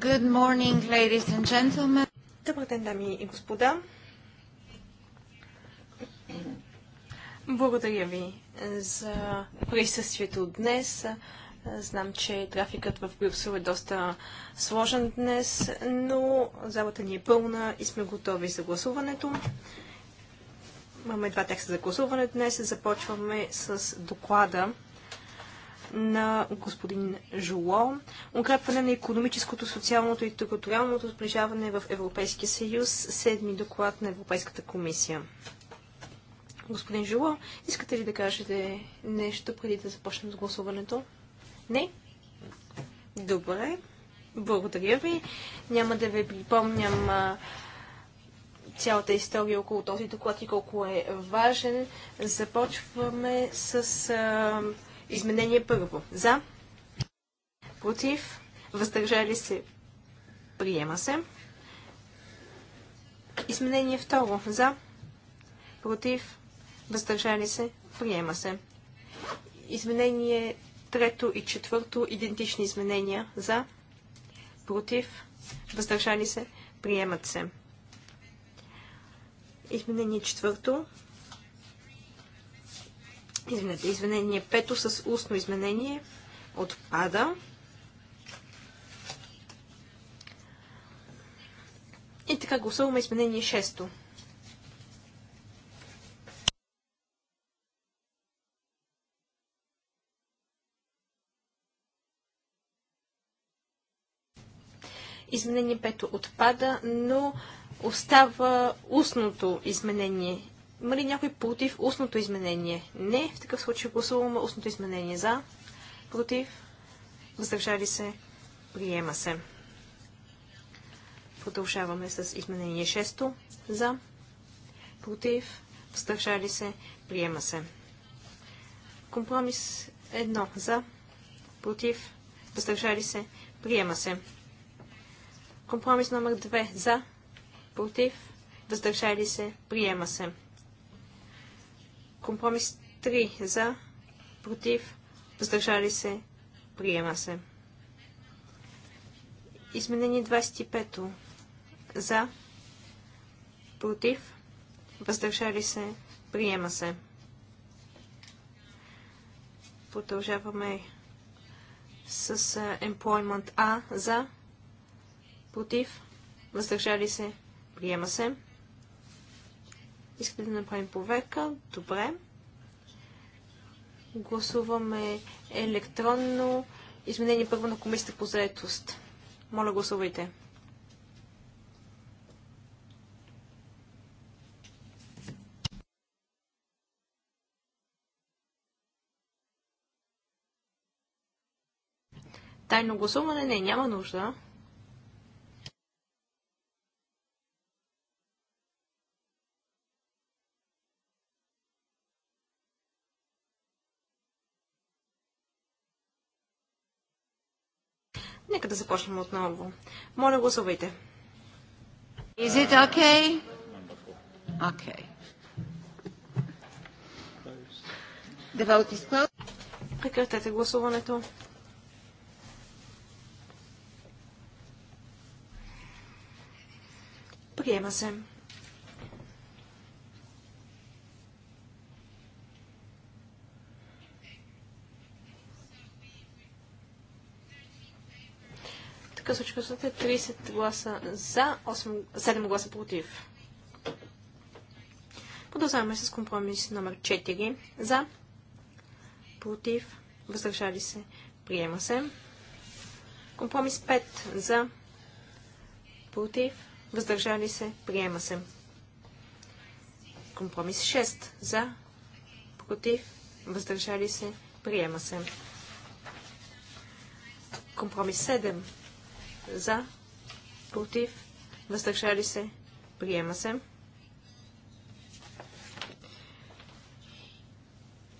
Good morning, ladies and gentlemen. Добър ден, дами и господа. Благодаря ви за присъствието днес. Знам, че трафикът в Брюксел е доста сложен днес, но залата ни е пълна и сме готови за гласуването. Имаме два текста за гласуване днес. Започваме с доклада на господин Жуло. укрепване на економическото, социалното и тъкатуралното сближаване в Европейския съюз, седми доклад на Европейската комисия. Господин Жуло, искате ли да кажете нещо преди да започнем с гласуването? Не? Добре. Благодаря ви. Няма да ви припомням цялата история около този доклад и колко е важен. Започваме с а, Изменение първо. За. Против. Въздържали се. Приема се. Изменение второ. За. Против. Въздържали се. Приема се. Изменение трето и четвърто. Идентични изменения. За. Против. Въздържали се. Приемат се. Изменение четвърто. Извинете, изменение 5 с устно изменение отпада. И така гласуваме изменение 6. Изменение 5 отпада, но остава устното изменение има ли някой против устното изменение? Не. В такъв случай гласуваме устното изменение за. Против. Въздържали се. Приема се. Продължаваме с изменение 6. За. Против. Въздържали се. Приема се. Компромис 1. За. Против. Въздържали се. Приема се. Компромис номер 2. За. Против. Въздържали се. Приема се. Компромис 3 за, против, въздържали се, приема се. Изменение 25 за, против, въздържали се, приема се. Продължаваме с Employment А за, против, въздържали се, приема се. Искате да направим проверка? Добре. Гласуваме електронно изменение първо на комисията по заетост. Моля, гласувайте. Тайно гласуване? Не, няма нужда. Нека да започнем отново. Моля, гласувайте. Is it okay? Okay. The vote is closed. Прекратете гласуването. Приема се. такъв се гласувате 30 гласа за, 8, 7 гласа против. Продължаваме с компромис номер 4. За, против, въздържали се, приема се. Компромис 5. За, против, въздържали се, приема се. Компромис 6. За, против, въздържали се, приема се. Компромис 7. За. Против. Въздържали се. Приема се.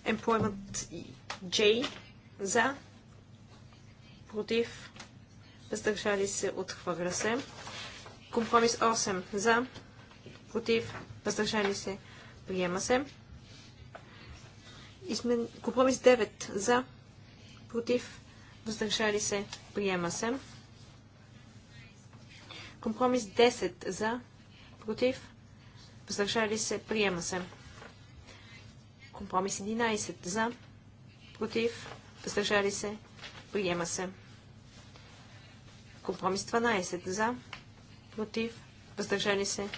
Employment J. За. Против. Въздържали се. Отхвърля се. Компромис 8. За. Против. Въздържали се. Приема се. Измен... Компромис 9. За. Против. Въздържали се. Приема се. Компромис 10 за, против, въздържали се, приема се. Компромис 11 за, против, въздържали се, приема се. Компромис 12 за, против, въздържали се,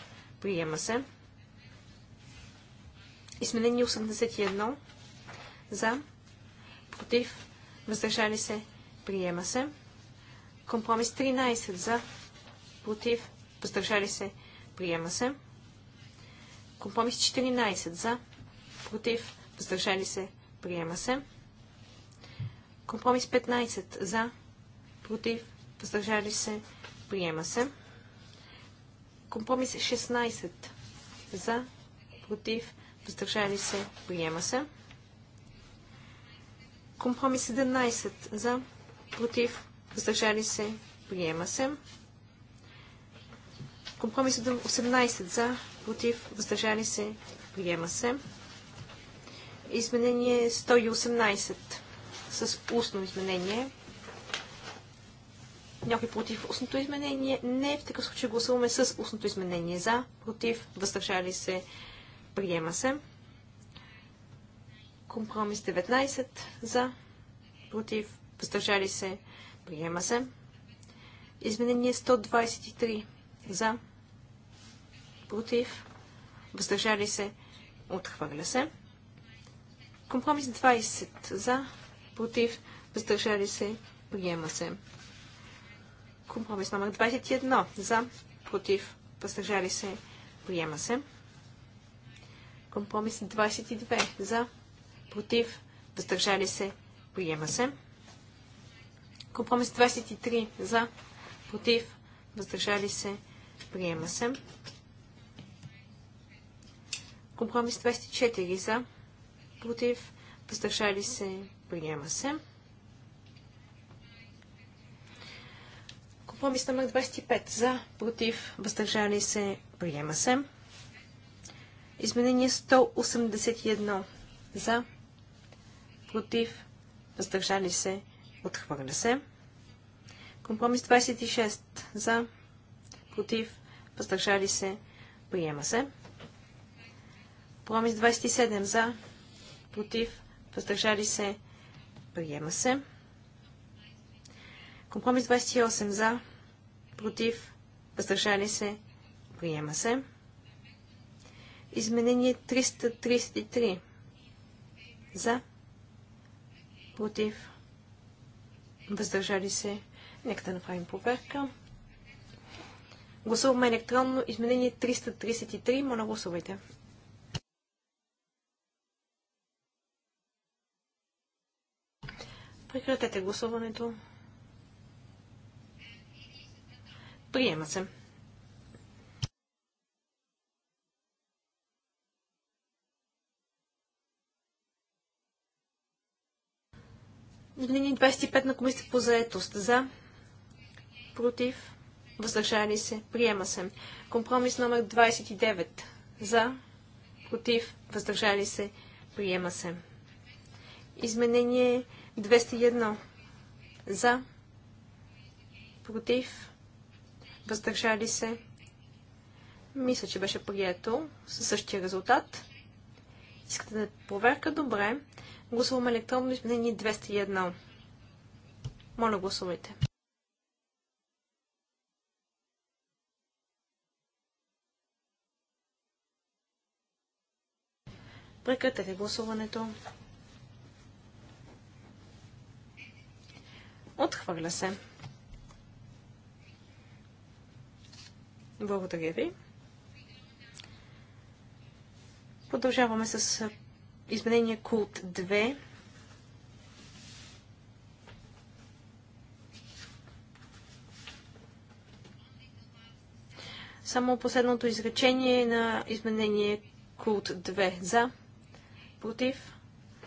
приема се. Изменение 81 за, против, въздържали се, приема се. Компромис 13 за, против, въздържали се, приема се. Компромис 14 за, против, въздържали се, приема се. Компромис 15 за, против, въздържали се, приема се. Компромис 16 за, против, въздържали се, приема се. Компромис 17 за, против, въздържали се, приема се. Компромис 18 за, против, въздържали се, приема се. Изменение 118 с устно изменение. Някой е против устното изменение? Не. В такъв случай гласуваме с устното изменение. За, против, въздържали се, приема се. Компромис 19. За, против, въздържали се, приема се. Изменение 123. За, против, въздържали се, отхвърля се. Компромис 20 за, против, въздържали се, приема се. Компромис номер 21 за, против, въздържали се, приема се. Компромис 22 за, против, въздържали се, приема се. Компромис 23 за, против, въздържали се, приема се. Компромис 24 за, против, въздържали се, приема се. Компромис номер 25 за, против, въздържали се, приема се. Изменение 181 за, против, въздържали се, отхвърля се. Компромис 26 за, против, въздържали се, приема се. Промис 27 за, против, въздържали се, приема се. Компромис 28 за, против, въздържали се, приема се. Изменение 333 за, против, въздържали се. Нека да направим проверка. Гласуваме електронно изменение 333. Моля, гласувайте. Прекратете гласуването. Приема се. Изменение 25 на комисията по заетост. За. Против. Въздържали се. Приема се. Компромис номер 29. За. Против. Въздържали се. Приема се. Изменение 201 за, против, въздържали се. Мисля, че беше прието със същия резултат. Искате да проверка? Добре. Гласуваме електронно изменение 201. Моля, гласувайте. Прекратете гласуването. Отхвърля се. Благодаря ви. Продължаваме с изменение Култ 2. Само последното изречение на изменение Култ 2. За, против,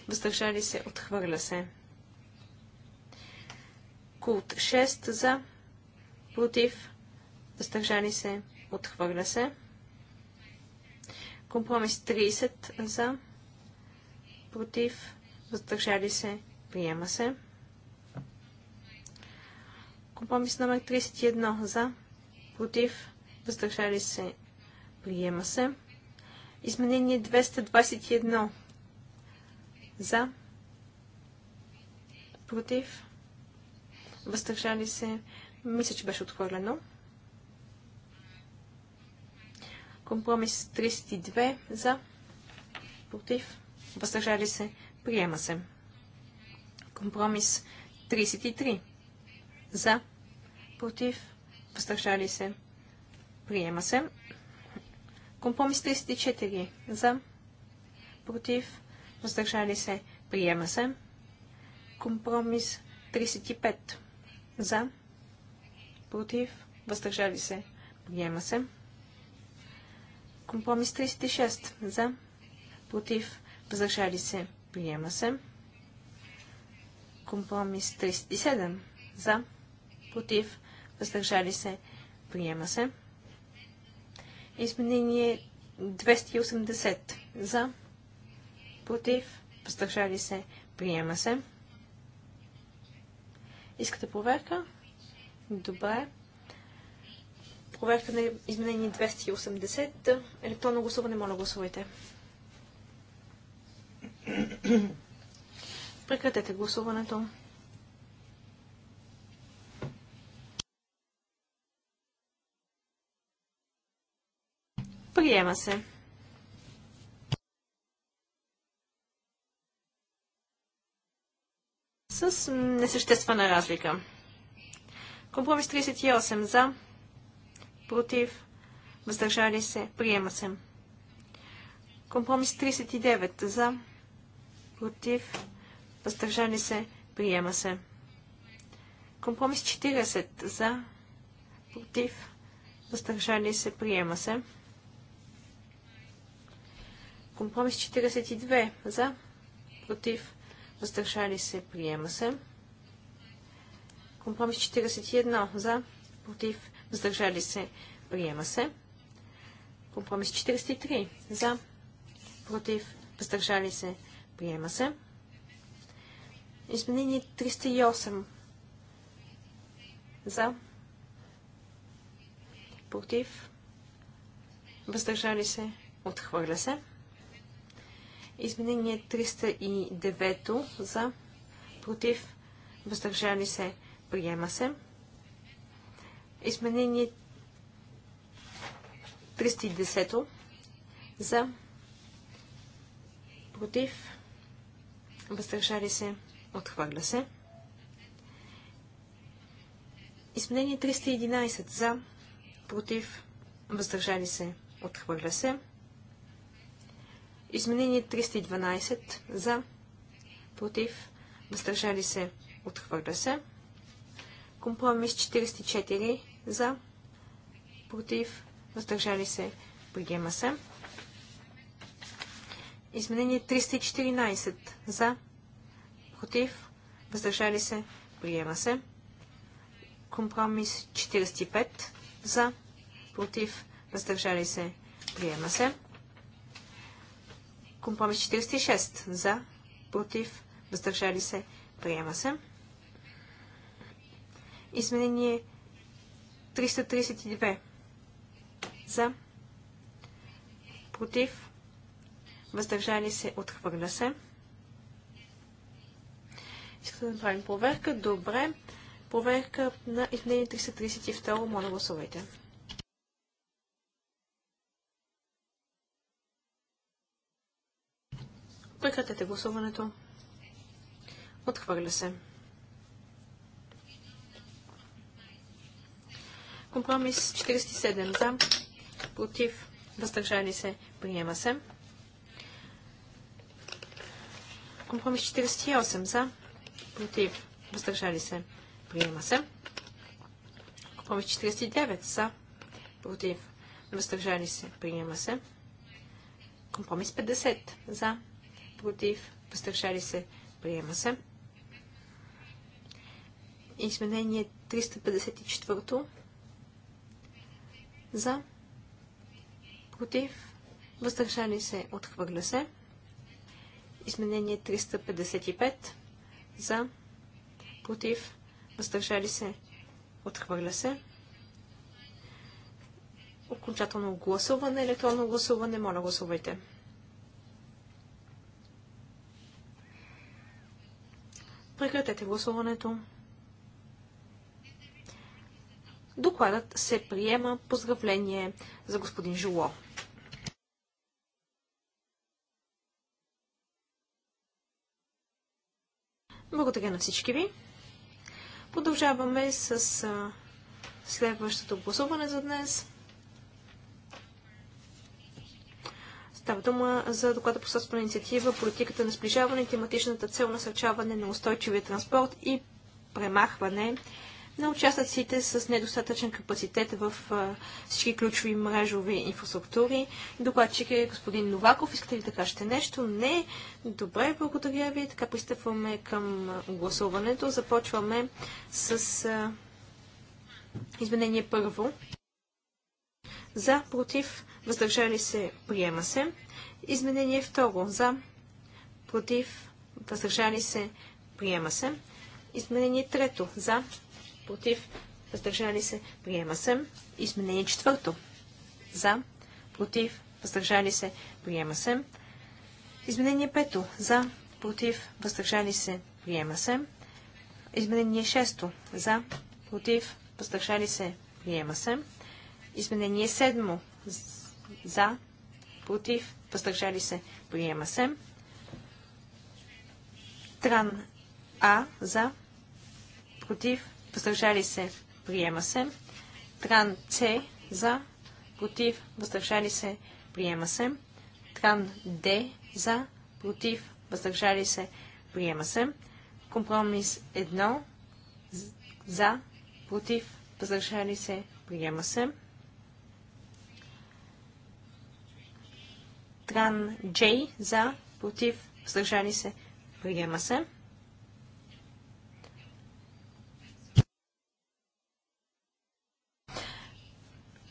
въздържали се, отхвърля се. Култ 6 за, против, Въздържани се, отхвърля се. Компромис 30 за, против, въздържали се, приема се. Компромис номер 31 за, против, въздържали се, приема се. Изменение 221 за, против, въздържали се, мисля, че беше отхвърлено. Компромис 32 за, против, въздържали се, приема се. Компромис 33 за, против, въздържали се, приема се. Компромис 34 за, против, въздържали се, приема се. Компромис 35 за. Против. Въздържали се. Приема се. Компромис 36. За. Против. Въздържали се. Приема се. Компромис 37. За. Против. Въздържали се. Приема се. Изменение 280. За. Против. Въздържали се. Приема се. Искате проверка? Добре. Проверка на изменение 280. Електронно гласуване, моля гласувайте. Прекратете гласуването. Приема се. с несъществена разлика. Компромис 38 за, против, въздържали се, приема се. Компромис 39 за, против, въздържали се, приема се. Компромис 40 за, против, въздържали се, приема се. Компромис 42 за, против, въздържали се, приема се. Компромис 41 за, против, въздържали се, приема се. Компромис 43 за, против, въздържали се, приема се. Изменение 308 за, против, въздържали се, отхвърля се. Изменение 309 за против въздържали се приема се. Изменение 310 за против въздържали се отхвърля се. Изменение 311 за против въздържали се отхвърля се. Изменение 312 за, против, въздържали се, отхвърля се. Компромис 44 за, против, въздържали се, приема се. Изменение 314 за, против, въздържали се, приема се. Компромис 45 за, против, въздържали се, приема се. Компромис 46. За, против, въздържали се, приема се. Изменение 332. За, против, въздържали се, отхвърля се. Искате да направим проверка? Добре. Проверка на изменение 332. Моля, гласувайте. Прекратете гласуването. Отхвърля се. Компромис 47 за, против, въздържали се, приема се. Компромис 48 за, против, въздържали се, приема се. Компромис 49 за, против, въздържали се, приема се. Компромис 50 за, против, въздържали се, приема се. Изменение 354 за, против, въздържали се, отхвърля се. Изменение 355 за, против, въздържали се, отхвърля се. Окончателно гласуване, електронно гласуване, моля гласувайте. Прекратете гласуването. Докладът се приема. Поздравление за господин Жило. Благодаря на всички ви. Продължаваме с следващото гласуване за днес. Става дума за доклада по собствена инициатива, политиката на сближаване, тематичната цел насърчаване на устойчивия транспорт и премахване на участъците с недостатъчен капацитет в всички ключови мрежови инфраструктури. Докладчик е господин Новаков. Искате ли да кажете нещо? Не. Добре, благодаря ви. Така пристъпваме към гласуването. Започваме с а, изменение първо. За, против, въздържали се, приема се. Изменение второ за, против, въздържали се, приема се. Изменение трето за, против, въздържали се, приема се. Изменение четвърто за, против, въздържали се, приема се. Изменение пето за, против, въздържали се, приема се. Изменение 6. За, против, въздържали се, приема се. Изменение за за, против, въздържали се, приема се. Тран А за, против, въздържали се, приема се. Тран С за, против, въздържали се, приема се. Тран Д за, против, въздържали се, приема се. Компромис 1 за, против, въздържали се, приема се. Тран Джей за, против, въздържали се, приема се.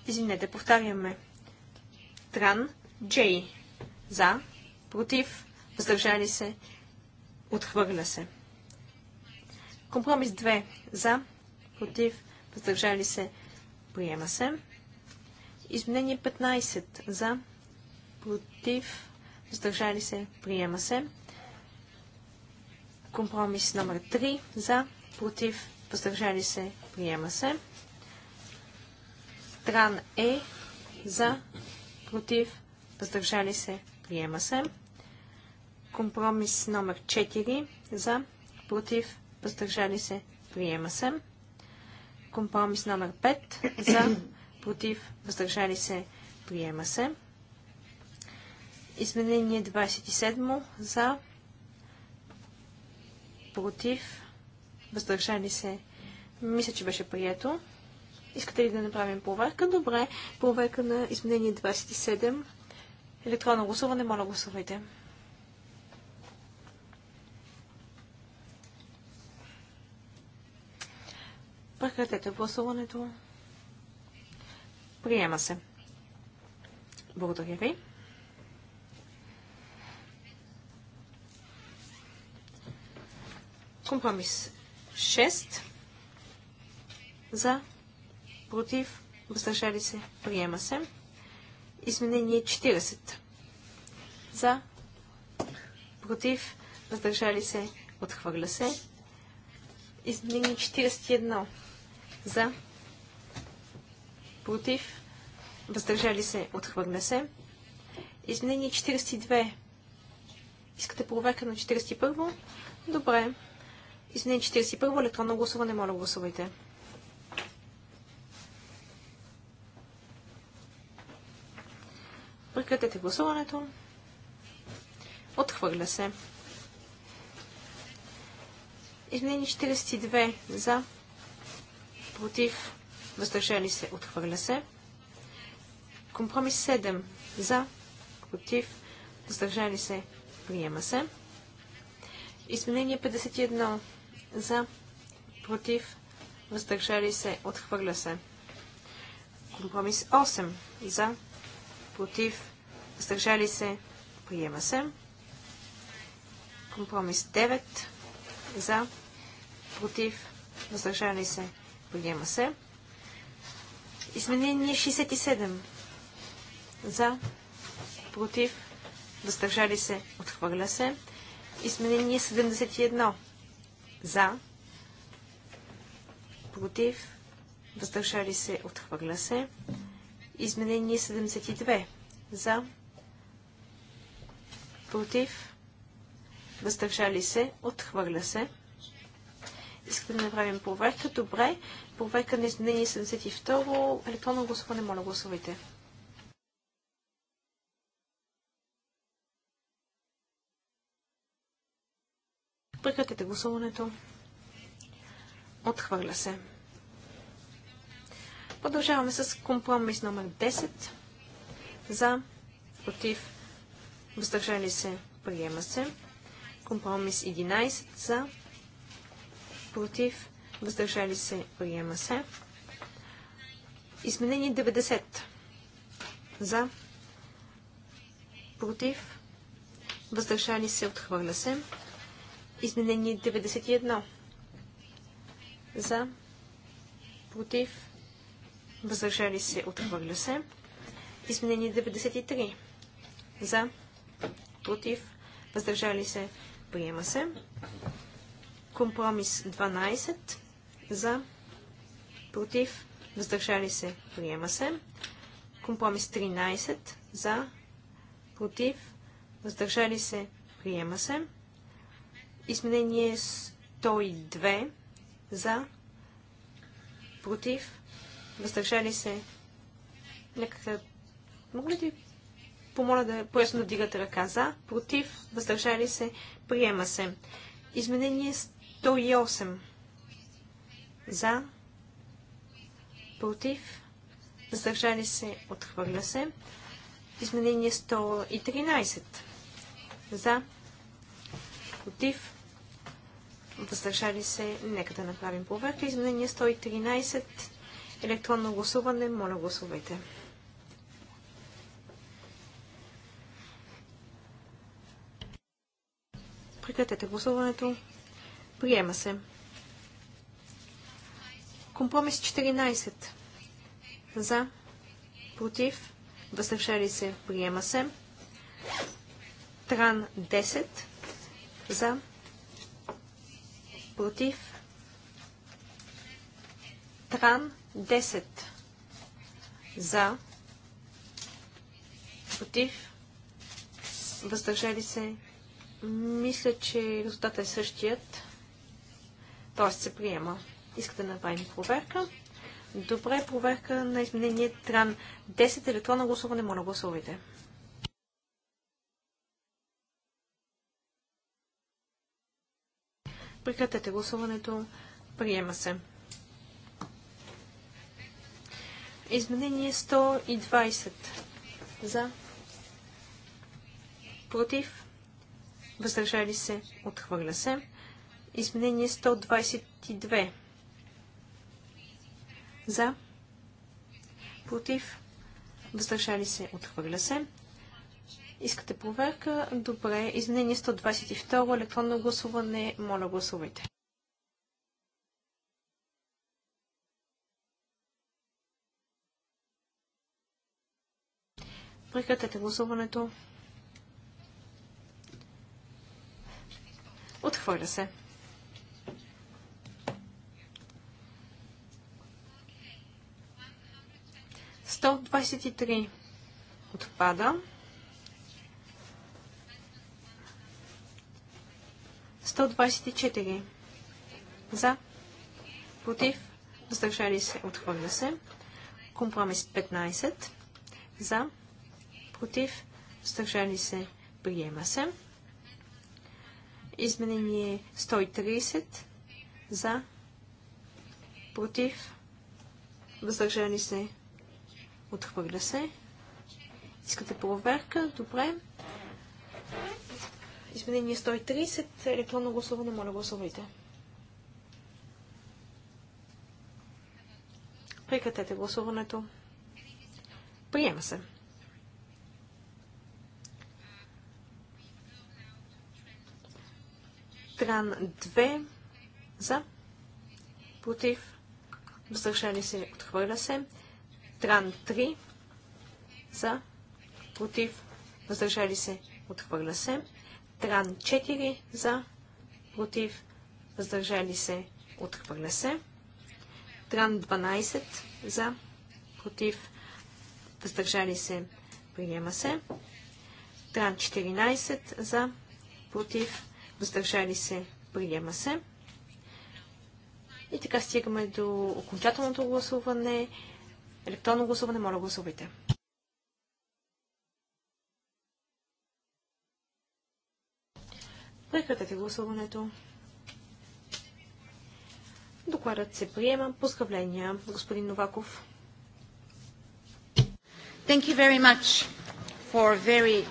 Извинете, повтаряме. Тран Джей за, против, въздържали се, отхвърля се. Компромис 2 за, против, въздържали се, приема се. Изменение 15 за, против, въздържали се, приема се. Компромис номер 3 за, против, въздържали се, приема се. Тран Е за, против, въздържали се, приема се. Компромис номер 4 за, против, въздържали се, приема се. Компромис номер 5 за, против, въздържали се, приема се. Изменение 27 за, против, въздържали се. Мисля, че беше прието. Искате ли да направим проверка? Добре. Проверка на изменение 27. Електронно гласуване. Моля, гласувайте. Прекратете гласуването. Приема се. Благодаря ви. Компромис 6 за, против, въздържали се, приема се. Изменение 40 за, против, въздържали се, отхвърля се. Изменение 41 за, против, въздържали се, отхвърля се. Изменение 42. Искате проверка на 41? Добре. Изменение 41. Електронно гласуване. Моля, гласувайте. Прекратете гласуването. Отхвърля се. Изменение 42 за, против, въздържали се, отхвърля се. Компромис 7 за, против, въздържали се, приема се. Изменение 51 за, против, въздържали се, отхвърля се. Компромис 8 за, против, въздържали се, приема се. Компромис 9 за, против, въздържали се, приема се. Изменение 67 за, против, въздържали се, отхвърля се. Изменение 71 за. Против. Въздържали се. Отхвърля се. Изменение 72. За. Против. Въздържали се. Отхвърля се. Искам да направим проверка. Добре. Проверка на изменение 72. Електронно гласуване. Моля гласувайте. Прекратете гласуването. Отхвърля се. Продължаваме с компромис номер 10. За, против, въздържали се, приема се. Компромис 11 за, против, въздържали се, приема се. Изменение 90 за, против, въздържали се, отхвърля се. Изменение 91. За. Против. Въздържали се. Отхвърля се. Изменение 93. За. Против. Въздържали се. Приема се. Компромис 12. За. Против. Въздържали се. Приема се. Компромис 13. За. Против. Въздържали се. Приема се. Изменение 102 за, против, въздържали се. Нека мога ли да помоля да поясно да дигате ръка за, против, въздържали се, приема се. Изменение 108 за, против, въздържали се, отхвърля се. Изменение 113 за, против, против, въздържали се, нека да направим проверка. Изменение 113, електронно гласуване, моля гласувайте. Прекратете гласуването. Приема се. Компромис 14. За. Против. Въздържали се. Приема се. Тран 10. За. Против. Тран 10. За. Против. Въздържали се. Мисля, че резултатът е същият. Тоест се приема. Искате да направим проверка. Добре, проверка на изменение Тран 10 електронно гласуване. Моля, гласувайте. Прекратете гласуването. Приема се. Изменение 120. За. Против. Въздържали се. Отхвърля се. Изменение 122. За. Против. Въздържали се. Отхвърля се. Искате проверка? Добре. Изменение 122. Електронно гласуване. Моля, гласувайте. Прекратете гласуването. Отхвърля се. Сто двадесет и три отпада. 124 за, против, въздържали се, отхвърля се. Компромис 15 за, против, въздържали се, приема се. Изменение 130 за, против, въздържали се, отхвърля се. Искате проверка? Добре изменение 130, електронно гласуване, моля гласувайте. Прекратете гласуването. Приема се. Тран 2 за, против, въздържали се, отхвърля се. Тран 3 за, против, въздържали се, отхвърля се. Тран 4 за, против, въздържали се, отхвърля се. Тран 12 за, против, въздържали се, приема се. Тран 14 за, против, въздържали се, приема се. И така стигаме до окончателното гласуване. Електронно гласуване, моля гласувайте. Прекратете гласуването. Докладът се приема. Поздравления, господин Новаков. Thank you very much for very...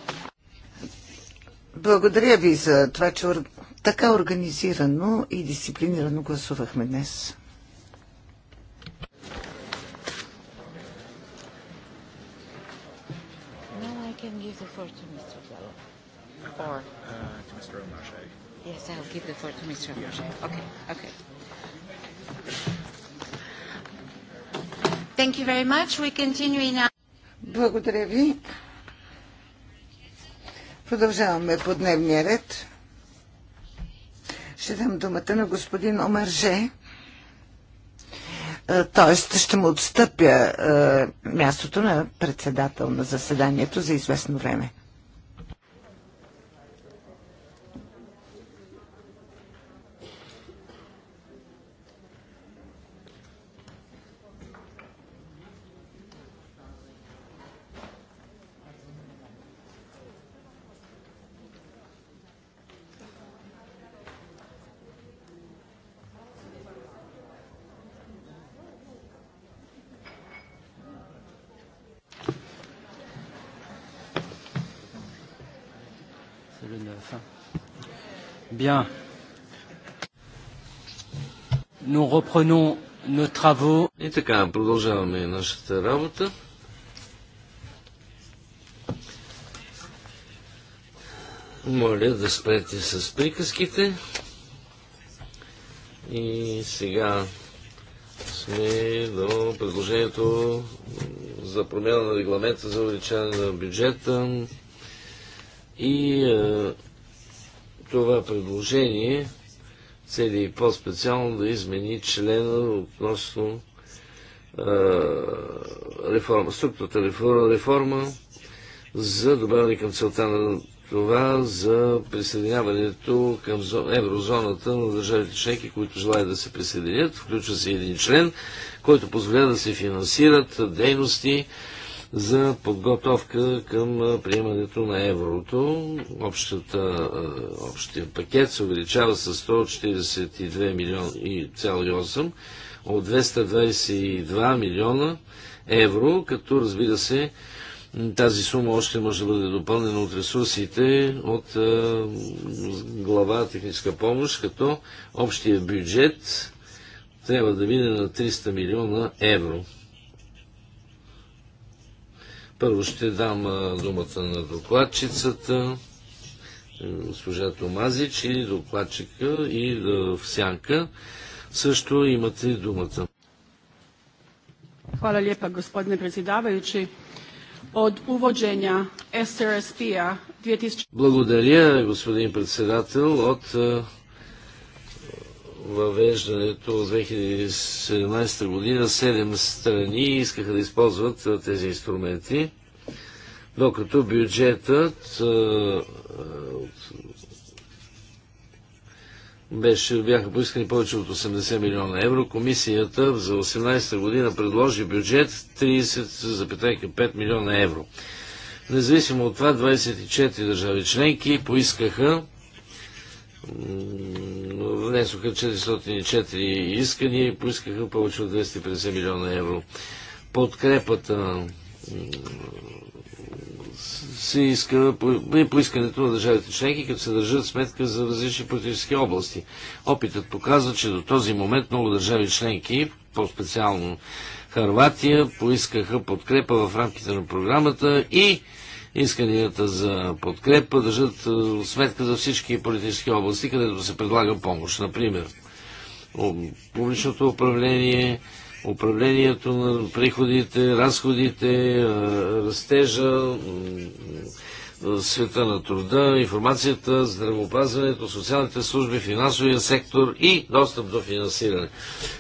Благодаря ви за това, че така организирано и дисциплинирано гласувахме днес. Now I can give the floor to Mr. Gallo. Or... Uh... Mr. Omarche. Yes, I'll give the floor to Mr. Omarche. Okay, okay. Thank you very much. We continue in our... Благодаря ви. Продължаваме по дневния ред. Ще дам думата на господин Омарже. Е, тоест ще му отстъпя е, мястото на председател на заседанието за известно време. Bien. Nous reprenons nos travaux. И така, продължаваме нашата работа. Моля да спрете с приказките. И сега сме до предложението за промяна на регламента за увеличаване на бюджета и е, това предложение цели по-специално да измени члена относно а, реформа, структурата реформа, реформа за добавяне към целта на това за присъединяването към еврозоната на държавите членки, които желаят да се присъединят. Включва се един член, който позволява да се финансират дейности, за подготовка към приемането на еврото. Общата, общия пакет се увеличава с 142 милиона и 8 от 222 милиона евро, като разбира се тази сума още може да бъде допълнена от ресурсите от а, глава техническа помощ, като общия бюджет трябва да мине на 300 милиона евро. Първо ще дам думата на докладчицата, е, госпожа Томазич и докладчика и е, в сянка. Също имате думата. Hvala lijepa gospodine predsjedavajući. Od uvođenja SRSP-a 2000... Благодаря, господин председател. От е, въвеждането от 2017 година 7 страни искаха да използват тези инструменти, докато бюджетът беше, бяха поискани повече от 80 милиона евро. Комисията за 2018 година предложи бюджет 30,5 милиона евро. Независимо от това, 24 държави членки поискаха внесоха 404 искания и поискаха повече от 250 милиона евро. Подкрепата се иска при поискането на държавите членки, като се държат сметка за различни политически области. Опитът показва, че до този момент много държави членки, по-специално Харватия, поискаха подкрепа в рамките на програмата и исканията за подкрепа държат е, сметка за всички политически области, където се предлага помощ. Например, публичното управление, управлението на приходите, разходите, е, растежа, е, света на труда, информацията, здравеопазването, социалните служби, финансовия сектор и достъп до финансиране.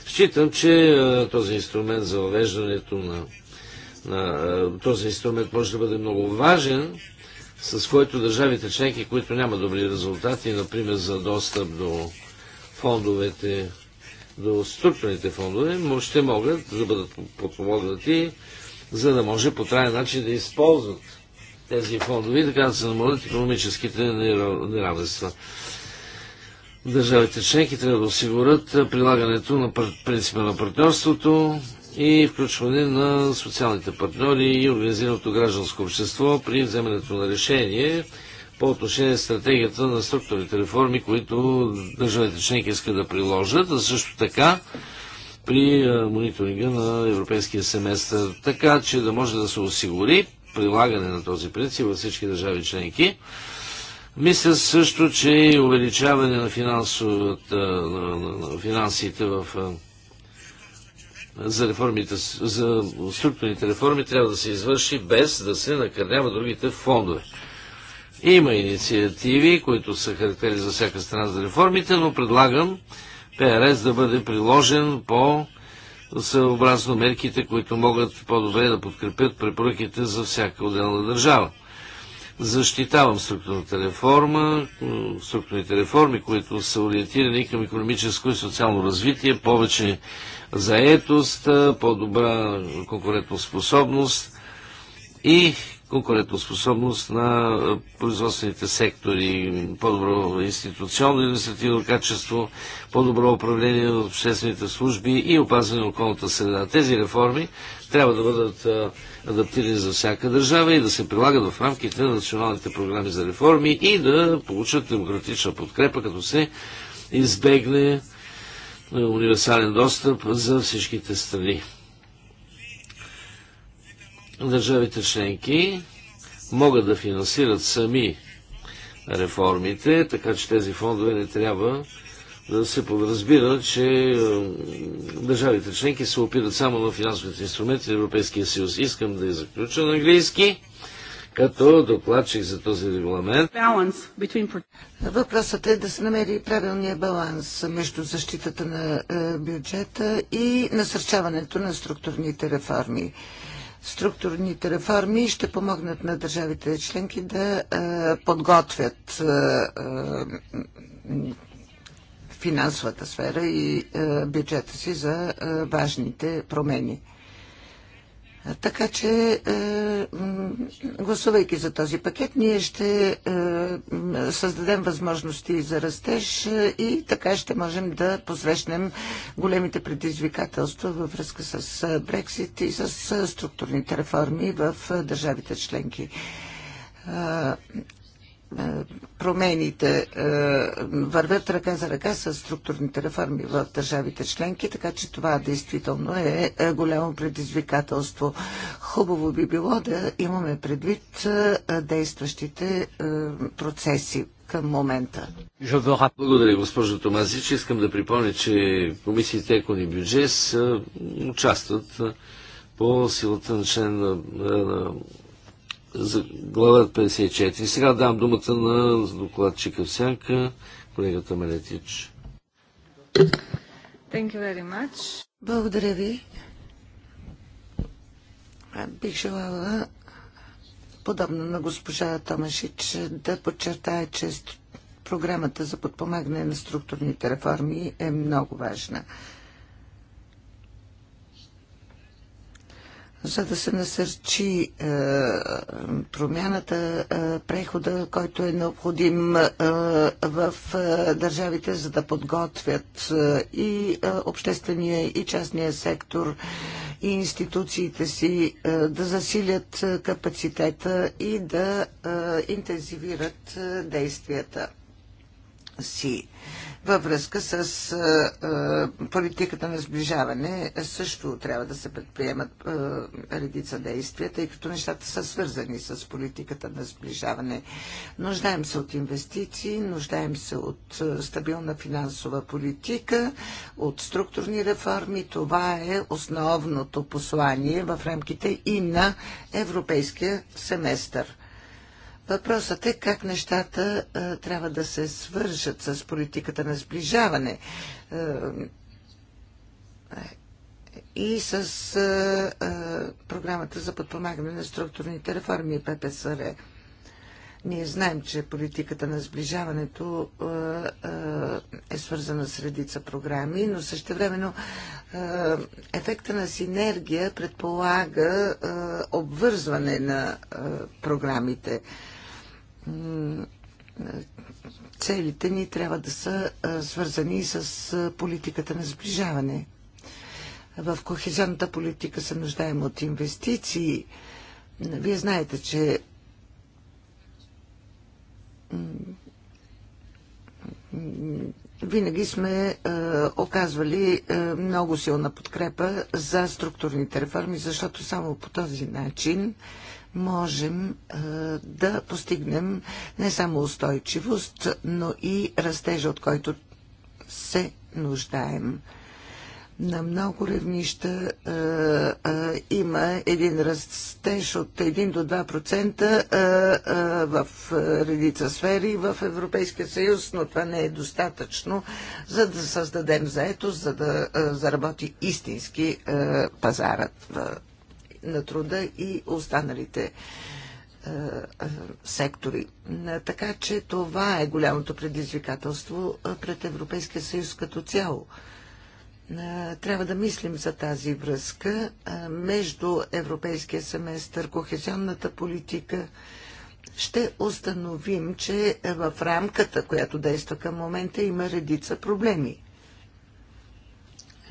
Считам, че този инструмент за въвеждането на този инструмент може да бъде много важен, с който държавите членки, които няма добри резултати, например за достъп до фондовете, до структурните фондове, ще могат да бъдат подпомогнати, за да може по трайен начин да използват тези фондове и така да се намалят економическите неравенства. Държавите членки трябва да осигурят прилагането на принципа на партньорството, и включване на социалните партньори и организираното гражданско общество при вземането на решение по отношение на стратегията на структурните реформи, които държавите членки искат да приложат, а също така при мониторинга на европейския семестър, така че да може да се осигури прилагане на този принцип във всички държави членки. Мисля също, че увеличаване на, на, на, на финансите в за, реформите, за структурните реформи трябва да се извърши без да се накърнява другите фондове. Има инициативи, които са характери за всяка страна за реформите, но предлагам ПРС да бъде приложен по съобразно мерките, които могат по-добре да подкрепят препоръките за всяка отделна държава. Защитавам структурната реформа, структурните реформи, които са ориентирани към економическо и социално развитие, повече заетост, по-добра конкурентоспособност и конкурентоспособност на производствените сектори, по-добро институционно и административно качество, по-добро управление на обществените служби и опазване на околната среда. Тези реформи трябва да бъдат адаптирани за всяка държава и да се прилагат в рамките на националните програми за реформи и да получат демократична подкрепа, като се избегне е, универсален достъп за всичките страни. Държавите членки могат да финансират сами реформите, така че тези фондове не трябва да се подразбира, че е, държавите членки се опират само на финансовите инструменти на Европейския съюз. Искам да я заключа на английски като докладчик за този регламент. Въпросът е да се намери правилния баланс между защитата на е, бюджета и насърчаването на структурните реформи. Структурните реформи ще помогнат на държавите членки да е, подготвят е, финансовата сфера и бюджета си за важните промени. Така че, е, гласувайки за този пакет, ние ще е, създадем възможности за растеж е, и така ще можем да посрещнем големите предизвикателства във връзка с Брексит и с структурните реформи в държавите членки. Е, промените е, вървят ръка за ръка с структурните реформи в държавите членки, така че това действително е, е голямо предизвикателство. Хубаво би било да имаме предвид действащите процеси към момента. Благодаря, госпожо Томазич. Искам да припомня, че комисиите Екон и Бюджес участват по силата на член на, на за глава 54. Сега дам думата на докладчика Всянка, колегата Малетич. Thank you very much. Благодаря ви. бих желала, подобно на госпожа Томашич, да подчертая, че програмата за подпомагане на структурните реформи е много важна. за да се насърчи е, промяната, е, прехода, който е необходим е, в е, държавите, за да подготвят е, и е, обществения, и частния сектор, и институциите си, е, да засилят е, капацитета и да е, интензивират е, действията си. Е, във връзка с политиката на сближаване също трябва да се предприемат редица действия, тъй като нещата са свързани с политиката на сближаване. Нуждаем се от инвестиции, нуждаем се от стабилна финансова политика, от структурни реформи. Това е основното послание в рамките и на европейския семестър. Въпросът е как нещата а, е, трябва да се свържат с политиката на сближаване а, е, е, и с а, а, програмата за подпомагане на структурните реформи ППСР. Ние знаем, че политиката на сближаването а, а, е свързана с редица програми, но същевременно а, ефекта на синергия предполага а, обвързване на а, програмите. А, целите ни трябва да са свързани с политиката на сближаване. В кохезионната политика се нуждаем от инвестиции. Вие знаете, че винаги сме е, оказвали е, много силна подкрепа за структурните реформи, защото само по този начин е, можем е, да постигнем не само устойчивост, но и растежа, от който се нуждаем на много равнища а, е, а, е, има един растеж от 1 до 2% а, а, в редица сфери в Европейския съюз, но това не е достатъчно, за да създадем заетост, за да а, заработи истински а, пазарът в на труда и останалите е, е, сектори. Е, така че това е голямото предизвикателство пред Европейския съюз като цяло. Трябва да мислим за тази връзка между Европейския семестър, кохезионната политика. Ще установим, че в рамката, която действа към момента, има редица проблеми.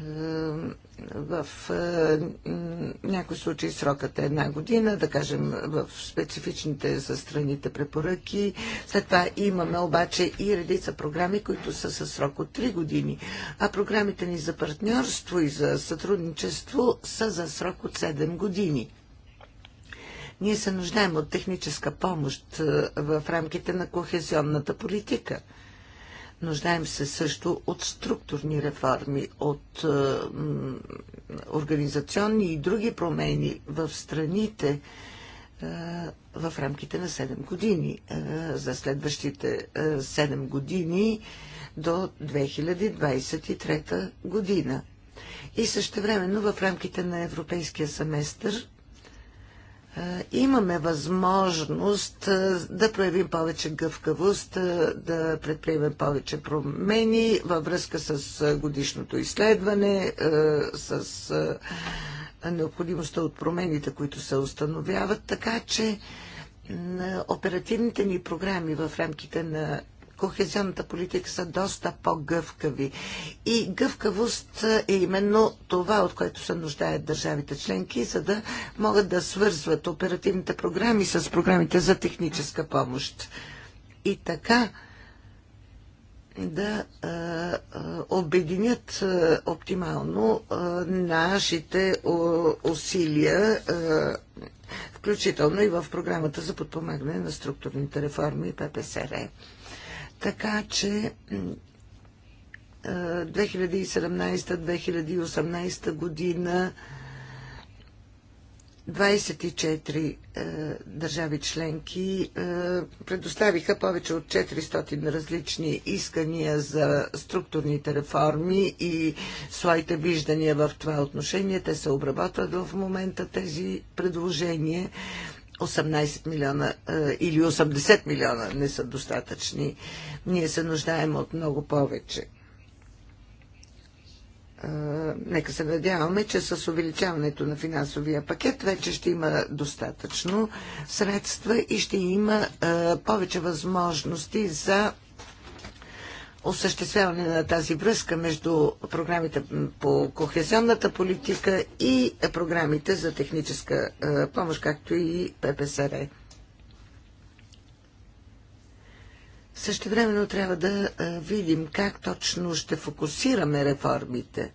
Е, в е, някои случаи срокът е една година, да кажем в специфичните за страните препоръки. След това имаме обаче и редица програми, които са със срок от 3 години, а програмите ни за партньорство и за сътрудничество са за срок от 7 години. Ние се нуждаем от техническа помощ е, в рамките на кохезионната политика – Нуждаем се също от структурни реформи, от е, организационни и други промени в страните е, в рамките на 7 години. Е, за следващите 7 години до 2023 година. И също времено в рамките на Европейския семестър е, имаме възможност е, да проявим повече гъвкавост, е, да предприемем повече промени във връзка с годишното изследване, с необходимостта от промените, които се установяват, така че оперативните ни програми в рамките на кохезионната политика са доста по-гъвкави. И гъвкавост е именно това, от което се нуждаят държавите членки, за да могат да свързват оперативните програми с програмите за техническа помощ. И така да е, обединят е, оптимално е, нашите е, усилия. е, включително и в програмата за подпомагане на структурните реформи и ППСР. Така че 2017-2018 година 24 държави членки предоставиха повече от 400 различни искания за структурните реформи и своите виждания в това отношение. Те се обработват в момента тези предложения. 18 милиона е, или 80 милиона не са достатъчни. Ние се нуждаем от много повече. Е, нека се надяваме, че с увеличаването на финансовия пакет вече ще има достатъчно средства и ще има е, повече възможности за осъществяване на тази връзка между програмите по кохезионната политика и програмите за техническа помощ, както и ППСР. Също времено трябва да видим как точно ще фокусираме реформите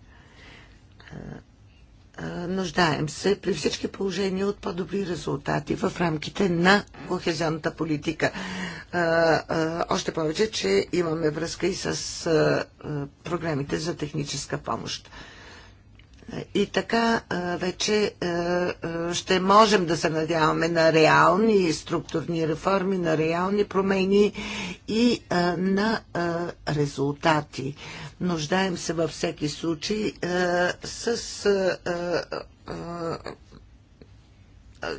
нуждаем се при всички положения от по-добри резултати в рамките на кохезионната политика. Още повече, че имаме връзка и с програмите за техническа помощ. И така вече ще можем да се надяваме на реални структурни реформи, на реални промени и на резултати. Нуждаем се във всеки случай с.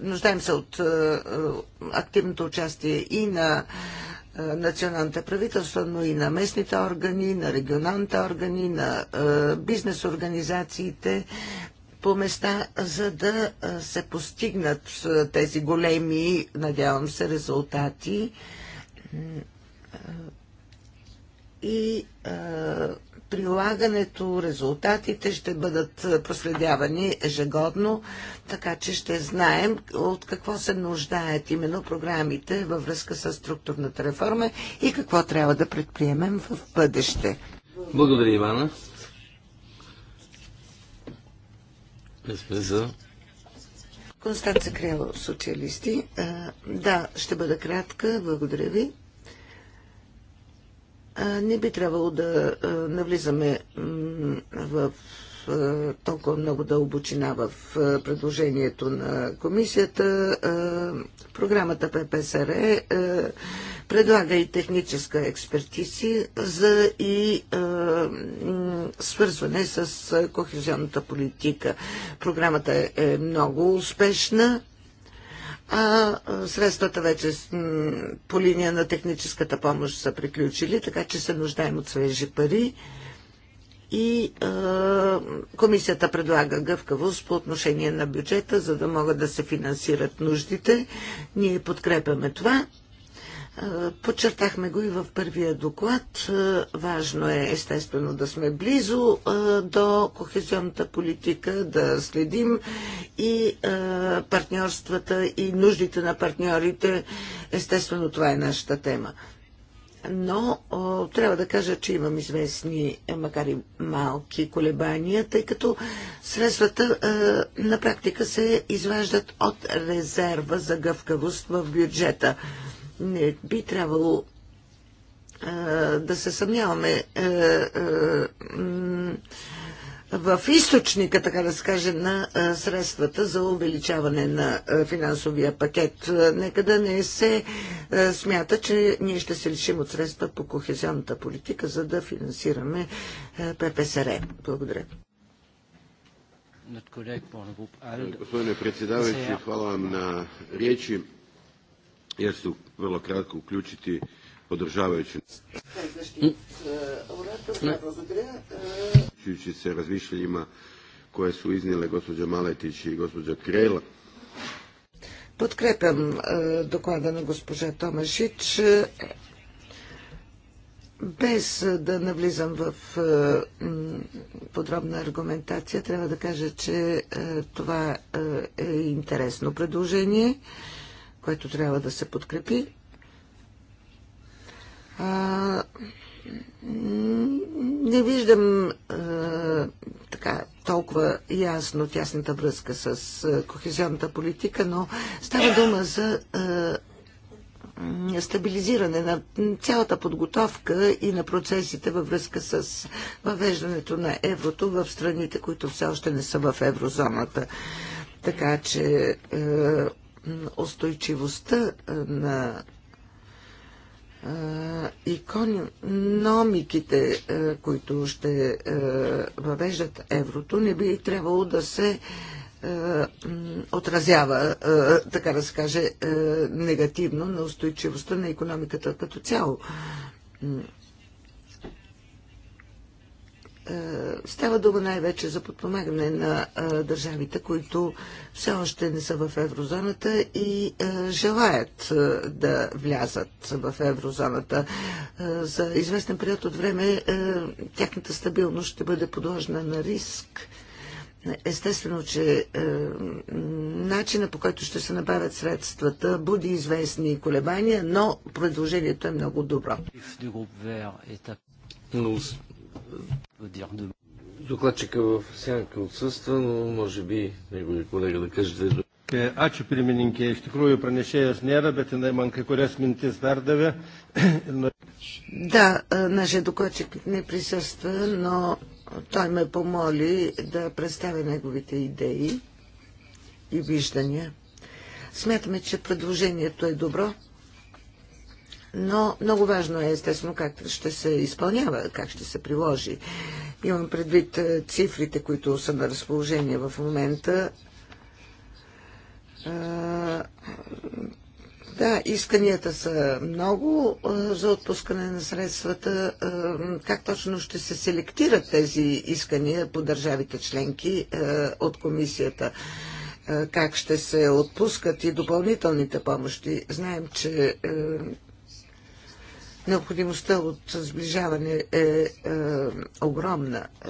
Нуждаем се от активното участие и на е, националните правителства, но и на местните органи, на регионалните органи, на е, бизнес организациите по места, за да е, се постигнат тези големи, надявам се, резултати. И прилагането, резултатите ще бъдат проследявани ежегодно, така че ще знаем от какво се нуждаят именно програмите във връзка с структурната реформа и какво трябва да предприемем в бъдеще. Благодаря, Ивана. за Констанция Крел, социалисти. Да, ще бъда кратка. Благодаря ви не би трябвало да навлизаме в толкова много дълбочина в предложението на комисията. Програмата ППСР предлага и техническа експертизи за и свързване с кохезионната политика. Програмата е, е много успешна а средствата вече по линия на техническата помощ са приключили, така че се нуждаем от свежи пари. И а, комисията предлага гъвкавост по отношение на бюджета, за да могат да се финансират нуждите. Ние подкрепяме това Подчертахме го и в първия доклад. Важно е, естествено, да сме близо до кохезионната политика, да следим и партньорствата и нуждите на партньорите. Естествено, това е нашата тема. Но трябва да кажа, че имам известни, е, макар и малки колебания, тъй като средствата на практика се изваждат от резерва за гъвкавост в бюджета не би трябвало да се съмняваме в източника, така да се каже, на средствата за увеличаване на финансовия пакет. Нека да не се смята, че ние ще се лишим от средства по кохезионната политика, за да финансираме ППСР. Благодаря. Gospodine predsjedavajući, hvala vam na riječi. Ja ću vrlo kratko uključiti podržavajući uključujući se razmišljanjima koje su iznijele gospođa Maletić i gospođa Krela. Подкрепям доклада на госпожа Томашич. Без да навлизам в подробна аргументация, трябва да кажа, че това е интересно предложение което трябва да се подкрепи. А, не виждам а, така толкова ясно тясната връзка с а, кохезионната политика, но става дума за а, стабилизиране на цялата подготовка и на процесите във връзка с въвеждането на еврото в страните, които все още не са в еврозоната. Така че А, е, устойчивостта на икономиките, които ще въвеждат еврото, не би трябвало да се отразява, така да се каже, негативно на устойчивостта на економиката като цяло. Е, става дума най-вече за подпомагане на е, държавите, които все още не са в еврозоната и е, желаят да влязат в еврозоната. За известен период от време тяхната стабилност ще бъде подложена на риск. Естествено, че е, начина по който ще се набавят средствата буди известни колебания, но предложението е много добро. Докладчика в сянка отсъства, но може би негови колега да каже две думи. Ačiū pirmininkė, iš tikrųjų pranešėjas nėra, bet jinai man kai kurias mintis dar davė. Да, е нашия докладчик не присъства, но той ме помоли да представя неговите идеи и виждания. Смятаме, че предложението е добро но много важно е естествено как ще се изпълнява, как ще се приложи. Имам предвид е, цифрите, които са на разположение в момента. Е, да, исканията са много е, за отпускане на средствата. Как точно ще се селектират тези искания по държавите членки от комисията? Как ще се отпускат и допълнителните помощи? Знаем, че Необходимостта от сближаване е, е огромна. Е,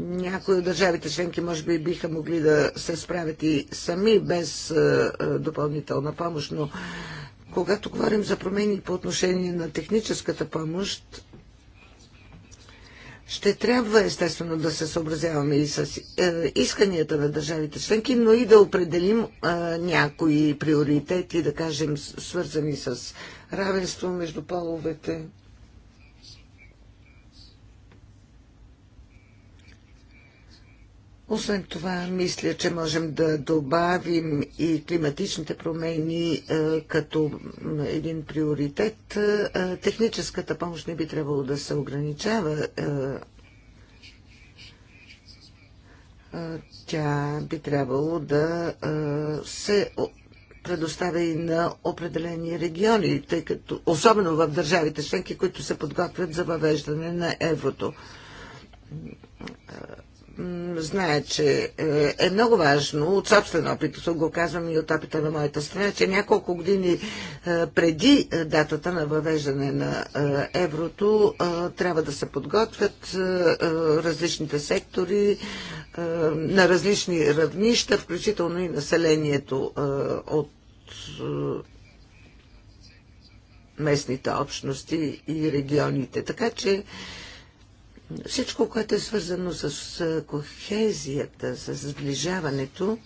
някои от държавите членки може би биха могли да се справят и сами без е, е, допълнителна помощ, но когато говорим за промени по отношение на техническата помощ, ще трябва естествено да се съобразяваме и с е, исканията на държавите членки, но и да определим е, някои приоритети, да кажем, свързани с равенство между половете. Освен това, мисля, че можем да добавим и климатичните промени е, като един приоритет. Е, техническата помощ не би трябвало да се ограничава. Е, е тя би трябвало да е, се предоставя и на определени региони, тъй като, особено в държавите членки, които се подготвят за въвеждане на еврото. Знае, че е, е много важно, от собствен опит, го казвам и от опита на моята страна, че няколко години е, преди е, датата на въвеждане на еврото трябва да се подготвят различните сектори, е, на различни равнища, включително и населението е, от е, местните общности и регионите. Така че всичко, което е свързано с кохезията, с сближаването,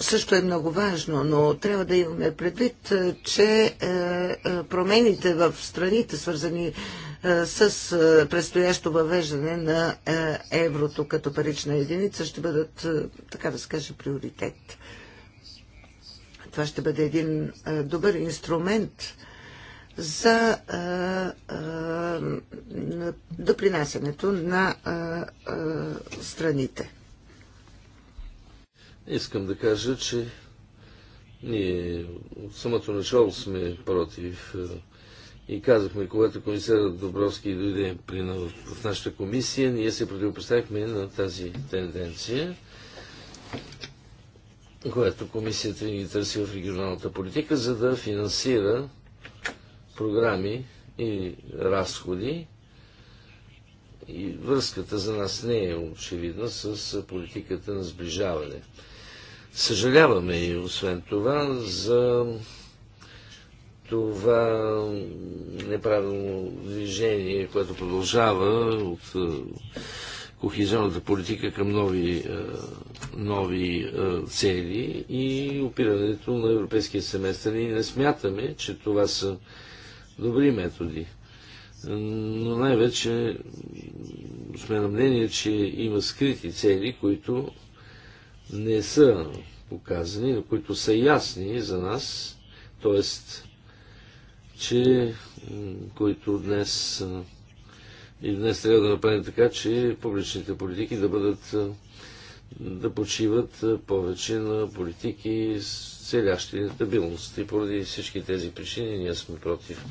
също е много важно, но трябва да имаме предвид, че промените в страните, свързани е, с е, предстоящо въвеждане на е, еврото като парична единица ще бъдат, така да скажа, приоритет. Това ще бъде един добър инструмент за допринасянето на страните. Искам да кажа, че ние от самото начало сме против и казахме, когато комисарът Добровски дойде при, в нашата комисия, ние се противопоставихме на тази тенденция, която комисията ни търси в регионалната политика, за да финансира програми и разходи. И връзката за нас не е очевидна с политиката на сближаване. Съжаляваме и освен това за това неправилно движение, което продължава от е, кохезионната политика към нови, е, нови е, цели и опирането на европейския семестър. И не смятаме, че това са добри методи. Но най-вече сме на мнение, че има скрити цели, които не са показани, но които са ясни за нас, т.е че които днес и днес трябва да направим така, че публичните политики да бъдат да почиват повече на политики с целящи нестабилност. И поради всички тези причини ние сме против.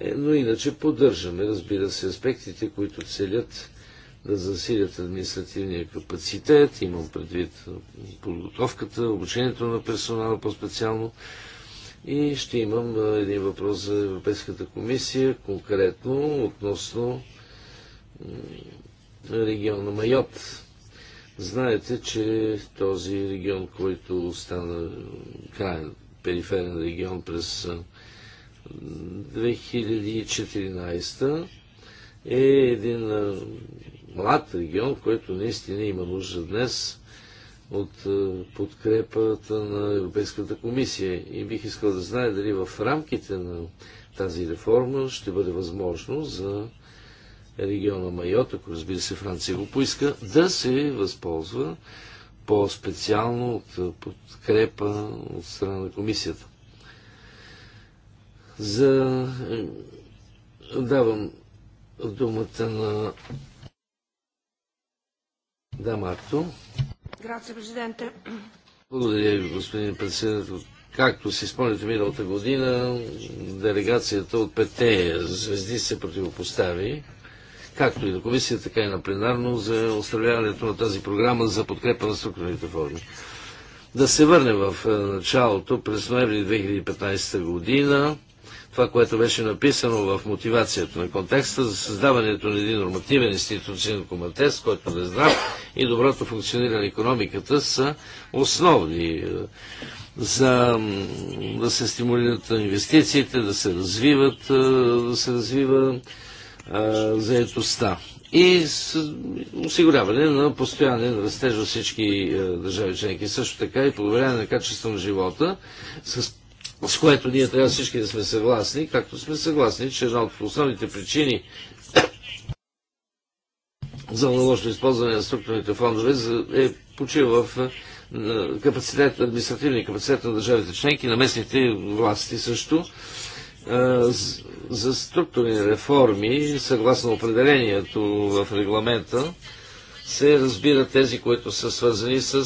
Е, но иначе поддържаме, разбира се, аспектите, които целят да засилят административния капацитет, имам предвид подготовката, обучението на персонала по-специално, и ще имам един въпрос за Европейската комисия, конкретно относно региона Майот. Знаете, че този регион, който стана крайен периферен регион през 2014 е един млад регион, който наистина има нужда днес от е, подкрепата на Европейската комисия. И бих искал да знае дали в рамките на тази реформа ще бъде възможно за региона Майот, ако разбира се Франция го поиска, да се възползва по-специално от е, подкрепа от страна на комисията. За... Е, давам думата на Дамарто. Благодаря ви, господин председател. Както си спомняте миналата година, делегацията от пете звезди се противопостави, както и на комисията, така и на пленарно, за оставяването на тази програма за подкрепа на структурните форми. Да се върне в е, началото, през ноември 2015 година, това, което беше написано в мотивацията на контекста за създаването на един нормативен институционен комитет, който да знам е здрав и доброто функциониране на економиката са основни е, за да се стимулират инвестициите, да се развиват, е, да се развива заетостта и осигуряване на постоянен растеж във всички държави членки. Също така и подобряване на качество на живота с с което ние трябва всички да сме съгласни, както сме съгласни, че една от основните причини за наложно използване на структурните фондове е почива в е, капацитет, административния капацитет на държавите членки, на местните власти също. Е, за структурни реформи, съгласно определението в регламента, се разбират тези, които са свързани с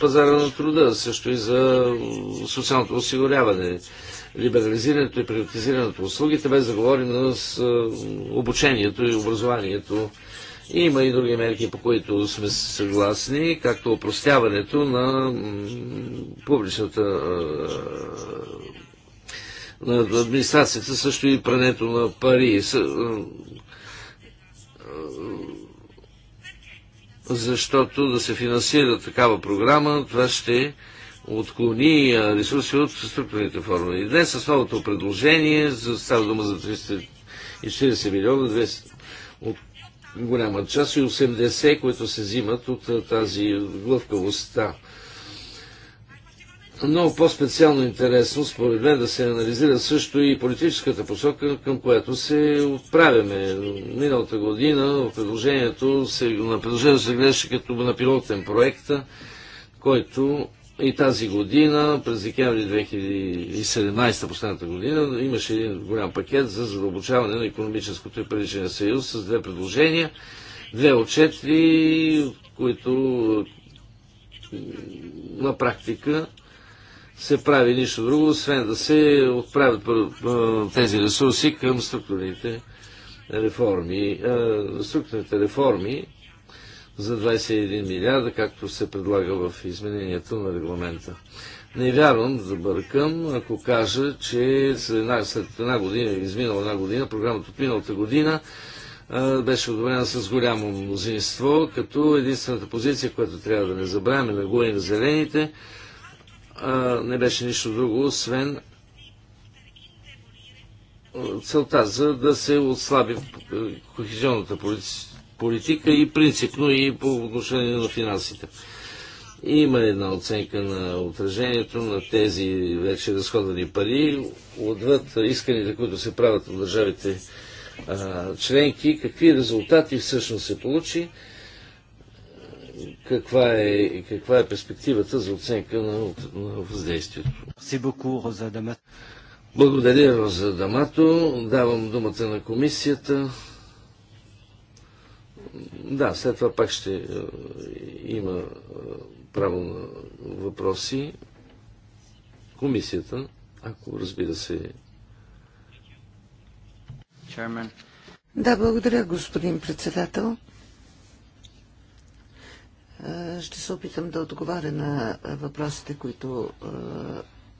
пазара на труда, също и за социалното осигуряване, либерализирането и приватизирането на услугите, без да говорим с обучението и образованието. Има и други мерки, по които сме съгласни, както опростяването на публичната на администрацията, също и прането на пари. защото да се финансира такава програма, това ще отклони ресурси от структурните форми. И днес с новото предложение, за става дума за 340 милиона, 200, от голяма част и 80, които се взимат от тази глъвкавостта много по-специално интересно, според мен, да се анализира също и политическата посока, към която се отправяме. Миналата година предложението се, на предложението се гледаше като на пилотен проект, който и тази година, през декември 2017, последната година, имаше един голям пакет за задълбочаване на економическото и паричния съюз с две предложения, две отчети, които на практика се прави нищо друго, освен да се отправят тези ресурси към структурните реформи. Структурните реформи за 21 милиарда, както се предлага в изменението на регламента. Не вярвам да бъркам, ако кажа, че след една, след една година, изминала една година, програмата от миналата година а, беше одобрена с голямо мнозинство, като единствената позиция, която трябва да не забравяме на и на зелените, не беше нищо друго, освен целта за да се отслаби кохезионната политика и принципно и по отношение на финансите. Има една оценка на отражението на тези вече разходени пари, отвъд исканите, които се правят от държавите а, членки, какви резултати всъщност се получи каква е, каква е перспективата за оценка на, на въздействието. Благодаря, Роза Дамато. Давам думата на комисията. Да, след това пак ще е, има е, право на въпроси. Комисията, ако разбира се. Да, благодаря, господин председател. Е, ще се опитам да отговаря на въпросите, които е,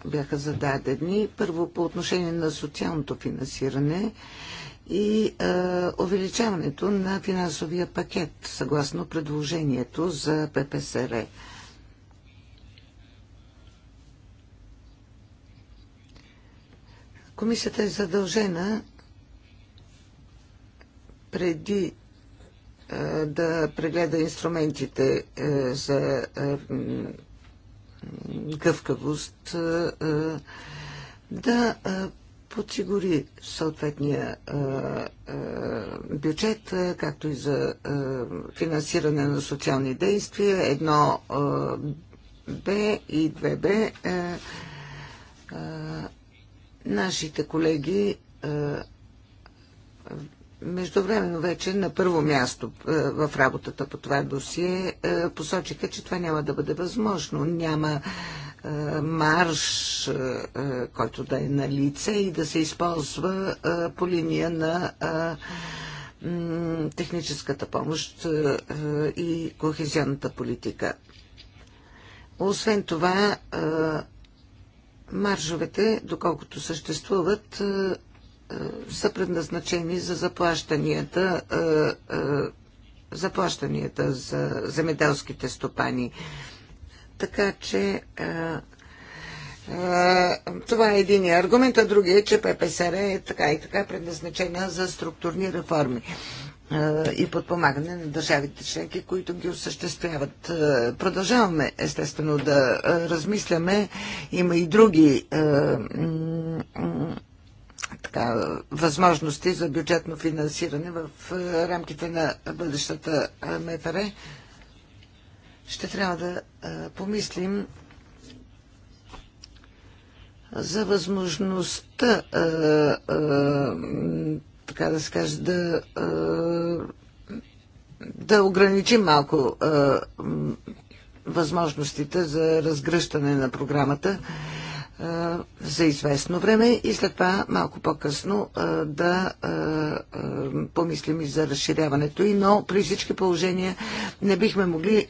бяха зададени. Първо по отношение на социалното финансиране и е, увеличаването на финансовия пакет, съгласно предложението за ППСР. Комисията е задължена преди е, да прегледа инструментите е, за е, гъвкавост, да подсигури съответния бюджет, както и за финансиране на социални действия, едно Б и 2Б. Нашите колеги Междувременно вече на първо място е, в работата по това досие е, посочиха, че това няма да бъде възможно. Няма е, марш, който да е на лице и да се използва по линия на техническата помощ и кохезионната политика. Освен това, маржовете, доколкото съществуват, е, са предназначени за заплащанията, е, е, заплащанията за земеделските стопани. Така че това е един аргумент, а другия е, че ППСР е така и така предназначена за структурни реформи и подпомагане на държавите членки, които ги осъществяват. Продължаваме естествено да размисляме. Има и други така, възможности за бюджетно финансиране в е, рамките на бъдещата е, МФР, ще трябва да е, помислим за възможността, така да се каже, да, да ограничим малко възможностите за разгръщане на програмата за известно време и след това малко по-късно да помислим и за разширяването и, но при всички положения не бихме могли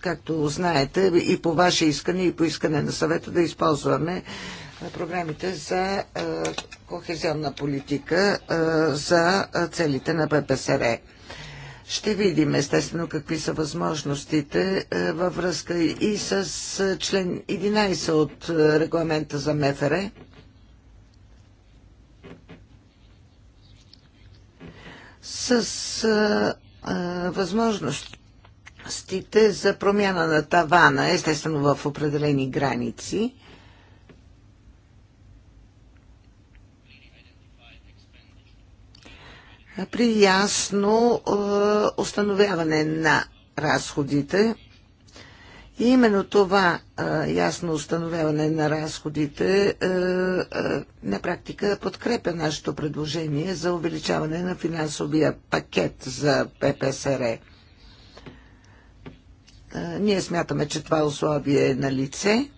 както знаете, и по ваше искане, и по искане на съвета да използваме програмите за кохезионна политика за целите на ППСР. Ще видим естествено какви са възможностите е, във връзка и с е, член 11 от е, регламента за МФР. С възможностите за промяна на тавана, естествено в определени граници – при ясно е, установяване на разходите. И именно това е, ясно установяване на разходите е, на практика подкрепя нашето предложение за увеличаване на финансовия пакет за ППСР. Ние смятаме, че това условие е на лице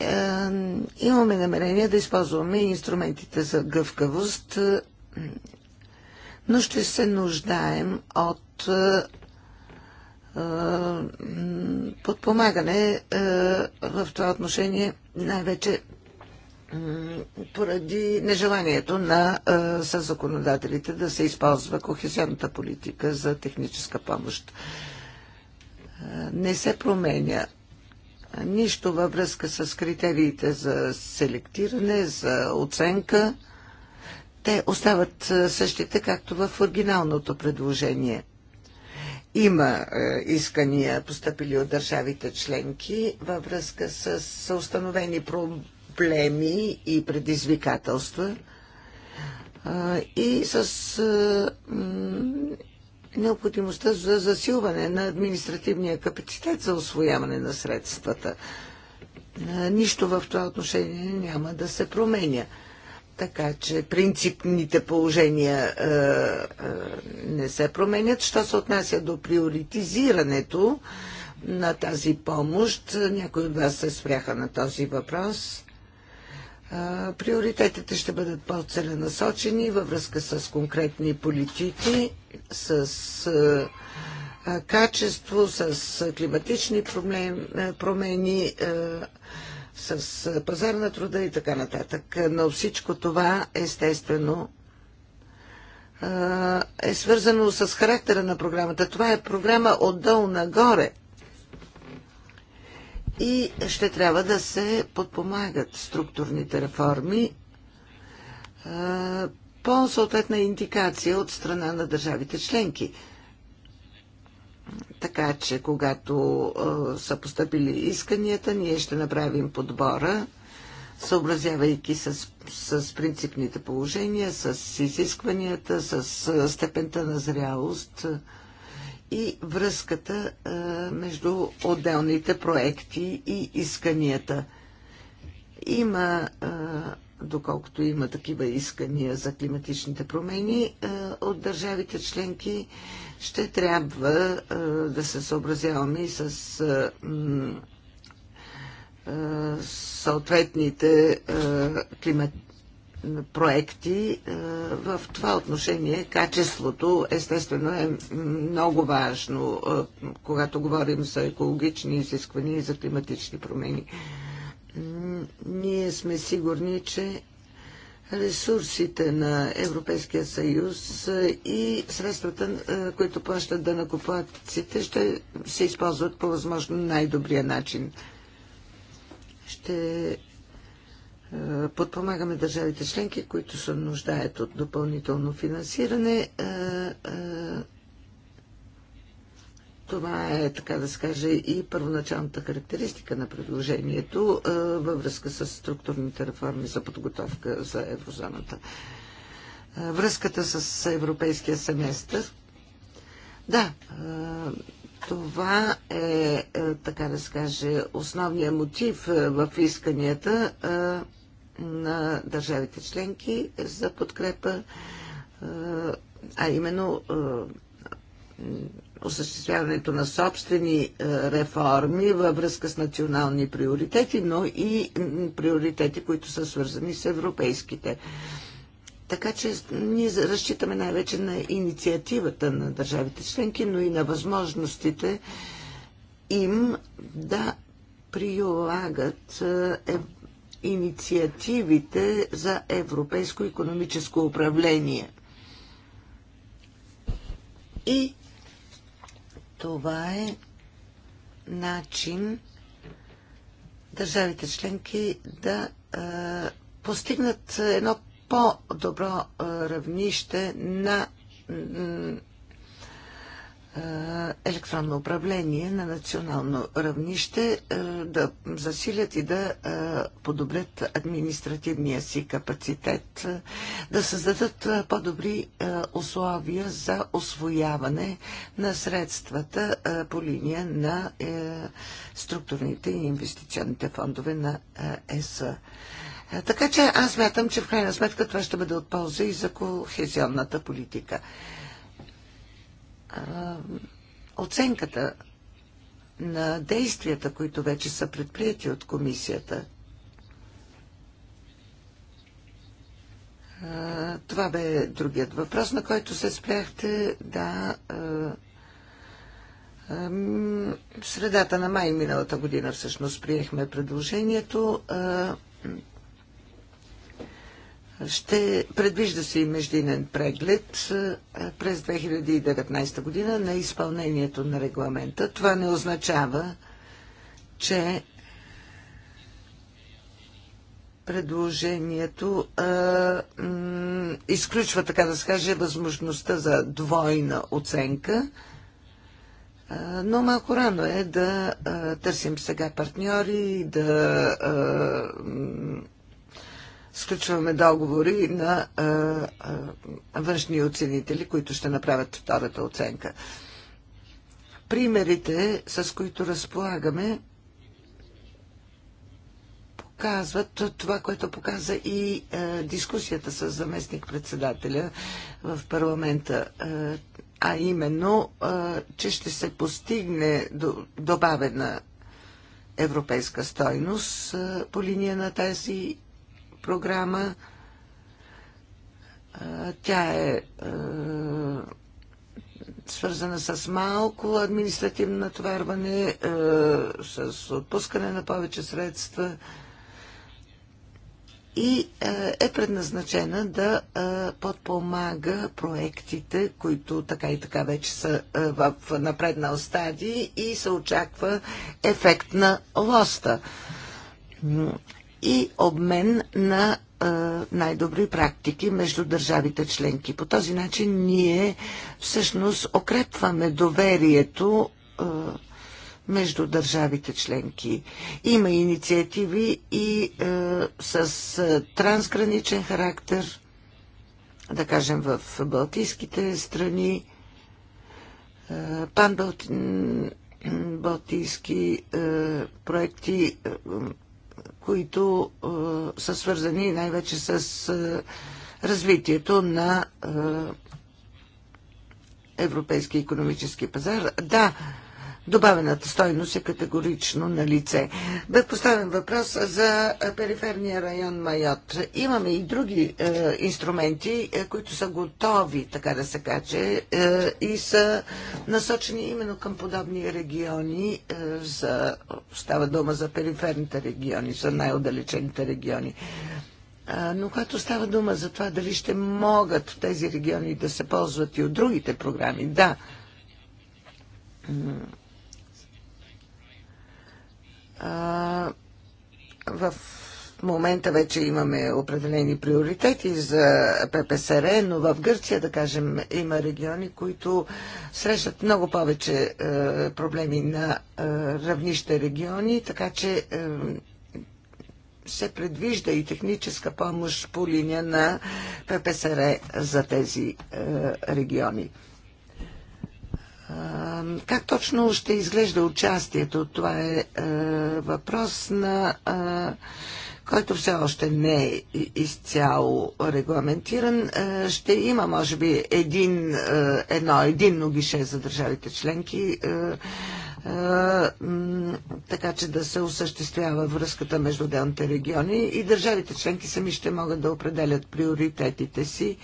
Е, имаме намерение да използваме инструментите за гъвкавост, е, но ще се нуждаем от е, подпомагане в това отношение най-вече поради нежеланието на съзаконодателите да се използва кохезионната политика за техническа помощ. Не се променя нищо във връзка с критериите за селектиране, за оценка. Те остават същите, както в оригиналното предложение. Има искания, поступили от държавите членки, във връзка с установени проблеми и предизвикателства и с необходимостта за засилване на административния капацитет за освояване на средствата. Е, нищо в това отношение няма да се променя. Така че принципните положения е, е, не се променят. Що се отнася до приоритизирането на тази помощ, е, някои от вас се спряха на този въпрос. Приоритетите ще бъдат по-целенасочени във връзка с конкретни политики, с качество, с климатични проблем, промени, с пазар на труда и така нататък. Но всичко това, естествено, е свързано с характера на програмата. Това е програма отдолу нагоре – и ще трябва да се подпомагат структурните реформи е, по съответна индикация от страна на държавите членки. Така че, когато е, са поступили исканията, ние ще направим подбора, съобразявайки с, с принципните положения, с изискванията, с е, степента на зрялост и връзката между отделните проекти и исканията. Има, доколкото има такива искания за климатичните промени, от държавите членки ще трябва да се съобразяваме и с съответните климатични проекти. Е, в това отношение качеството естествено е много важно, е, когато говорим за екологични изисквания и за климатични промени. Ние сме сигурни, че ресурсите на Европейския съюз е, и средствата, които плащат данакоплатците, ще се използват по възможно най-добрия начин. Ще е, подпомагаме държавите членки, които се нуждаят от допълнително финансиране. Е, е, това е, така да се каже, и първоначалната характеристика на предложението във връзка с структурните реформи за подготовка за еврозоната. Връзката с европейския семестър. Да, това е, така да се каже, основният мотив в исканията на държавите членки за подкрепа, а именно е, осъществяването на собствени е, реформи във връзка с национални приоритети, но и приоритети, които са свързани с европейските. Така че ние разчитаме най-вече на инициативата на държавите членки, но и на възможностите им да прилагат е, инициативите за европейско економическо управление. И това е начин държавите членки да а, постигнат едно по-добро равнище на е, електронно управление на национално равнище е, да засилят и да е, подобрят административния си капацитет, да създадат по-добри условия за освояване на средствата по линия на структурните и инвестиционните фондове на ЕС. Така че аз мятам, че в крайна сметка това ще бъде от полза и за кохезионната политика оценката на действията, които вече са предприяти от комисията. Това бе другият въпрос, на който се спряхте. Да, средата на май миналата година всъщност приехме предложението. Ще предвижда се и междинен преглед е, през 2019 година на изпълнението на регламента. Това не означава, че предложението а, е, м, изключва, така да се каже, възможността за двойна оценка, а, е, но малко рано е да а, търсим сега партньори, да а, сключваме договори на а, а, външни оценители, които ще направят втората оценка. Примерите, с които разполагаме, показват това, което показа и дискусията с заместник-председателя в парламента, а именно, че ще се постигне до, добавена европейска стойност по линия на тази програма. Тя е свързана с малко административно натоварване, с отпускане на повече средства и е предназначена да подпомага проектите, които така и така вече са в напреднал стадий и се очаква ефект на лоста и обмен на най-добри практики между държавите членки. По този начин ние всъщност укрепваме доверието между държавите членки. Има инициативи и е, с трансграничен характер, да кажем в Балтийските страни, е, панбалтийски е, проекти, е, които а, е, са свързани най-вече с а, е, развитието на а, е, европейски економически пазар. Да, а, добавената стойност е категорично на лице. Бе поставен въпрос за периферния район Майот. Имаме и други е, инструменти, е, които са готови, така да се каже, е, и са насочени именно към подобни региони. Е, за, става дума за периферните региони, за най-отдалечените региони. Но когато става дума за това дали ще могат тези региони да се ползват и от другите програми, да, в момента вече имаме определени приоритети за ППСР, но в Гърция, да кажем, има региони, които срещат много повече е, проблеми на е, равнище региони, така че е, се предвижда и техническа помощ по линия на ППСР за тези е, региони. Как точно ще изглежда участието? Това е, е въпрос на е, който все още не е изцяло регламентиран. Е, ще има, може би, един, едно единно гише за държавите членки, така че да се осъществява връзката между отделните региони и държавите членки сами ще могат да определят приоритетите си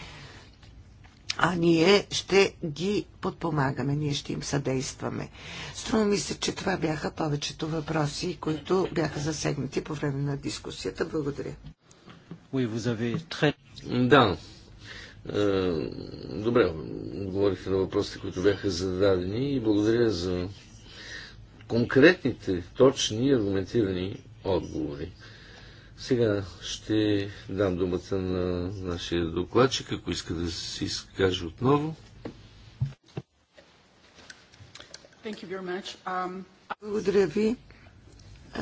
а ние ще ги подпомагаме, ние ще им съдействаме. Струва ми се, че това бяха повечето въпроси, които бяха засегнати по време на дискусията. Благодаря. Да. Е, добре, говорихте на въпросите, които бяха зададени и благодаря за конкретните, точни, аргументирани отговори. Сега ще дам думата на нашия докладчик, ако иска да се изкаже отново. Um, благодаря ви.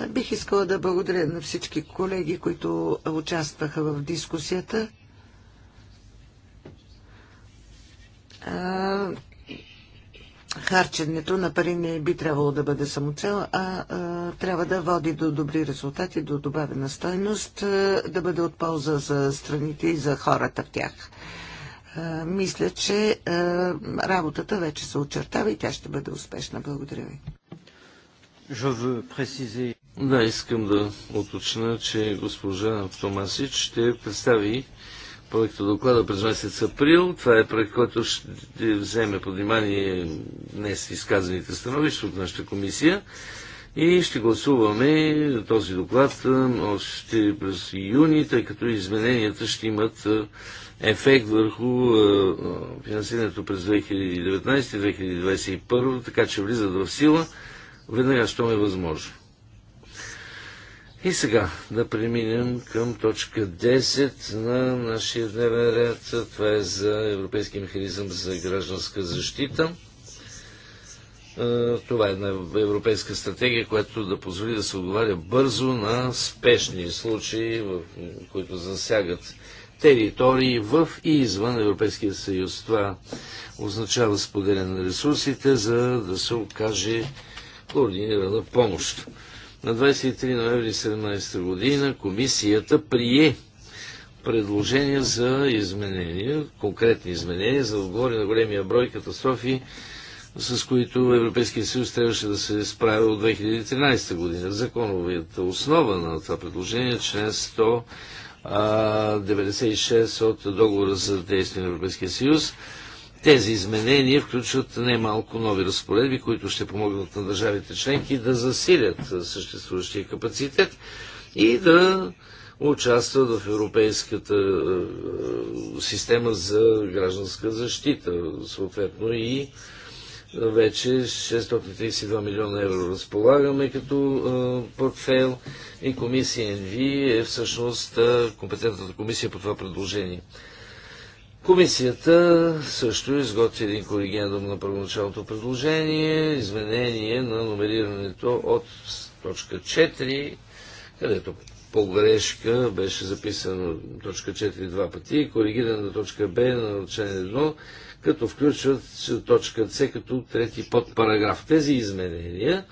Бих искала да благодаря на всички колеги, които участваха в дискусията харченето на пари не би трябвало да бъде самоцел, а, а трябва да води до добри резултати, до добавена стойност, а, да бъде от полза за страните и за хората в тях. А, мисля, че а, работата вече се очертава и тя ще бъде успешна. Благодаря ви. Да, искам да уточна, че госпожа Томасич ще представи проекта доклада през месец април. Това е проект, който ще вземе под внимание днес изказаните становища от нашата комисия. И ще гласуваме този доклад още през юни, тъй като измененията ще имат ефект върху финансирането през 2019-2021, така че влизат в сила веднага, що е възможно. И сега да преминем към точка 10 на нашия дневен ред. Това е за Европейски механизъм за гражданска защита. Това е една европейска стратегия, която да позволи да се отговаря бързо на спешни случаи, които засягат територии в и извън Европейския съюз. Това означава споделяне на ресурсите, за да се окаже координирана помощ. На 23 ноември 2017 година комисията прие предложения за изменения, конкретни изменения, за да отговори на големия брой катастрофи, с които Европейския съюз трябваше да се справи от 2013 година. Законовата основа на това предложение е член 196 от договора за действие на Европейския съюз тези изменения включват немалко нови разпоредби, които ще помогнат на държавите членки да засилят съществуващия капацитет и да участват в европейската е, система за гражданска защита, съответно и вече 632 милиона евро разполагаме като е, портфейл и комисия НВ е всъщност е, компетентната комисия по това предложение. Комисията също изготви един коригендум на първоначалното предложение, изменение на номерирането от точка 4, където по грешка беше записано точка 4 два пъти, коригиране на точка Б на член 1, като включват точка С като трети подпараграф. Тези изменения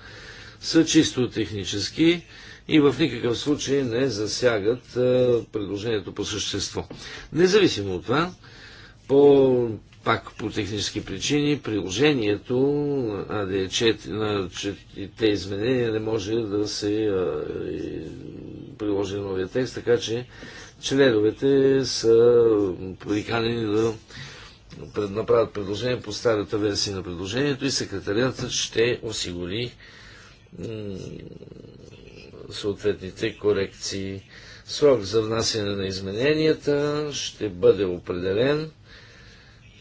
са чисто технически и в никакъв случай не засягат предложението по същество. Независимо от това, по, пак по технически причини, приложението на, на те изменения не може да се а, приложи новия текст, така че членовете са приканени да направят предложение по старата версия на предложението и секретарията ще осигури съответните корекции. Срок за внасяне на измененията ще бъде определен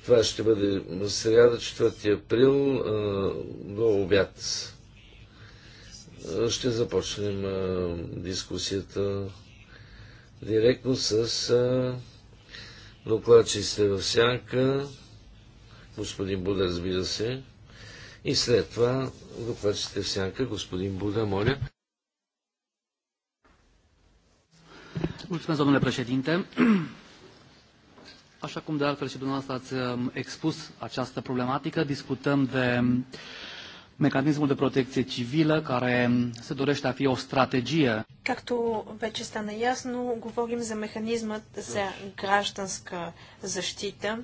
това ще бъде сряда, 4 април, до обяд. Ще започнем дискусията директно с докладчиците в сянка, господин Буда, разбира се, и след това докладчиците в сянка, господин Буда, моля. Mulțumesc, domnule președinte. Așa cum de altfel și dumneavoastră ați um, expus această problematică, discutăm de um, mecanismul de protecție civilă care um, se dorește a fi o strategie. Както вече стана ясно, говорим за механизмът за гражданска защита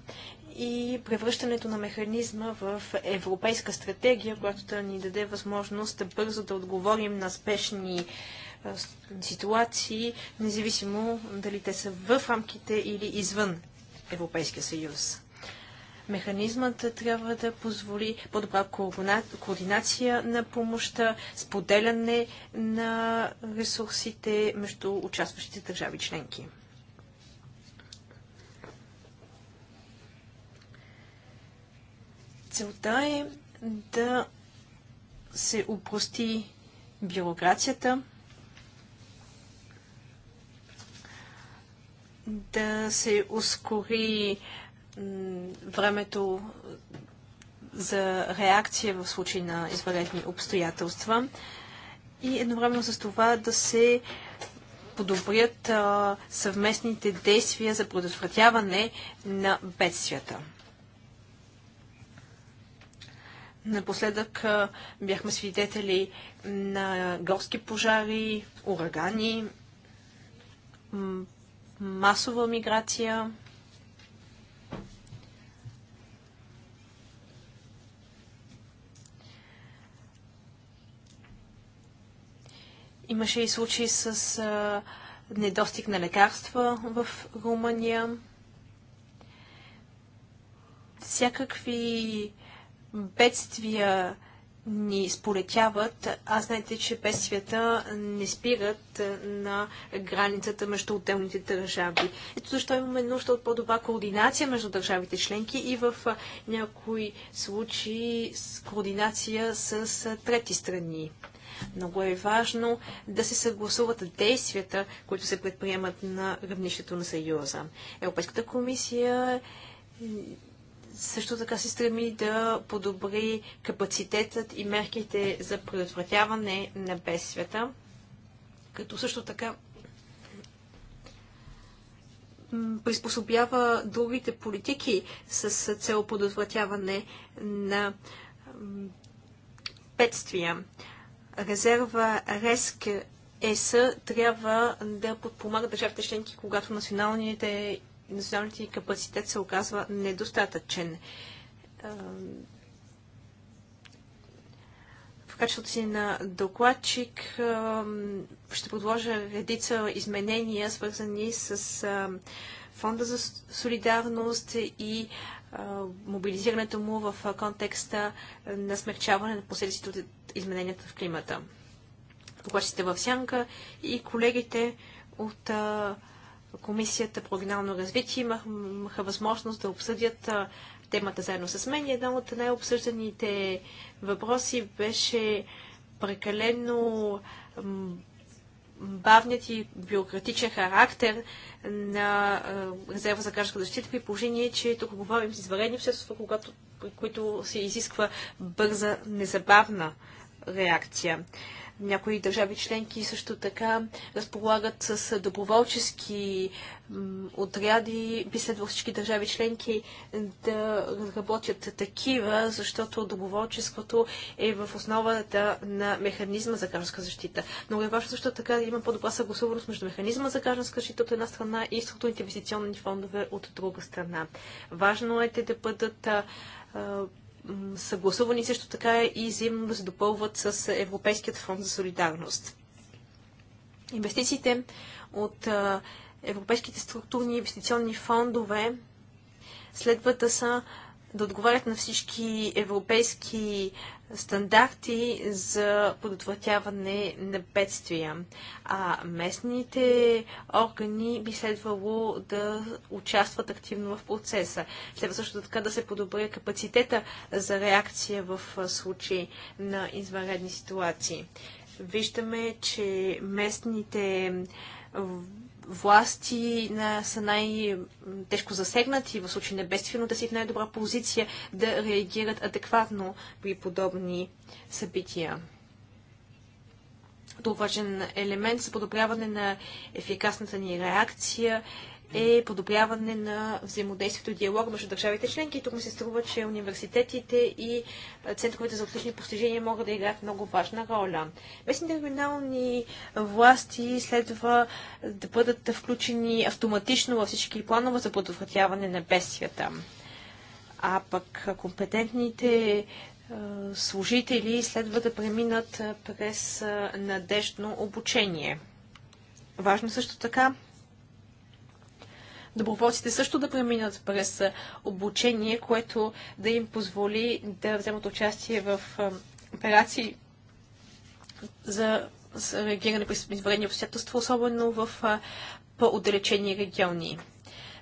и превръщането на механизма в европейска стратегия, която да ни даде възможност бързо да отговорим на спешни е, ситуации, независимо дали те са в рамките или извън Европейския съюз. Механизмът трябва да позволи по-добра координация на помощта, споделяне на ресурсите между участващите държави членки. Целта е да се упрости бюрокрацията, да се ускори времето за реакция в случай на извънредни обстоятелства и едновременно с това да се подобрят съвместните действия за предотвратяване на бедствията. Напоследък бяхме свидетели на горски пожари, урагани, масова миграция. Имаше и случаи с а, недостиг на лекарства в Румъния. Всякакви бедствия ни сполетяват, а знаете, че бедствията не спират е, на границата между отделните държави. Ето защо имаме нужда от по-добра координация между държавите членки и в е, някои случаи с координация е, с трети страни. Много е важно да се съгласуват действията, които се предприемат на равнището на Съюза. Европейската комисия също така се стреми да подобри капацитетът и мерките за предотвратяване на бедствията, като също така приспособява другите политики с цел предотвратяване на бедствия. Резерва РЕСК ЕС трябва да подпомага държавите членки, когато националните националният ни капацитет се оказва недостатъчен. В качеството си на докладчик ще подложа редица изменения, свързани с Фонда за солидарност и мобилизирането му в контекста на смягчаване на последиците от измененията в климата. Докладчиците в сянка и колегите от Комисията по регионално развитие имаха възможност да обсъдят темата заедно с мен. Една от най-обсъжданите въпроси беше прекалено бавният и бюрократичен характер на резерва за гражданска защита при положение, че тук говорим с изварени обстоятелства, когато, при които се изисква бърза, незабавна реакция. Някои държави членки също така разполагат с доброволчески отряди. Би следвало всички държави членки да разработят такива, защото доброволческото е в основата на механизма за гражданска защита. Но е важно също така да има по-добра съгласуваност между механизма за гражданска защита от една страна и структурните инвестиционни фондове от друга страна. Важно е те да бъдат съгласувани също така и взаимно да се допълват с Европейският фонд за солидарност. Инвестициите от европейските структурни инвестиционни фондове следва да са да отговарят на всички европейски стандарти за предотвратяване на бедствия. А местните органи би следвало да участват активно в процеса. Следва също така да се подобря капацитета за реакция в случай на извънредни ситуации. Виждаме, че местните власти на, са най-тежко засегнати в случай на да са в най-добра позиция да реагират адекватно при подобни събития. Друг важен елемент за подобряване на ефикасната ни реакция е подобряване на взаимодействието и диалога между държавите членки. тук ми се струва, че университетите и центровете за отлични постижения могат да играят много важна роля. Местните регионални власти следва да бъдат включени автоматично във всички планове за предотвратяване на бедствията. А пък компетентните служители следва да преминат през надежно обучение. Важно също така доброволците също да преминат през обучение, което да им позволи да вземат участие в операции за реагиране при изварени обстоятелства, особено в по-отдалечени региони.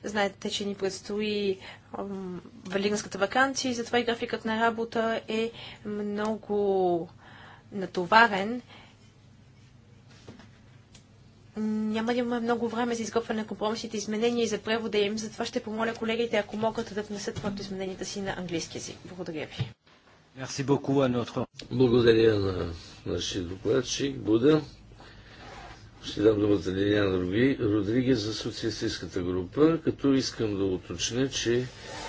Знаете, че ни предстои Валиганската вакансия и затова и графикът на работа е много натоварен няма да имаме много време за изготвяне на компромисните изменения и за превода им, затова ще помоля колегите, ако могат да внесат проекто измененията си на английски язик. Благодаря ви. Благодаря на нашия докладчик Буда. Ще дам думата на Лиляна Родригес за социалистическата група, като искам да уточня, че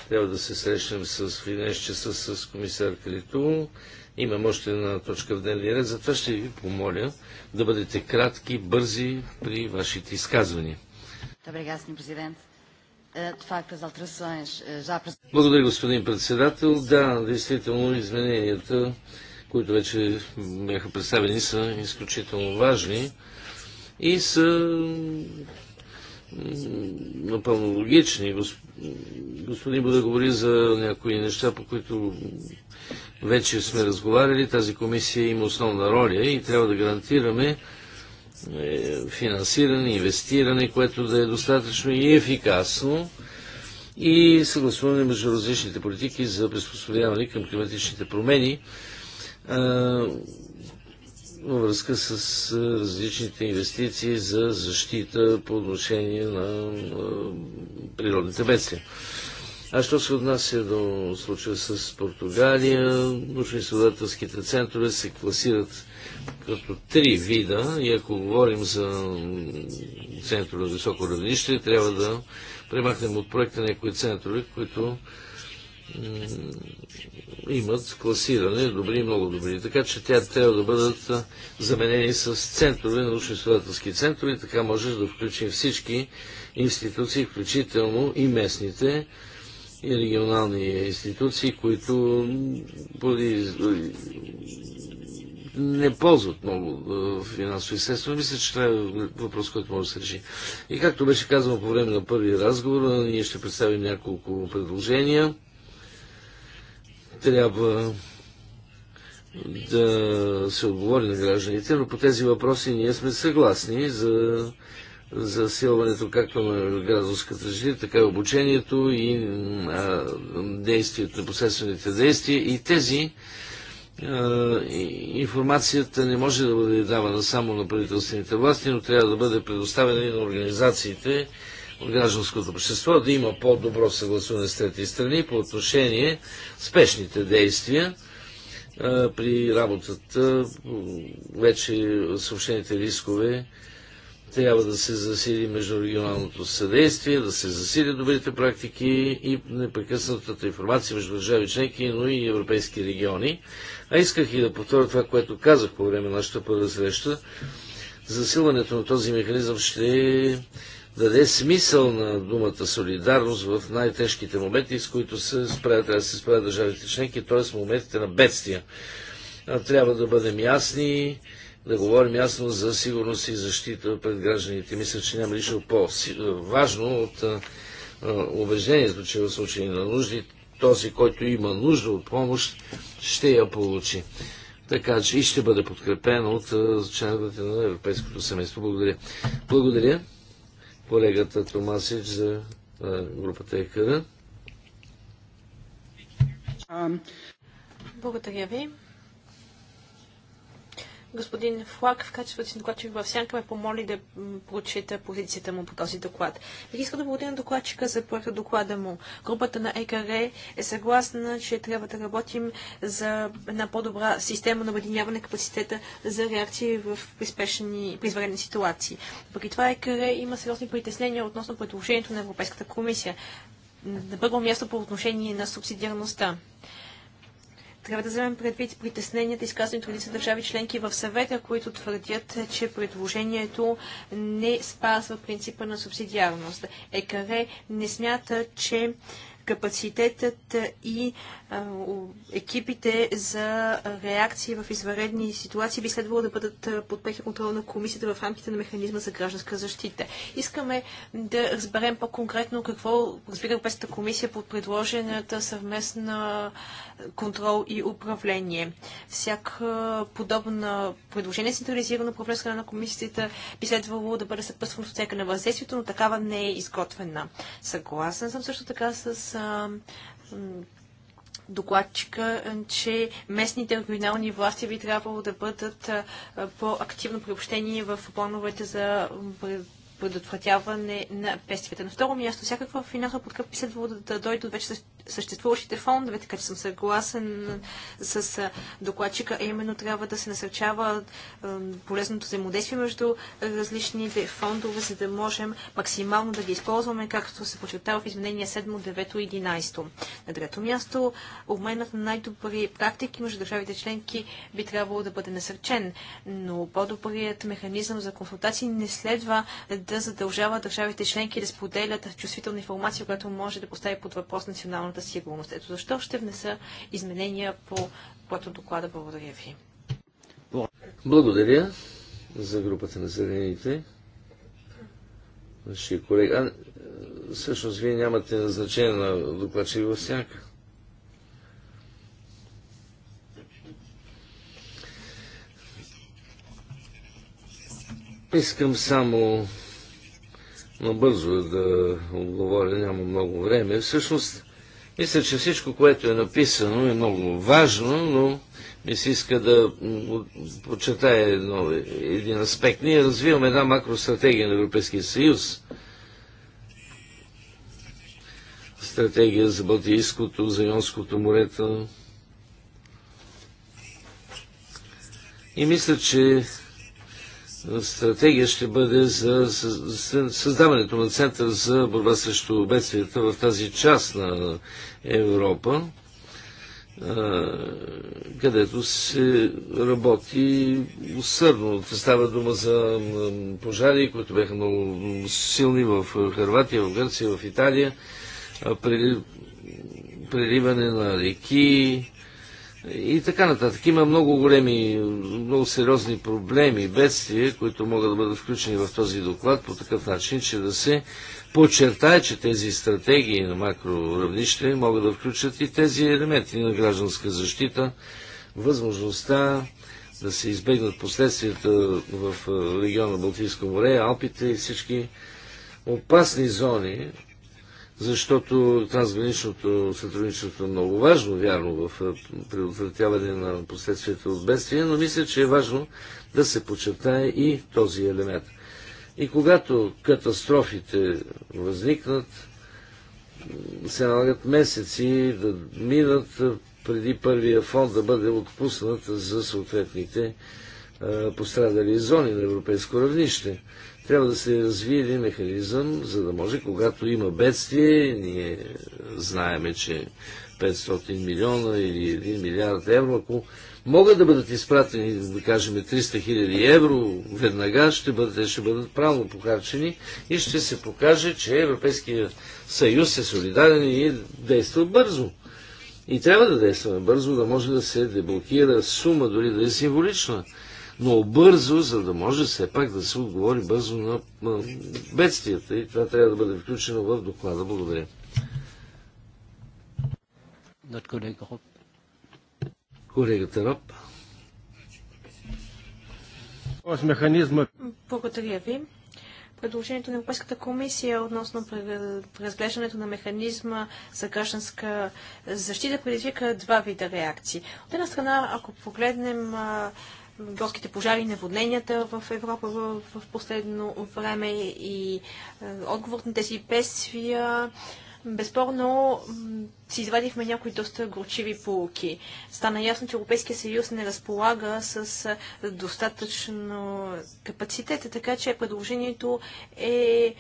трябва да се срещнем с 11 часа с комисар Критул. Имам още една точка в дневния ред, затова ще ви помоля да бъдете кратки, бързи при вашите изказвания. Добре, гасни президент. Е, е е, Благодаря, господин председател. Да, действително измененията, които вече бяха представени, са изключително важни и са напълно логични. господин господин Буда говори за някои неща, по които вече сме разговаряли. Тази комисия има основна роля и трябва да гарантираме е, финансиране, инвестиране, което да е достатъчно и ефикасно и съгласуване между различните политики за приспособяване към климатичните промени във връзка с различните инвестиции за защита по отношение на природните бедствия. А що се отнася до случая с Португалия, научно-изследователските центрове се класират като три вида и ако говорим за центрове на високо равнище, трябва да премахнем от проекта някои центрове, които имат класиране, добри и много добри. Така че тя трябва да бъдат заменени с центрове, научно-изследователски центрове. Така може да включим всички институции, включително и местните и регионални институции, които поради не ползват много финансови средства. Мисля, че това е въпрос, който може да се реши. И както беше казано по време на първи разговор, ние ще представим няколко предложения трябва да се отговори на гражданите, но по тези въпроси ние сме съгласни за засилването както на гражданската жили, така и обучението и а, действието, последствените действия и тези а, информацията не може да бъде давана само на правителствените власти, но трябва да бъде предоставена и на организациите, от гражданското общество, да има по-добро съгласуване с трети страни по отношение спешните действия при работата, вече съобщените рискове, трябва да се засили между регионалното съдействие, да се засили добрите практики и непрекъснатата информация между държави членки, но и европейски региони. А исках и да повторя това, което казах по време на нашата първа среща. Засилването на този механизъм ще даде смисъл на думата солидарност в най-тежките моменти, с които се справят, трябва да се справят държавите членки, т.е. моментите на бедствия. Трябва да бъдем ясни, да говорим ясно за сигурност и защита пред гражданите. Мисля, че няма нищо по-важно от убеждението, че в случай на нужди този, който има нужда от помощ, ще я получи. Така че и ще бъде подкрепен от членовете на Европейското семейство. Благодаря. Благодаря колегата Томасич за групата ЕКР. Благодаря ви господин Флак в качеството си докладчик в Сянка ме помоли да прочита позицията му по този доклад. Бих искал да благодаря на докладчика за проекта доклада му. Групата на ЕКР е съгласна, че трябва да работим за една по-добра система на обединяване капацитета за реакции в приспешни, призварени ситуации. Въпреки това ЕКР има сериозни притеснения относно предложението на Европейската комисия. На първо място по отношение на субсидиарността. Трябва да вземем предвид притесненията, изказани от редица държави членки в съвета, които твърдят, че предложението не спазва принципа на субсидиарност. ЕКАРЕ не смята, че капацитетът и екипите за реакции в изваредни ситуации би следвало да бъдат под прехи контрол на комисията в рамките на механизма за гражданска защита. Искаме да разберем по-конкретно какво разбира Европейската комисия под предложената съвместна контрол и управление. Всяка подобна предложение, централизирано управление на комисията, би следвало да бъде съпътствано с оценка на въздействието, но такава не е изготвена. Съгласен съм също така с а, докладчика, че местните регионални власти би трябвало да бъдат по-активно приобщени в плановете за предотвратяване на бедствията. На второ място, всякаква финансова подкрепа би следвало да, да дойде от вече съществуващите фондове, така че съм съгласен с докладчика, а именно трябва да се насърчава полезното взаимодействие между различните фондове, за да можем максимално да ги използваме, както се подчертава в изменения 7, 9 и 11. На трето място, обменът на най-добри практики между държавите членки би трябвало да бъде насърчен, но по-добрият механизъм за консултации не следва да задължава държавите членки да споделят чувствителна информация, която може да постави под въпрос националната националната сигурност. Ето защо ще внеса изменения по което доклада. Благодаря ви. Благодаря за групата на зелените. Нашия колега. всъщност, вие нямате назначение на докладчик във всяка. Искам само набързо да отговоря, няма много време. Всъщност, мисля, че всичко, което е написано е много важно, но ми се иска да почетая едно, един аспект. Ние развиваме една макростратегия на Европейския съюз. Стратегия за Балтийското, за Йонското морето. И мисля, че стратегия ще бъде за създаването на център за борба срещу бедствията в тази част на Европа, където се работи усърдно. Става дума за пожари, които бяха много силни в Харватия, в Гърция, в Италия, преливане на реки, и така нататък. Има много големи, много сериозни проблеми, бедствия, които могат да бъдат включени в този доклад по такъв начин, че да се подчертае, че тези стратегии на макроравнище могат да включат и тези елементи на гражданска защита, възможността да се избегнат последствията в региона Балтийско море, Алпите и всички опасни зони, защото трансграничното сътрудничество е много важно, вярно, в предотвратяване на последствията от бедствия, но мисля, че е важно да се подчертае и този елемент. И когато катастрофите възникнат, се налагат месеци да минат преди първия фонд да бъде отпуснат за съответните пострадали зони на европейско равнище. Трябва да се развие един механизъм, за да може, когато има бедствие, ние знаеме, че 500 милиона или 1 милиард евро, ако могат да бъдат изпратени, да кажем, 300 хиляди евро, веднага ще бъдат, ще бъдат правилно похарчени и ще се покаже, че Европейския съюз е солидарен и действа бързо. И трябва да действаме бързо, да може да се деблокира сума, дори да е символична но бързо, за да може все пак да се отговори бързо на бедствията. И това трябва да бъде включено в доклада. Благодаря. Колегата Роб. Е- Благодаря ви предложението на Европейската комисия относно разглеждането на механизма за гражданска защита предизвика два вида реакции. От една страна, ако погледнем а, горските пожари, наводненията в Европа в, последно време и е, отговор на тези песвия. Безспорно си извадихме някои доста горчиви полуки. Стана ясно, че Европейския съюз не разполага с е, достатъчно капацитет, така че предложението е, е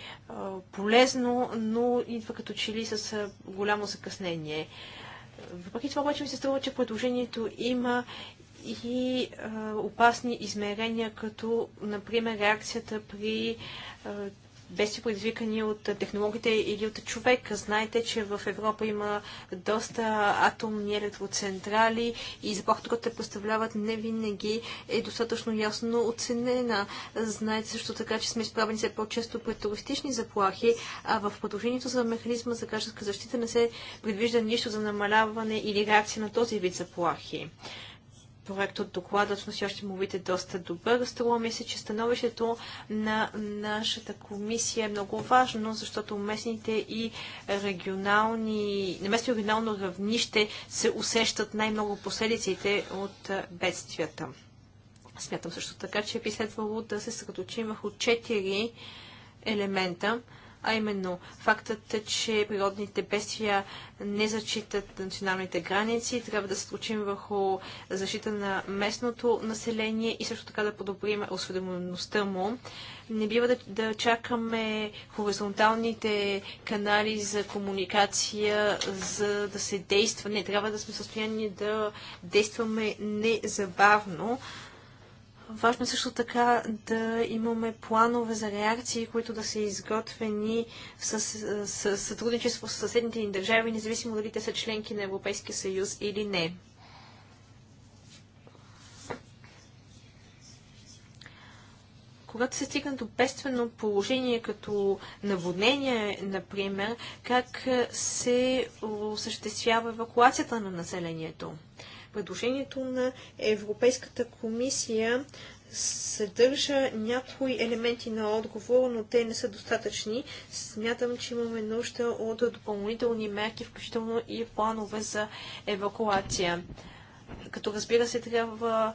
полезно, но идва като че ли с голямо закъснение. Въпреки това обаче ми се струва, че предложението има и а, опасни измерения, като, например, реакцията при бести предизвикани от технологите или от човека. Знаете, че в Европа има доста атомни електроцентрали и заплахата, която те представляват, не винаги е достатъчно ясно оценена. Знаете също така, че сме изправени все по-често пред туристични заплахи, а в продължението за механизма за гражданска защита не се предвижда нищо за намаляване или реакция на този вид заплахи проект от доклада, си още му видите доста добър. Струва ми се, че становището на нашата комисия е много важно, защото местните и регионални, на местно и регионално равнище се усещат най-много последиците от бедствията. Смятам също така, че би следвало да се съсредоточим върху четири елемента, а именно фактът, е, че природните бедствия не зачитат националните граници, трябва да се случим върху защита на местното население и също така да подобрим осведомеността му. Не бива да, да чакаме хоризонталните канали за комуникация, за да се действа. Не, трябва да сме в състояние да действаме незабавно, Важно е също така да имаме планове за реакции, които да са изготвени с, с, с сътрудничество с съседните ни държави, независимо дали те са членки на Европейския съюз или не. когато се стигна до бедствено положение, като наводнение, например, как се осъществява евакуацията на населението. Предложението на Европейската комисия съдържа някои елементи на отговор, но те не са достатъчни. Смятам, че имаме нужда от допълнителни мерки, включително и планове за евакуация. Като разбира се, трябва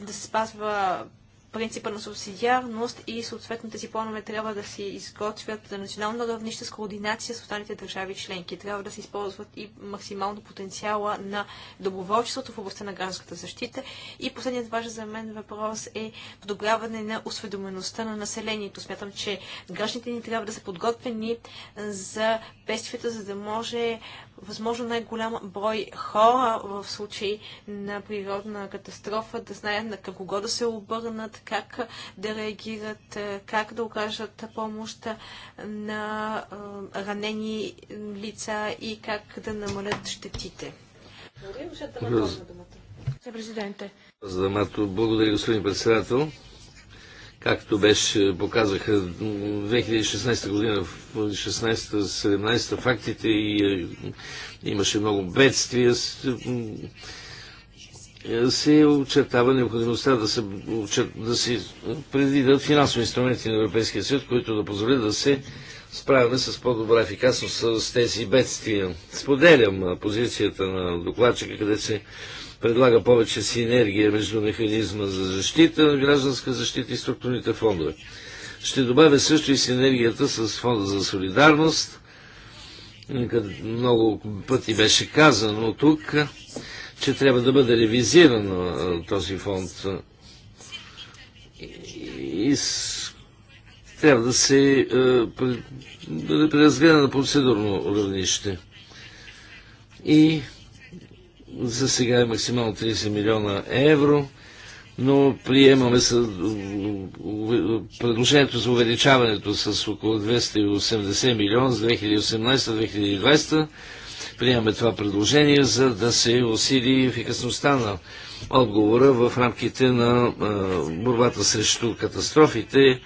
да се спазва принципа на субсидиарност и съответно тези планове трябва да се изготвят на национално равнище с координация с останалите държави членки. Трябва да се използват и максимално потенциала на доброволчеството в областта на гражданската защита. И последният важен за мен въпрос е подобряване на осведомеността на населението. Смятам, че гражданите ни трябва да са подготвени за бедствията, за да може възможно най-голям брой хора в случай на природна катастрофа да знаят на кого да се обърнат, как да реагират, е, как да окажат помощ на е, ранени лица и как да намалят щетите. Благодаря, Дамато, благодаря, господин председател както беше, показаха 2016 година, 16-17 фактите и е, имаше много бедствия, се очертава необходимостта да се, да се предвидят финансови инструменти на Европейския съюз, които да позволят да се справяме с по-добра ефикасност с тези бедствия. Споделям позицията на докладчика, къде се предлага повече синергия между механизма за защита на гражданска защита и структурните фондове. Ще добавя също и синергията с Фонда за солидарност, като много пъти беше казано тук, че трябва да бъде ревизиран този фонд и трябва да се бъде преразгледана процедурно равнище. И за сега е максимално 30 милиона евро, но приемаме предложението за увеличаването с около 280 милиона за 2018-2020. Приемаме това предложение, за да се усили ефикасността на отговора в рамките на борбата срещу катастрофите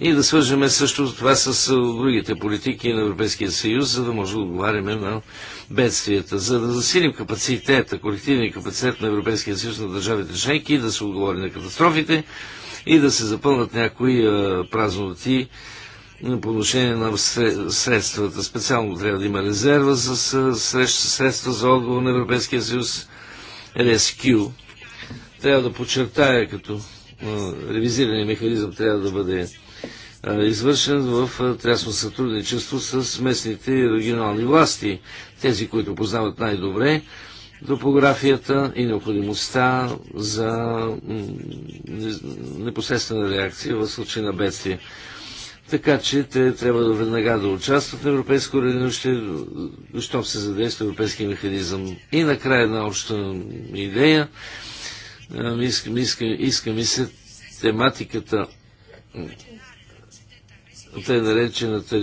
и да свържеме също това с другите политики на Европейския съюз, за да може да отговаряме на бедствията, за да засилим капацитета, колективния капацитет на Европейския съюз на държавите членки, да се отговори на катастрофите и да се запълнат някои а, празноти по отношение на средствата. Специално трябва да има резерва за средства за отговор на Европейския съюз RSQ. Трябва да подчертая, като ревизирания механизъм трябва да бъде е, извършен в е, трясно сътрудничество с местните и регионални власти, тези, които познават най-добре топографията и необходимостта за непосредствена реакция в случай на бедствие. Така че те трябва веднага да участват на европейско равнище, защото се задейства европейски механизъм. И накрая една обща идея. Искам, искам и се тематиката тъй наречената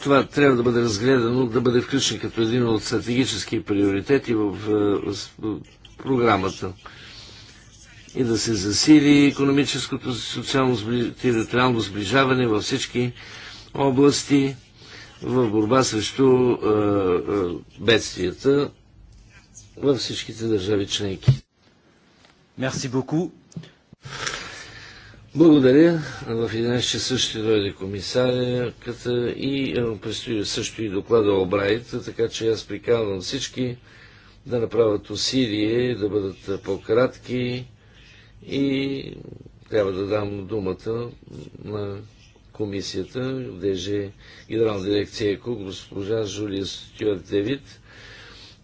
това трябва да бъде разгледано, да бъде включен като един от стратегически приоритети в, е, в, в програмата и да се засили економическото и социално териториално сближаване във всички области в борба срещу е, е, бедствията във всичките държави членки. Мерси благодаря. В 11 часа ще дойде комисаряката и е, предстои също и доклада Обрайт, така че аз приканвам всички да направят усилие, да бъдат по-кратки и трябва да дам думата на комисията, же генерална дирекция ЕКО, госпожа Жулия Стюарт Девит.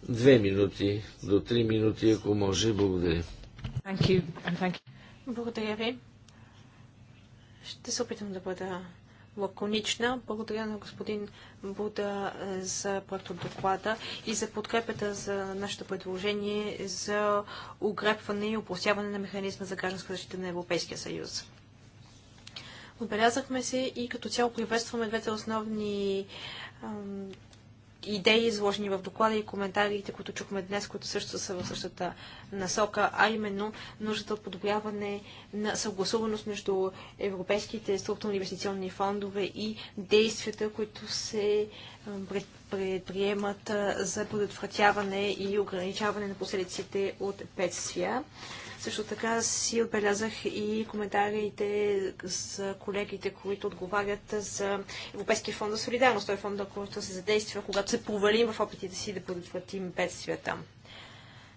Две минути до три минути, ако може. Благодаря. Благодаря ви. Ще се опитам да бъда лаконична. Благодаря на господин Буда е, за доклада и за подкрепата за нашето предложение за укрепване и опростяване на механизма за гражданска защита на Европейския съюз. Отбелязахме се и като цяло приветстваме двете основни идеи, изложени в доклада и коментарите, които чухме днес, които също са в същата насока, а именно нуждата от подобряване на съгласуваност между европейските структурни инвестиционни фондове и действията, които се предприемат за предотвратяване и ограничаване на последиците от бедствия. Също така си отбелязах и коментарите с колегите, които отговарят за Европейския фонд за солидарност. Той е фонда, който се задейства, когато се провалим в опитите си да предотвратим бедствията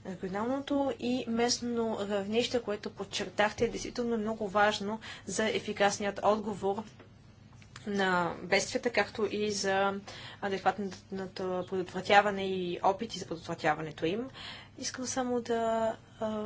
регионалното и местно равнище, което подчертахте, е действително много важно за ефикасният отговор на бедствията, както и за адекватното предотвратяване и опити за предотвратяването им. Искам само да а,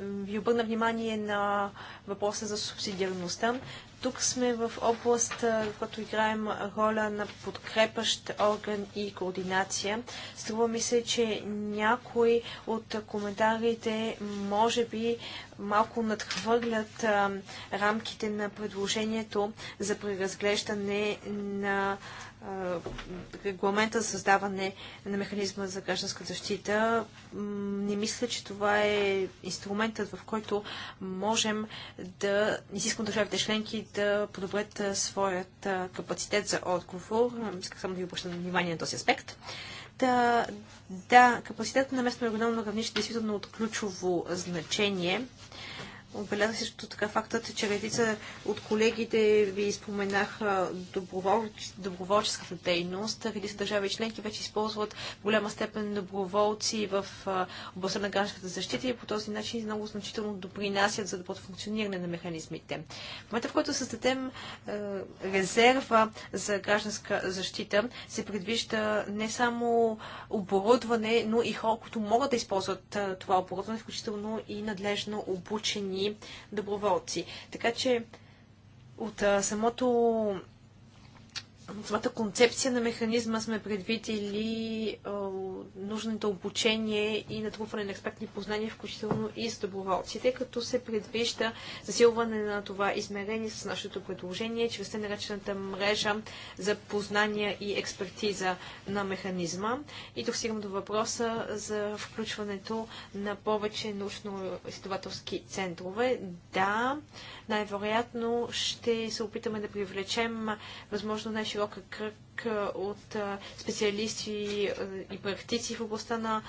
ви обърна внимание на въпроса за субсидиарността. Тук сме в област, в която играем роля на подкрепащ орган и координация. Струва ми се, че някои от коментарите може би малко надхвърлят рамките на предложението за преразглеждане на регламента за създаване на механизма за гражданска защита. Не мисля, че това е инструментът, в който можем да изискам държавите членки да подобрят своят капацитет за отговор. Исках само да ви обръщам внимание на този аспект. Да, да капацитетът на местно регионално равнище е действително от ключово значение Обеляза също така фактът, че редица от колегите ви споменаха добровол... доброволческата дейност. Редица държави членки вече използват в голяма степен доброволци в областта на гражданската защита и по този начин много значително допринасят за доброто функциониране на механизмите. В момента, в който създадем е, резерва за гражданска защита, се предвижда не само оборудване, но и хора, които могат да използват това оборудване, включително и надлежно обучени доброволци. Така че от самото самата концепция на механизма сме предвидили нужното обучение и натрупване на експертни познания, включително и с доброволците, като се предвижда засилване на това измерение с нашето предложение, чрез те наречената мрежа за познания и експертиза на механизма. И тук стигам до въпроса за включването на повече научно-изследователски центрове. Да, най-вероятно ще се опитаме да привлечем възможно най широка кръг от специалисти и практици в областта на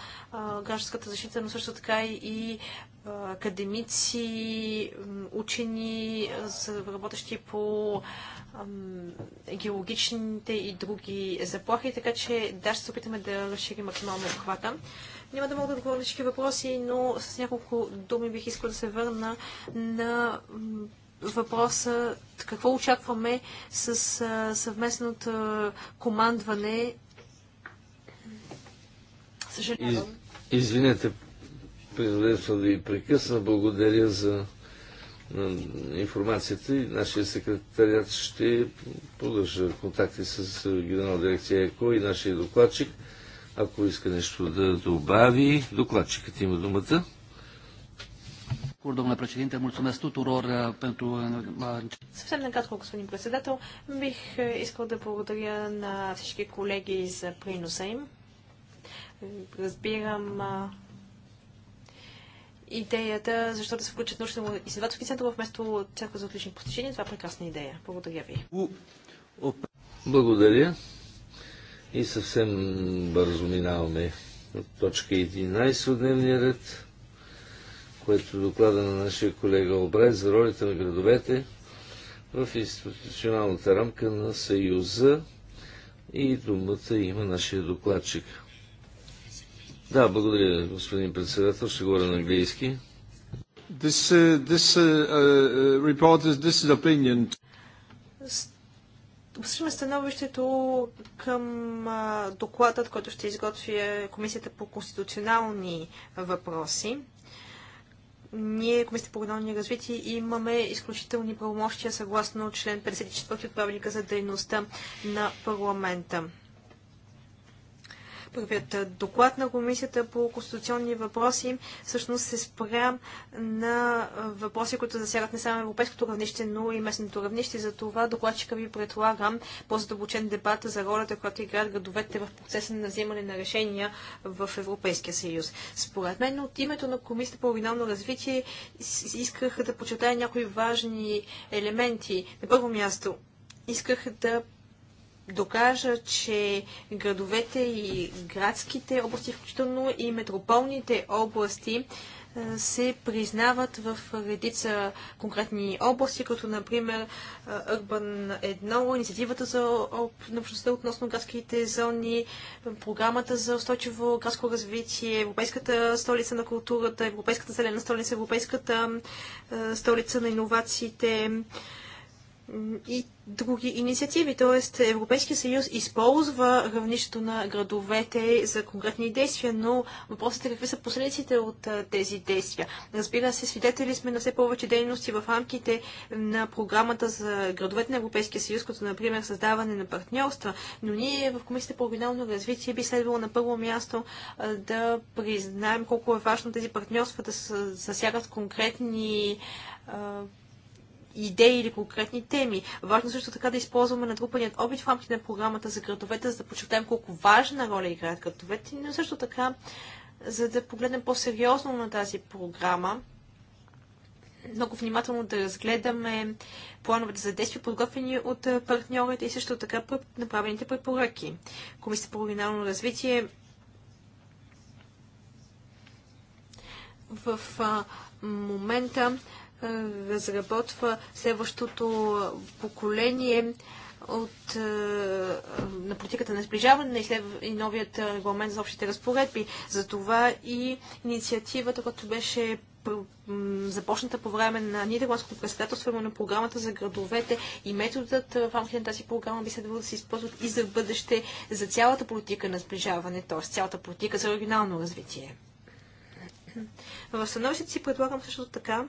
гражданската защита, но също така и академици, учени, работещи по геологичните и други заплахи, така че да, ще се опитаме да разширим максимално обхвата. Няма да мога да отговоря на всички въпроси, но с няколко думи бих искала да се върна на въпроса какво очакваме с съвместното командване. Съжалявам. Из, извинете, приветствам да ви прекъсна. Благодаря за информацията и нашия секретариат ще продължа контакти с Генерална дирекция ЕКО и нашия докладчик. Ако иска нещо да добави, докладчикът има думата. Domnule președinte, mulțumesc tuturor uh, pentru... Съвсем накратко, господин председател, бих искал да благодаря на всички колеги за приноса им. Разбирам идеята, защо да се включат научно-изследователски център вместо църква за отлични постижения. Това е прекрасна идея. Благодаря ви. Благодаря. И съвсем бързо минаваме от точка 11 от дневния ред което е доклада на нашия колега Обрай за ролята на градовете в институционалната рамка на Съюза и думата има нашия докладчик. Да, благодаря, господин председател. Ще говоря на английски. This, uh, this, uh, uh report is, this is opinion. Обсъждаме становището към докладът, който ще изготви е, Комисията по конституционални въпроси ние, Комисията по регионални развитие, имаме изключителни правомощия съгласно член 54 от правилника за дейността на парламента. Първият доклад на Комисията по конституционни въпроси всъщност се спря на въпроси, които засягат не само европейското равнище, но и местното равнище. За това докладчика ви предлагам по-задълбочен дебат за ролята, която играят градовете в процеса на вземане на решения в Европейския съюз. Според мен от името на Комисията по оригинално развитие исках да почетая някои важни елементи. На първо място исках да докажа, че градовете и градските области, включително и метрополните области, е, се признават в редица конкретни области, като например е, Urban 1, инициативата за общността относно градските зони, е, програмата за устойчиво градско развитие, Европейската столица на културата, Европейската зелена столица, Европейската столица на иновациите, и други инициативи. Тоест Европейския съюз използва равнището на градовете за конкретни действия, но въпросът е какви са последиците от тези действия. Разбира се, свидетели сме на все повече дейности в рамките на програмата за градовете на Европейския съюз, като например създаване на партньорства, но ние в Комисията по регионално развитие би следвало на първо място да признаем колко е важно тези партньорства да засягат конкретни идеи или конкретни теми. Важно също така да използваме натрупаният опит в рамките на програмата за градовете, за да подчертаем колко важна роля играят градовете, но също така, за да погледнем по-сериозно на тази програма, много внимателно да разгледаме плановете за действия, подготвени от партньорите и също така направените препоръки. Комисията по оригинално развитие в а, момента разработва следващото поколение от, на политиката на сближаване и, след, и новият регламент за общите разпоредби. За това и инициативата, която беше започната по време на Нидерландското председателство, именно програмата за градовете и методът в рамките на тази програма би следвало да се използват и за бъдеще за цялата политика на сближаване, т.е. цялата политика за регионално развитие. В становището си предлагам също така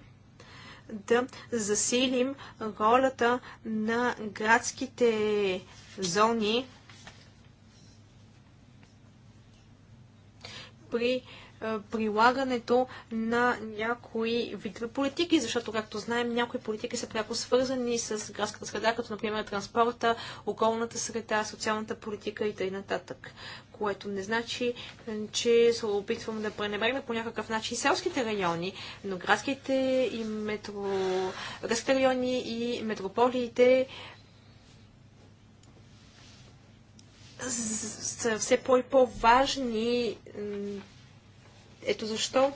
да засилим ролята на градските зони при е, прилагането на някои видове политики, защото, както знаем, някои политики са пряко свързани с градската среда, като например транспорта, околната среда, социалната политика и т.н. Което не значи, че се опитвам да пренебрегна по някакъв начин селските райони, но градските и метро... градските райони и метрополиите са все по- по-важни ето защо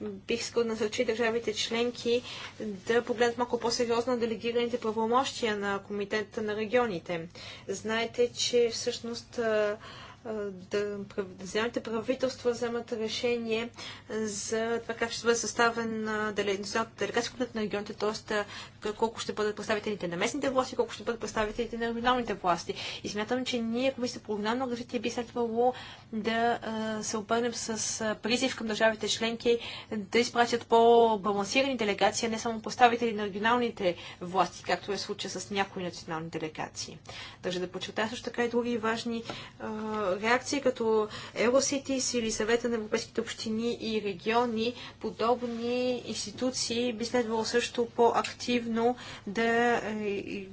бих искал да насърчи държавите членки да погледнат малко по-сериозно делегираните правомощия на Комитета на регионите. Знаете, че всъщност да националните правителства вземат решение за това как ще бъде съставен на делегация на регионите, т.е. колко ще бъдат представителите на местните власти, колко ще бъдат представителите на регионалните власти. И смятам, че ние, Комисията по регионално развитие, би следвало да се обърнем с призив към държавите членки да изпратят по-балансирани делегации, а не само представители на регионалните власти, както е случая с някои национални делегации. Държа да подчертая също така и други важни реакция като Eurocities или Съвета на европейските общини и региони, подобни институции би следвало също по-активно да е,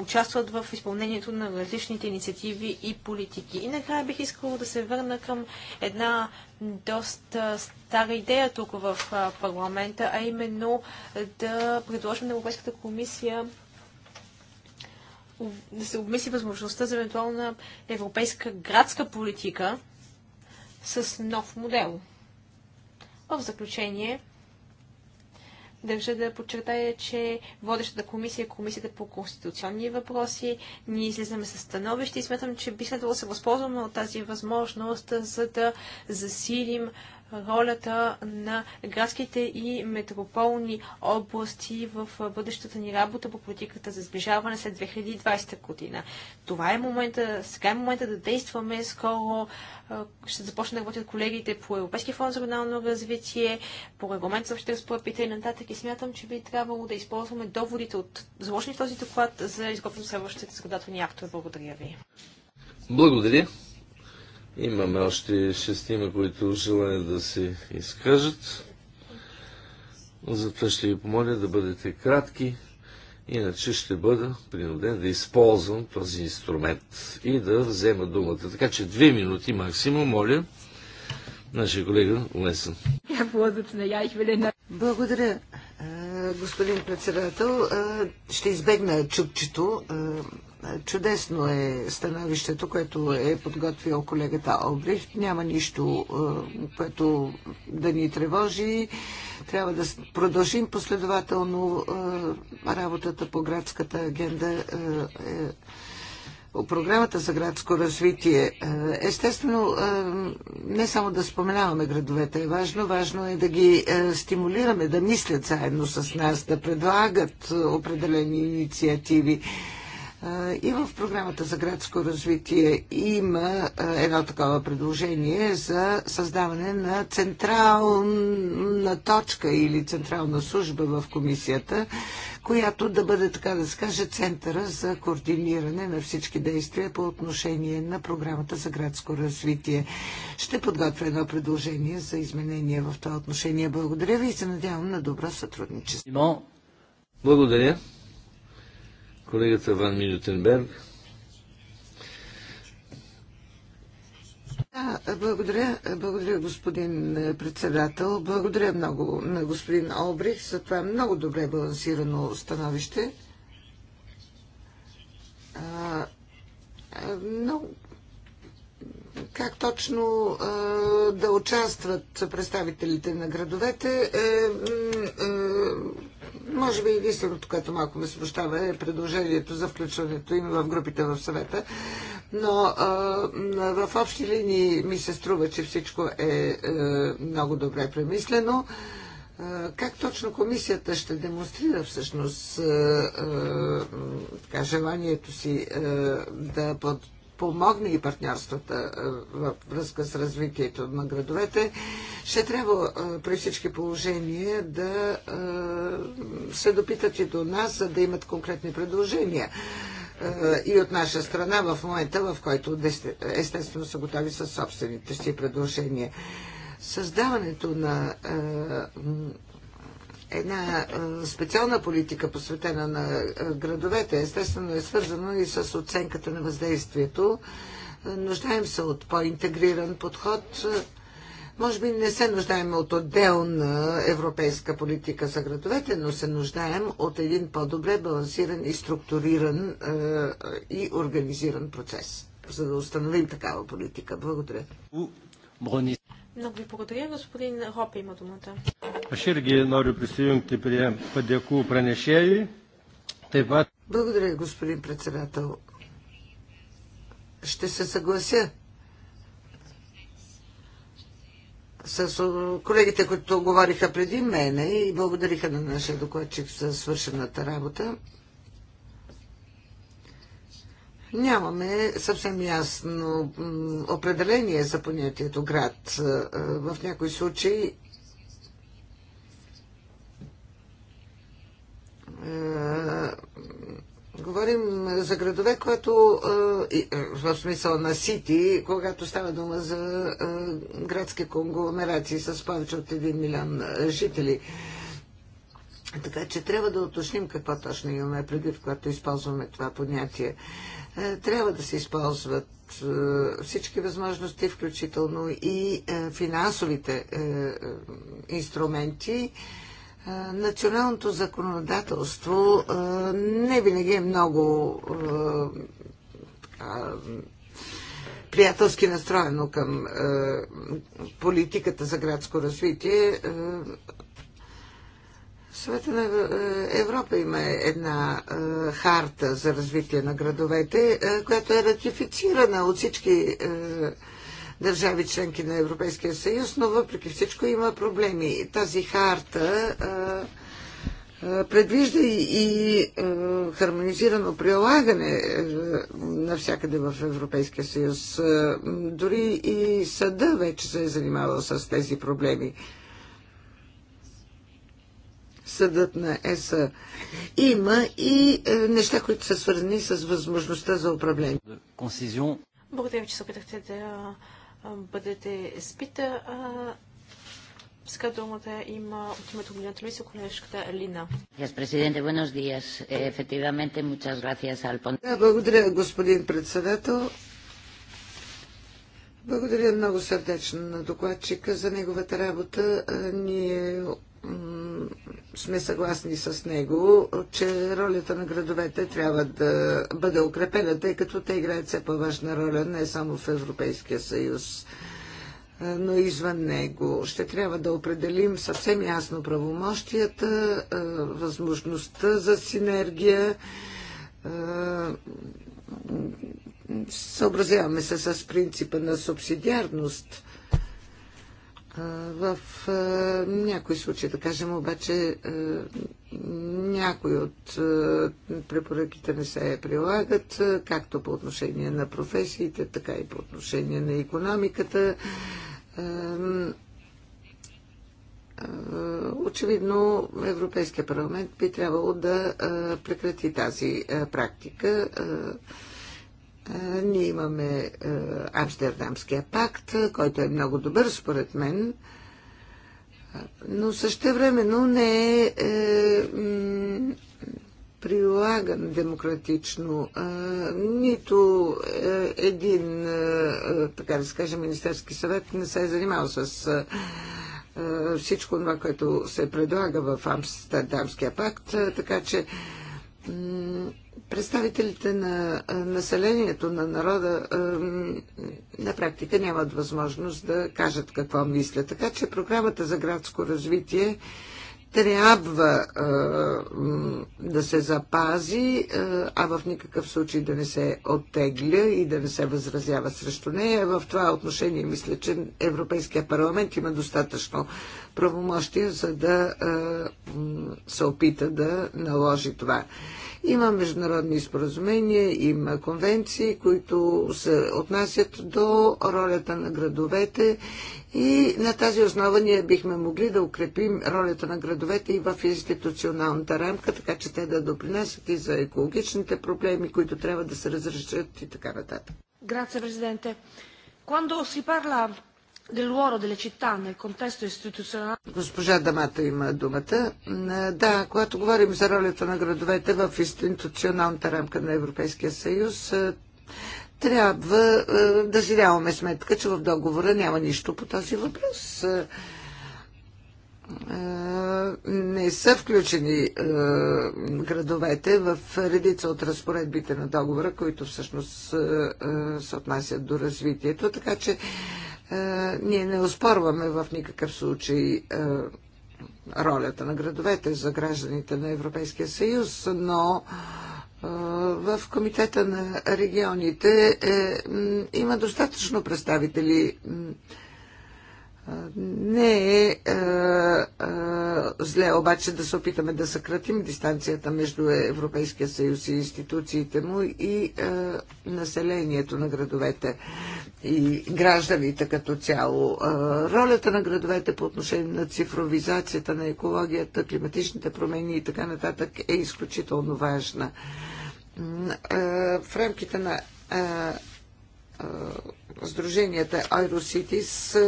участват в изпълнението на различните инициативи и политики. И накрая бих искала да се върна към една доста стара идея тук в парламента, а именно е, да предложим на Европейската комисия да се обмисли възможността за евентуална европейска градска политика с нов модел. В заключение, държа да подчертая, че водещата комисия е комисията по конституционни въпроси. Ние излизаме с становище и смятам, че би следвало да се възползваме от тази възможност, за да засилим ролята на градските и метрополни области в бъдещата ни работа по политиката за сближаване след 2020 година. Това е момента, сега е момента да действаме. Скоро ще започне да работят колегите по Европейския фонд за регионално развитие, по регламент за общите разплъпите и нататък. И смятам, че би трябвало да използваме доводите от заложени в този доклад за изготвяне следващите законодателни актове. Благодаря ви. Благодаря. Имаме още шестима, които желаят да се изкажат. Затова ще ви помоля да бъдете кратки, иначе ще бъда принуден да използвам този инструмент и да взема думата. Така че две минути максимум, моля, нашия колега Лесен. Благодаря, господин председател. Ще избегна чупчето Чудесно е становището, което е подготвил колегата Обрих. Няма нищо, е, което да ни тревожи. Трябва да продължим последователно е, работата по градската агенда е, програмата за градско развитие. Естествено, не само да споменаваме градовете е важно, важно е да ги стимулираме да мислят заедно с нас, да предлагат определени инициативи. И в програмата за градско развитие има едно такова предложение за създаване на централна точка или централна служба в комисията, която да бъде, така да се каже, центъра за координиране на всички действия по отношение на програмата за градско развитие. Ще подготвя едно предложение за изменение в това отношение. Благодаря ви и се надявам на добро сътрудничество. Благодаря. Колегата Ван Минютенберг. Да, благодаря, благодаря, господин председател. Благодаря много на господин Олбрих за това много добре балансирано становище. А, много, как точно а, да участват представителите на градовете е, е, може би единственото, което малко ме смущава е предложението за включването им в групите в съвета, но а, в общи линии ми се струва, че всичко е а, е, много добре премислено. А, как точно комисията ще демонстрира всъщност а, а, така, желанието си а, да под подпомогне и партньорствата е, във връзка с развитието на градовете, ще трябва е, при всички положения да е, се допитат и до нас, за да имат конкретни предложения и от наша страна в момента, в който естествено са готови с собствените си предложения. Създаването на една специална политика, посветена на градовете, естествено е свързано и с оценката на въздействието. Нуждаем се от по-интегриран подход. Може би не се нуждаем от отделна европейска политика за градовете, но се нуждаем от един по-добре балансиран и структуриран и организиран процес, за да установим такава политика. Благодаря. Много ви благодаря. Господин Ропе има думата. Аз ирги норю присъюнкти при падеку пренешеви. Благодаря, господин председател. Ще се съглася с колегите, които говориха преди мене и благодариха на нашия докладчик за свършената работа. Нямаме съвсем ясно определение за понятието град. В някои случаи говорим за градове, което в смисъл на сити, когато става дума за градски конгломерации с повече от 1 милион жители. Така че трябва да уточним какво точно имаме предвид, когато използваме това понятие. Е, трябва да се използват е, всички възможности, включително и е, финансовите инструменти. Националното законодателство не винаги е много приятелски настроено към политиката за градско развитие Съвета на е, Европа има една е, харта за развитие на градовете, е, която е ратифицирана от всички държави членки на Европейския съюз, но въпреки всичко има проблеми. Тази харта предвижда и хармонизирано прилагане навсякъде в Европейския съюз. Дори и съда вече се е занимавал с тези проблеми съдът на ЕСА. Има и е, неща, които са свързани с възможността за управление. Благодаря ви, че се опитахте да бъдете спита. Сега думата има от името на комисия колежката Лина. Да, благодаря, господин председател. Благодаря много сърдечно на докладчика за неговата работа. Ние сме съгласни с него, че ролята на градовете трябва да бъде укрепена, тъй като те играят все по-важна роля не само в Европейския съюз, но и извън него. Ще трябва да определим съвсем ясно правомощията, възможността за синергия. Съобразяваме се с принципа на субсидиарност в някои случаи, да кажем, обаче някои от препоръките не се прилагат, както по отношение на професиите, така и по отношение на економиката. Очевидно Европейския парламент би трябвало да прекрати тази практика. Ние имаме Амстердамския пакт, който е много добър според мен, но същевременно не е, е прилаган демократично. нито е, един, е, е, така да се каже, Министерски съвет не се е занимавал с е, е, всичко това, което се предлага в Амстердамския пакт, така че представителите на населението, на народа, на практика нямат възможност да кажат какво мислят. Така че програмата за градско развитие трябва да се запази, а в никакъв случай да не се оттегля и да не се възразява срещу нея. В това отношение мисля, че Европейския парламент има достатъчно правомощия, за да се опита да наложи това. Има международни споразумения, има конвенции, които се отнасят до ролята на градовете и на тази основа ние бихме могли да укрепим ролята на градовете и в институционалната рамка, така че те да допринасят и за екологичните проблеми, които трябва да се разрешат и така нататък. Grazie Presidente. Quando si parla del ruolo delle città nel contesto istituzionale. Госпожа Дамата има думата. Да, когато говорим за ролята на градовете в институционалната рамка на Европейския съюз, е, трябва е, да си даваме сметка, че в договора няма нищо по този въпрос. Е, не са включени градовете в редица от разпоредбите на договора, които всъщност се отнасят до развитието, така че е, ние не оспорваме в никакъв случай е, ролята на градовете за гражданите на Европейския съюз, но е, в Комитета на регионите е, има достатъчно представители не е, е, е зле обаче да се опитаме да съкратим дистанцията между Европейския съюз и институциите му и е, населението на градовете и гражданите като цяло. Е, ролята на градовете по отношение на цифровизацията, на екологията, климатичните промени и така нататък е изключително важна. Е, в рамките на е, е, Сдруженията Cities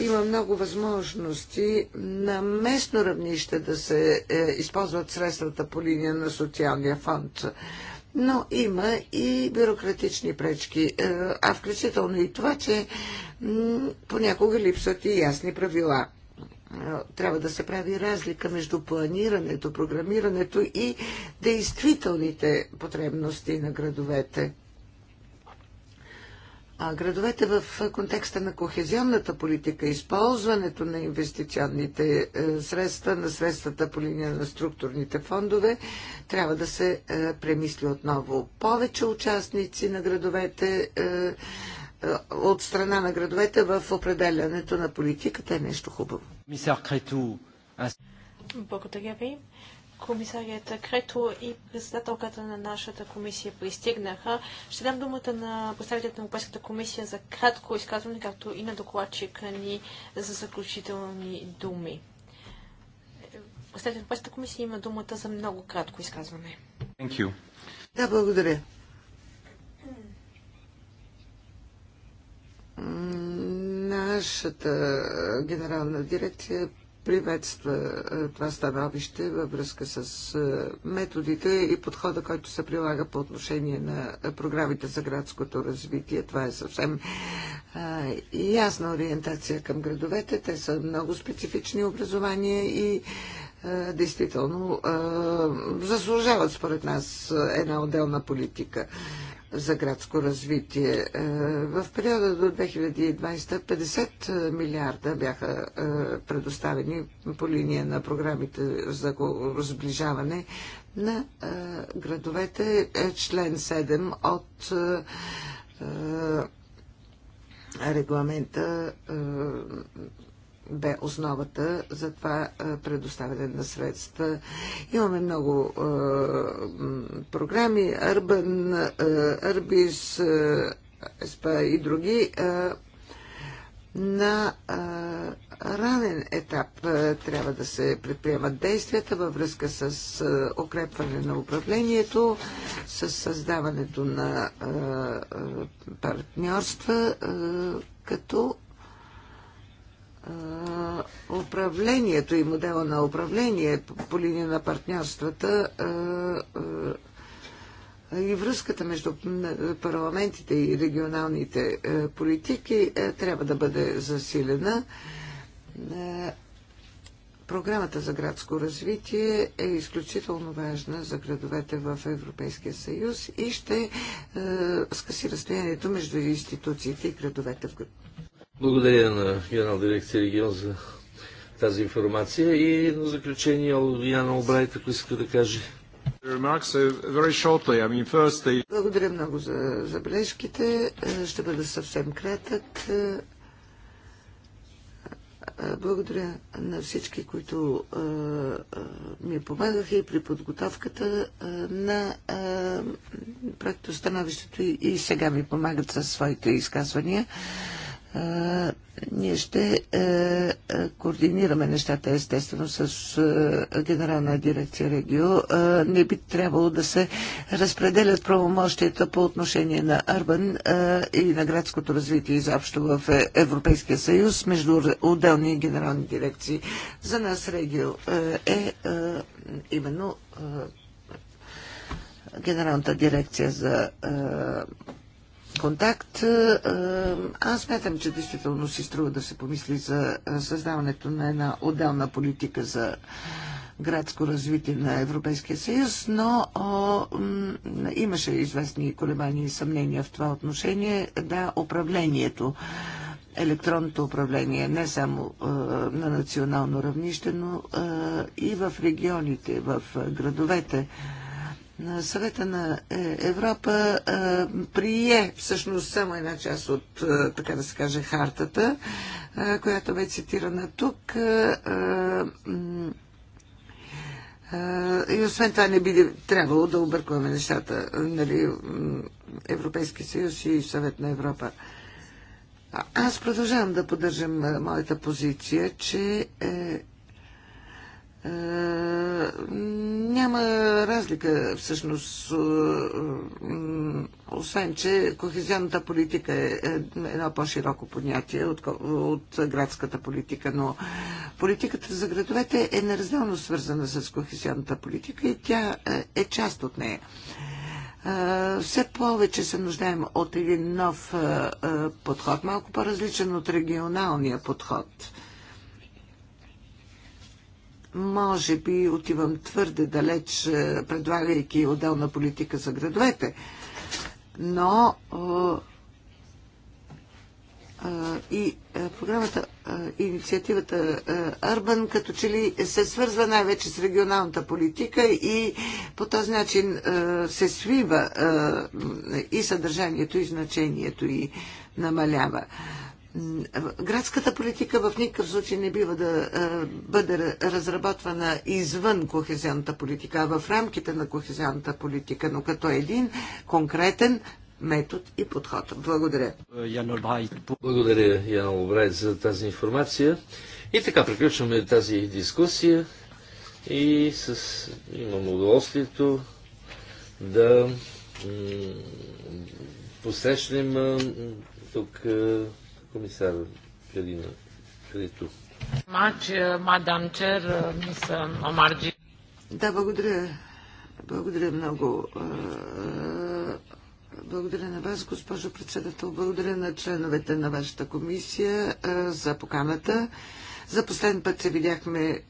има много възможности на местно равнище да се е, използват средствата по линия на социалния фонд. Но има и бюрократични пречки, е, а включително и това, че понякога липсват и ясни правила. Е, трябва да се прави разлика между планирането, програмирането и действителните потребности на градовете. А градовете в контекста на кохезионната политика, използването на инвестиционните е, средства, на средствата по линия на структурните фондове, трябва да се е, премисли отново. Повече участници на градовете е, от страна на градовете в определянето на политиката е нещо хубаво. Благодаря ви комисарията Крето и председателката на нашата комисия пристигнаха. Ще дам думата на представителите на Европейската комисия за кратко изказване, както и на докладчика ни за заключителни думи. Представителите на Европейската комисия има думата за много кратко изказване. Thank you. Да, благодаря. Нашата генерална дирекция приветства е, това становище във връзка с е, методите и подхода, който се прилага по отношение на е, програмите за градското развитие. Това е съвсем а, ясна ориентация към градовете. Те са много специфични образования и а, действително а, заслужават според нас една отделна политика. А, за градско развитие. Е, в периода до 2020 50 милиарда бяха е, предоставени по линия на програмите за сближаване на е, градовете член 7 от регламента бе основата за това предоставяне на средства. Имаме много е, програми, Urban, Арбис, СПА и други. Е, на е, ранен етап трябва да се предприемат действията във връзка с укрепване на управлението, с създаването на партньорства, като управлението и модела на управление по, по линия на партньорствата и връзката между парламентите и регионалните политики трябва да бъде засилена. Програмата за градско развитие е изключително важна за градовете в Европейския съюз и ще скъси разстоянието между институциите и градовете в благодаря на Генерал дирекция регион за тази информация и на заключение Яна Обрайт, ако иска да каже. Благодаря много за забележките. Ще бъда съвсем кратък. Благодаря на всички, които ми помагаха и при подготовката на проекто становището и сега ми помагат със своите изказвания ние ще е, е, координираме нещата естествено с е, Генерална дирекция Регио. Не би трябвало да се разпределят правомощията по отношение на Арбан и на градското развитие изобщо в Европейския съюз между отделни генерални дирекции. За нас Регио е именно Генералната дирекция за контакт. Е, е, аз смятам, че действително си струва да се помисли за е, създаването на една отделна политика за градско развитие на Европейския съюз, но о, имаше известни колебания и съмнения в това отношение. Да, управлението, електронното управление, не само е, на национално равнище, но е, и в регионите, в градовете. Е, Съвета на е, Европа е, прие всъщност само една част от, е, така да се каже, хартата, която бе цитирана тук. И освен това не би трябвало да объркваме нещата, нали, Европейски съюз и Съвет на Европа. Аз продължавам да поддържам моята позиция, че е, е, няма разлика всъщност, е, освен, че кохезионната политика е едно по-широко понятие от, от градската политика, но политиката за градовете е неразделно свързана с кохезионната политика и тя е, е част от нея. Все повече се нуждаем от един нов подход, малко по-различен от регионалния подход – може би отивам твърде далеч, е, предлагайки отделна политика за градовете. Но е, е, и програмата, инициативата Urban като че ли се свързва най-вече с регионалната политика и по този начин се свива и съдържанието, и значението и намалява. Градската политика в никакъв случай не бива да е, бъде разработвана извън кохезионната политика, а в рамките на кохезионната политика, но като един конкретен метод и подход. Благодаря. Благодаря, Ян Олбрайт, за тази информация. И така приключваме тази дискусия и с... имам удоволствието да посрещнем тук Комисар Пелина, къде Мач, е, мадам Чер, е, Омарджи. Да, благодаря. Благодаря много. Е, благодаря на вас, госпожо председател. Благодаря на членовете на вашата комисия за поканата. За последен път се видяхме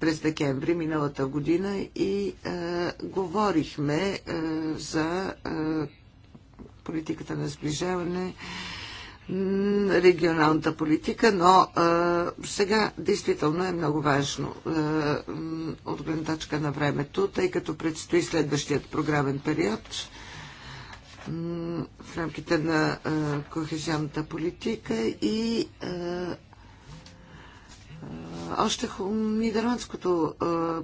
през декември миналата година и говорихме за политиката на сближаване, регионалната политика, но сега действително е много важно от гледна точка на времето, тъй като предстои следващият програмен период в рамките на кохезионната политика и още нидерландското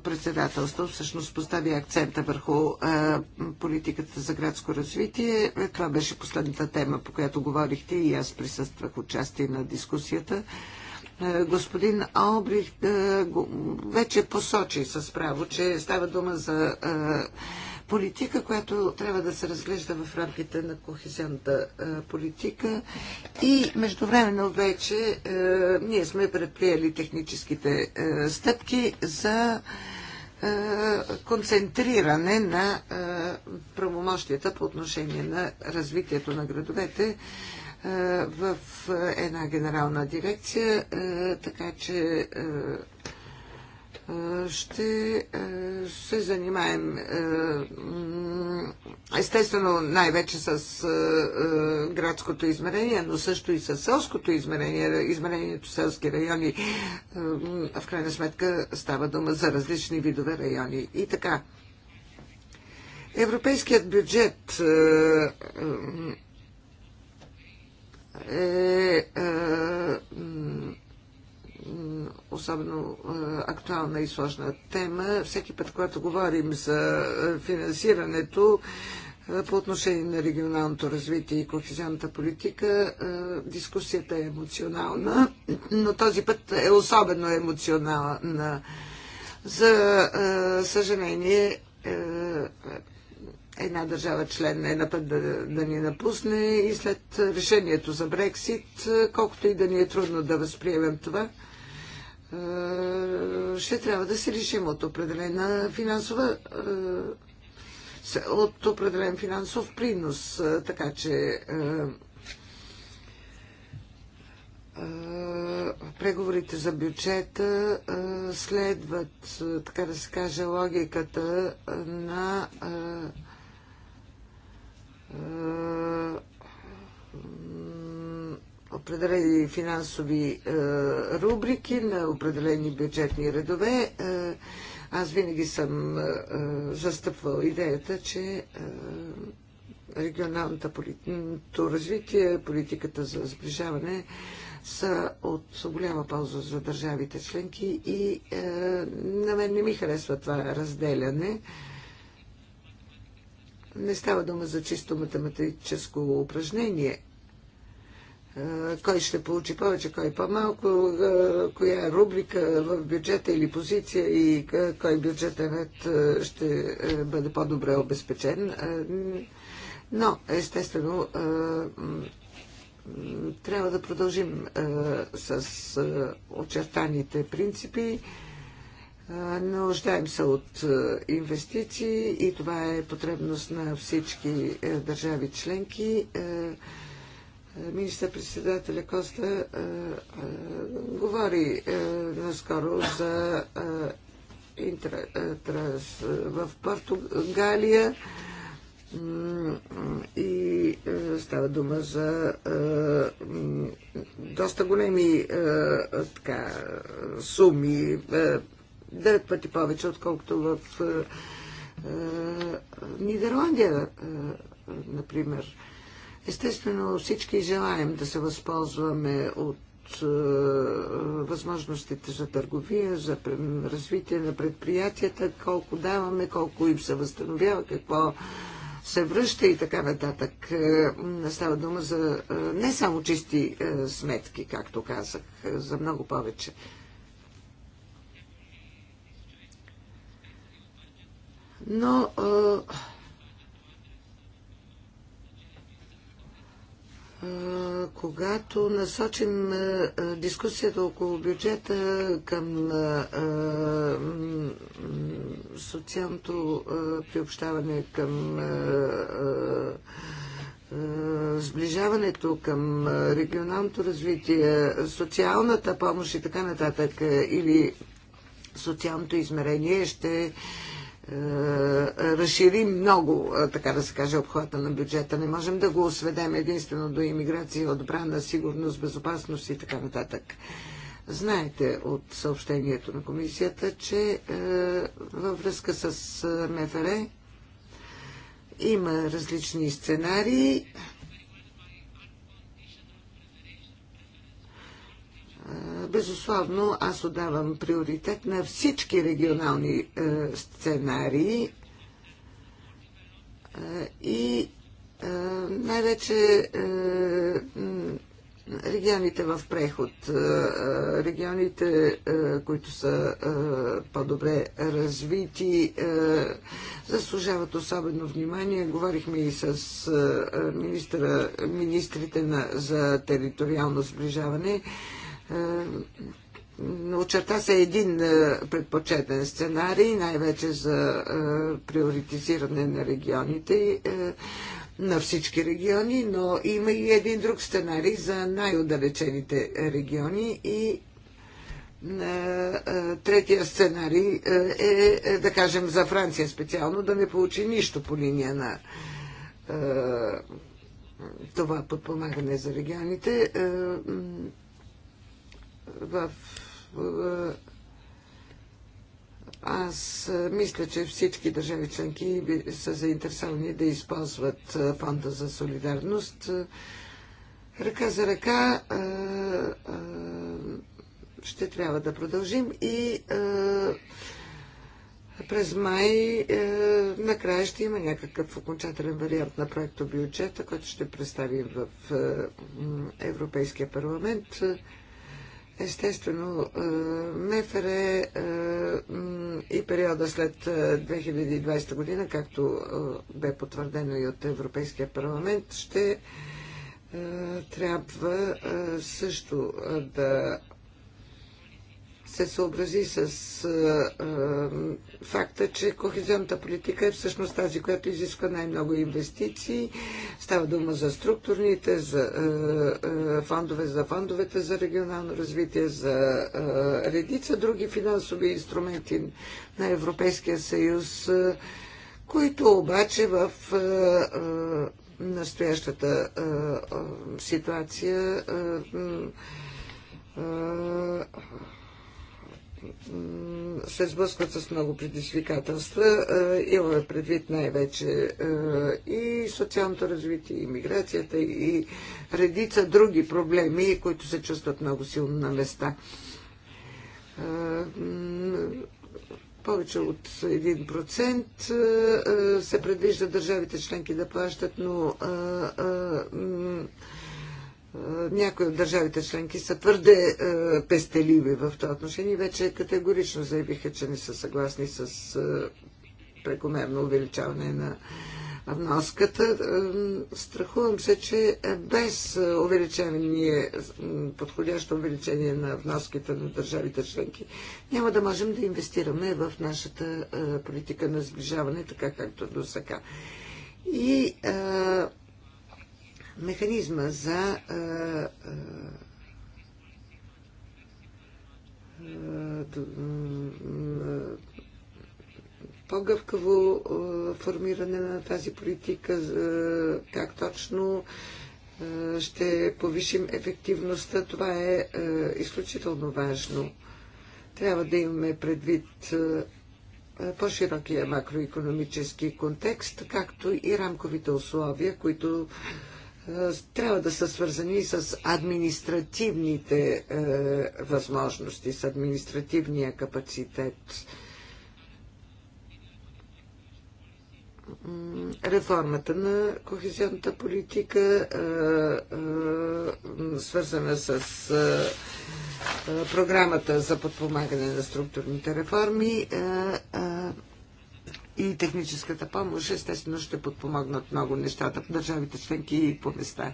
председателство всъщност постави акцента върху политиката за градско развитие. Е, това беше последната тема, по която говорихте и аз присъствах участие на дискусията. Господин Албрих вече посочи с право, че става дума за политика, която трябва да се разглежда в рамките на кохезионната политика. И междувременно вече ние сме предприели техническите стъпки за концентриране на правомощията по отношение на развитието на градовете в една генерална дирекция, така че ще е, се занимаем е, естествено най-вече с е, градското измерение, но също и с селското измерение, измерението селски райони. В крайна сметка става дума за различни видове райони. И така. Европейският бюджет е, е особено актуална и сложна тема. Всеки път, когато говорим за финансирането по отношение на регионалното развитие и кохезионната политика, дискусията е емоционална, но този път е особено емоционална. За съжаление, една държава член е на път да, да ни напусне и след решението за Брексит, колкото и да ни е трудно да възприемем това, е, ще трябва да се лишим от определена финансова е, от определен финансов принос, е, така че преговорите за бюджета следват, така да се каже, логиката на определени финансови е, рубрики, на определени бюджетни редове. Е, аз винаги съм е, е застъпвал идеята, че е, регионалната политиката, развитие, политиката за сближаване са от голяма полза за държавите членки и е, на мен не ми харесва това разделяне. Не става дума за чисто математическо упражнение, е, кой ще получи повече, кой по-малко, е, коя е рубрика в бюджета или позиция и е, кой бюджетен ред ще бъде по-добре обезпечен. Но, естествено, трябва да продължим с очертаните принципи. Нуждаем се от инвестиции и това е потребност на всички държави членки. Министър-председателя Коста говори наскоро за интерес в Португалия и става дума за доста големи така, суми, девет пъти повече, отколкото в Нидерландия, например. Естествено, всички желаем да се възползваме от е, възможностите за търговия, за развитие на предприятията, колко даваме, колко им се възстановява, какво се връща и така нататък. Е, става дума за е, не само чисти сметки, както казах, за много повече. Но когато насочим дискусията около бюджета към социалното приобщаване, към сближаването към регионалното развитие, социалната помощ и така нататък, или социалното измерение, ще е, е, разшири много, е, така да се каже, обхвата на бюджета. Не можем да го осведем единствено до иммиграция, отбрана, сигурност, безопасност и така нататък. Знаете от съобщението на комисията, че е, във връзка с МФР има различни сценарии. безусловно, аз отдавам приоритет на всички регионални е, сценарии е, и е, най-вече регионите в преход, регионите, които са по-добре развити, заслужават особено внимание. Говорихме и с министрите на, за териториално сближаване е, очерта се един е, предпочетен сценарий, най-вече за е, приоритизиране на регионите, на всички региони, но има и един друг сценарий за най-отдалечените региони и третия сценарий е, да кажем, за Франция специално, да не получи нищо по линия на това подпомагане за регионите в аз мисля, че всички държави членки са заинтересовани да използват фонда за солидарност. Ръка за ръка ще трябва да продължим и през май накрая ще има някакъв окончателен вариант на проекто бюджета, който ще представим в Европейския парламент. Естествено, МФР е, е, е и периода след 2020 е, година, както бе потвърдено и от Европейския парламент, ще трябва също да се съобрази с факта, че кохезионната политика е всъщност тази, която изисква най-много инвестиции. Става дума за структурните, за фондове, за фондовете за регионално развитие, за редица други финансови инструменти на Европейския съюз, които обаче в настоящата ситуация се сблъскват с много предизвикателства. Е, имаме предвид най-вече е, и социалното развитие, и миграцията, и редица други проблеми, които се чувстват много силно на места. Е, повече от 1% се предвижда държавите членки да плащат, но някои от държавите членки са твърде е, пестеливи в това отношение и вече категорично заявиха, че не са съгласни с е, прекомерно увеличаване на вноската. Е, страхувам се, че без увеличение, подходящо увеличение на вноските на държавите членки, няма да можем да инвестираме в нашата политика на сближаване, така както до сега. И механизма за по-гъвкаво формиране на тази политика, как точно ще повишим ефективността. Това е изключително важно. Трябва да имаме предвид по-широкия макроекономически контекст, както и рамковите условия, които трябва да са свързани с административните е, възможности, с административния капацитет. Реформата на кохезионната политика, е, е, свързана с е, е, програмата за подпомагане на структурните реформи, е, и техническата помощ естествено ще подпомогнат много нещата в държавите членки и по места.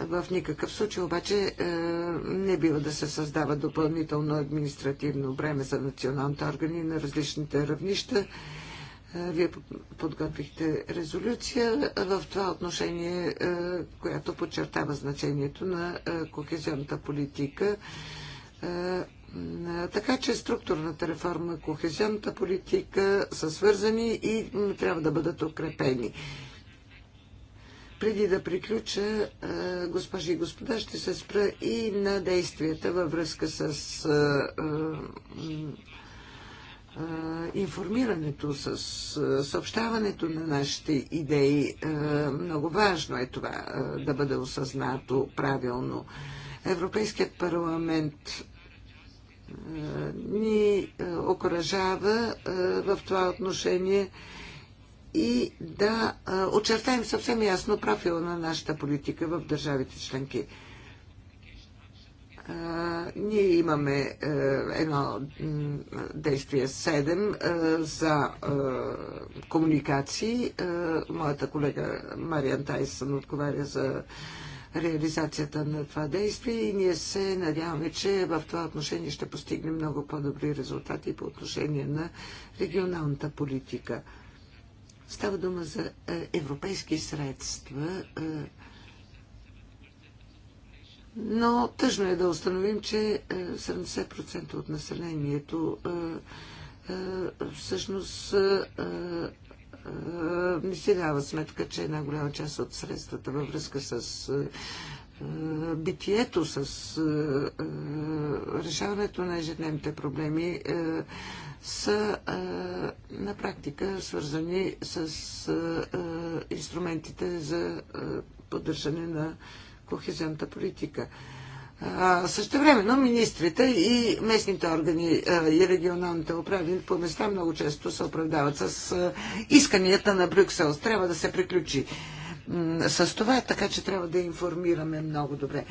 В никакъв случай обаче е, не бива да се създава допълнително административно бреме за националните органи на различните равнища. Е, вие подготвихте резолюция в това отношение, е, която подчертава значението на кохезионната политика така че структурната реформа, кохезионната политика са свързани и трябва да бъдат укрепени. Преди да приключа, госпожи и господа, ще се спра и на действията във връзка с информирането, с съобщаването на нашите идеи. Много важно е това да бъде осъзнато правилно. Европейският парламент ни е, окоръжава е, в това отношение и да е, очертаем съвсем ясно профила на нашата политика в държавите членки. Ние имаме едно действие 7 за комуникации. Моята колега Мариан Тайсън отговаря за реализацията на това действие и ние се надяваме, че в това отношение ще постигнем много по-добри резултати по отношение на регионалната политика. Става дума за е, европейски средства, е, но тъжно е да установим, че 70% е, от населението всъщност не е, си дава сметка, че една голяма част от средствата във връзка с е, е, битието, с решаването на ежедневните проблеми са на практика свързани с инструментите за поддържане на кохезионната политика. Същевременно министрите и местните органи и регионалните управи по места много често се оправдават с исканията на Брюксел. Трябва да се приключи с това, така че трябва да информираме много добре.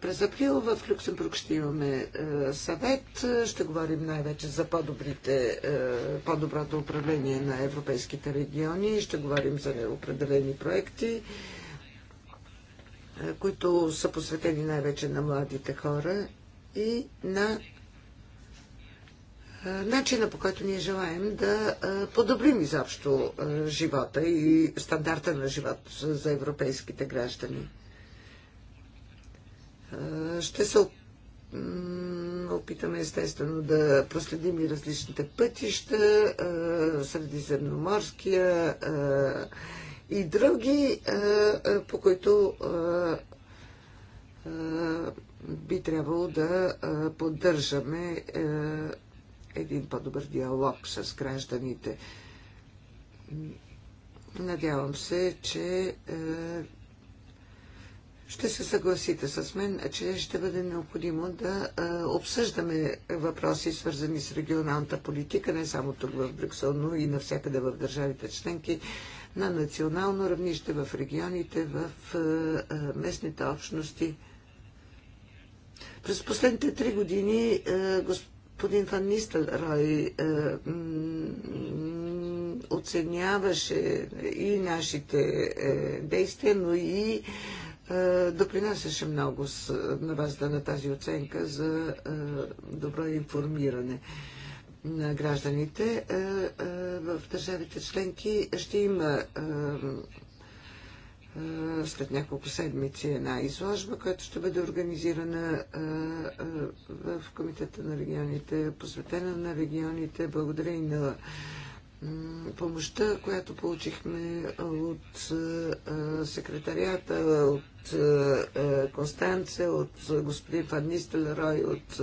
През април в Люксембург ще имаме съвет. Ще говорим най-вече за по-добрите, по-доброто управление на европейските региони. Ще говорим за определени проекти които са посветени най-вече на младите хора и на начина по който ние желаем да подобрим изобщо живота и стандарта на живот за европейските граждани. Ще се опитаме естествено да проследим и различните пътища, средиземноморския, и други, по които би трябвало да поддържаме един по-добър диалог с гражданите. Надявам се, че ще се съгласите с мен, че ще бъде необходимо да обсъждаме въпроси, свързани с регионалната политика, не само тук в Брюксел, но и навсякъде в държавите членки на национално равнище в регионите, в е, е, местните общности. През последните три години е, господин Ван Нистелрой оценяваше и нашите действия, но и допринасяше много на базата на тази оценка за добро информиране на гражданите е, е, в държавите членки ще има е, след няколко седмици една изложба, която ще бъде организирана в Комитета на регионите, посветена на регионите. Благодаря и на помощта, която получихме от е, е, секретарията, от е, Констанция, от господин Фан Рой, от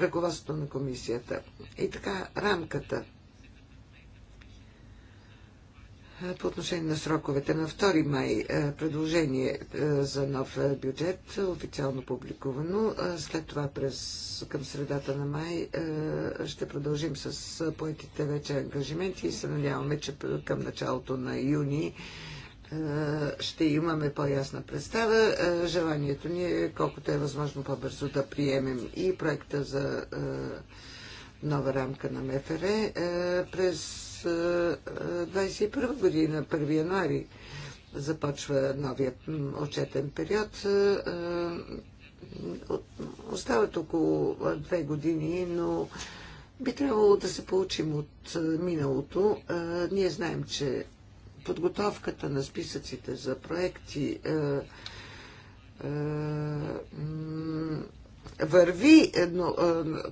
ръководството на комисията. И така, рамката – по отношение на сроковете на 2 май предложение за нов бюджет, официално публикувано. След това през към средата на май ще продължим с поетите вече ангажименти и се надяваме, че към началото на юни ще имаме по-ясна представа. Желанието ни е колкото е възможно по-бързо да приемем и проекта за нова рамка на МФР. През 2021 е, година, 1 януари започва новият отчетен период. Е, е, остават около две години, но би трябвало да се получим от миналото. Ние знаем, че подготовката на списъците за проекти върви, но,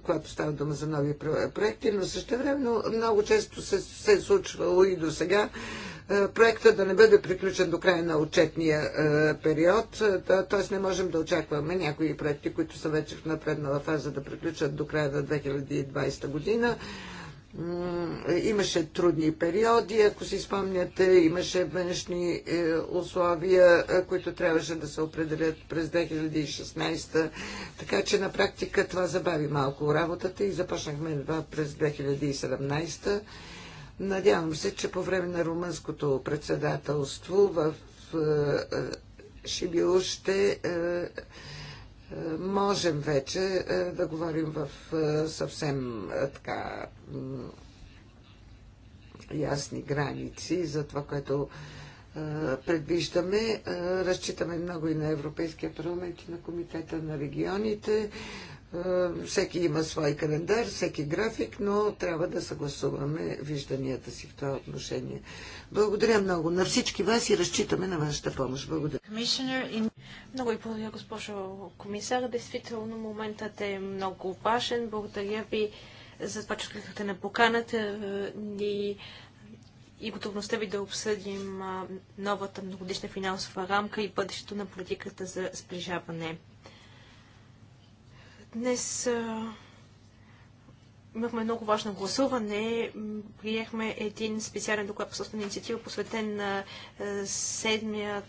когато става дума за нови проекти, но също време много често се, се е случвало и до сега проекта да не бъде приключен до края на отчетния период, т.е. не можем да очакваме някои проекти, които са вече в напреднала фаза да приключат до края на 2020 година. Е, имаше трудни периоди, ако си спомняте, имаше външни е, условия, е, които трябваше да се определят през 2016. Така че на практика това забави малко работата и започнахме едва през 2017. Надявам се, че по време на румънското председателство в Шибил ще можем вече е, да говорим в е, съвсем е, така ясни граници за това, което предвиждаме. Разчитаме много и на Европейския парламент и на Комитета на регионите. Е, всеки има свой календар, всеки график, но трябва да съгласуваме вижданията си в това отношение. Благодаря много на всички вас и разчитаме на вашата помощ. Благодаря. Много ви благодаря, госпожо комисар. Действително моментът е много опашен. Благодаря ви за това, че откликнахте на поканата ни е, и готовността ви да обсъдим новата многодишна финансова рамка и бъдещето на политиката за сближаване. Днес имахме много важно гласуване. Приехме един специален доклад по собствена инициатива, посветен на седмият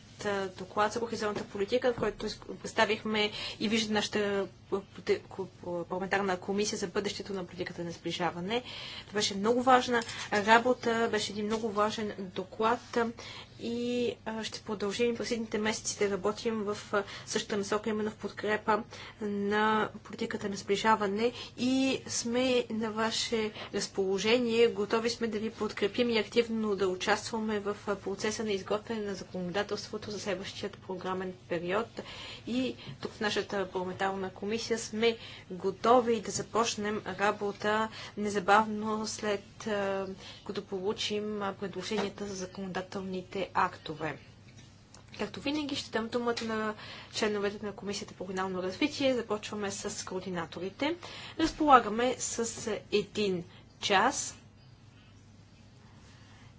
доклад за кохезионната политика, в който представихме и вижда нашата парламентарна комисия за бъдещето на политиката на сближаване. Това беше много важна работа, беше един много важен доклад и ще продължим в последните месеци да работим в същата насока, именно в подкрепа на политиката на сближаване и сме на ваше разположение. Готови сме да ви подкрепим и активно да участваме в процеса на изготвяне на законодателството правителството за следващият програмен период. И тук в нашата парламентарна комисия сме готови да започнем работа незабавно след като получим предложенията за законодателните актове. Както винаги ще дам думата на членовете на Комисията по регионално развитие. Започваме с координаторите. Разполагаме с един час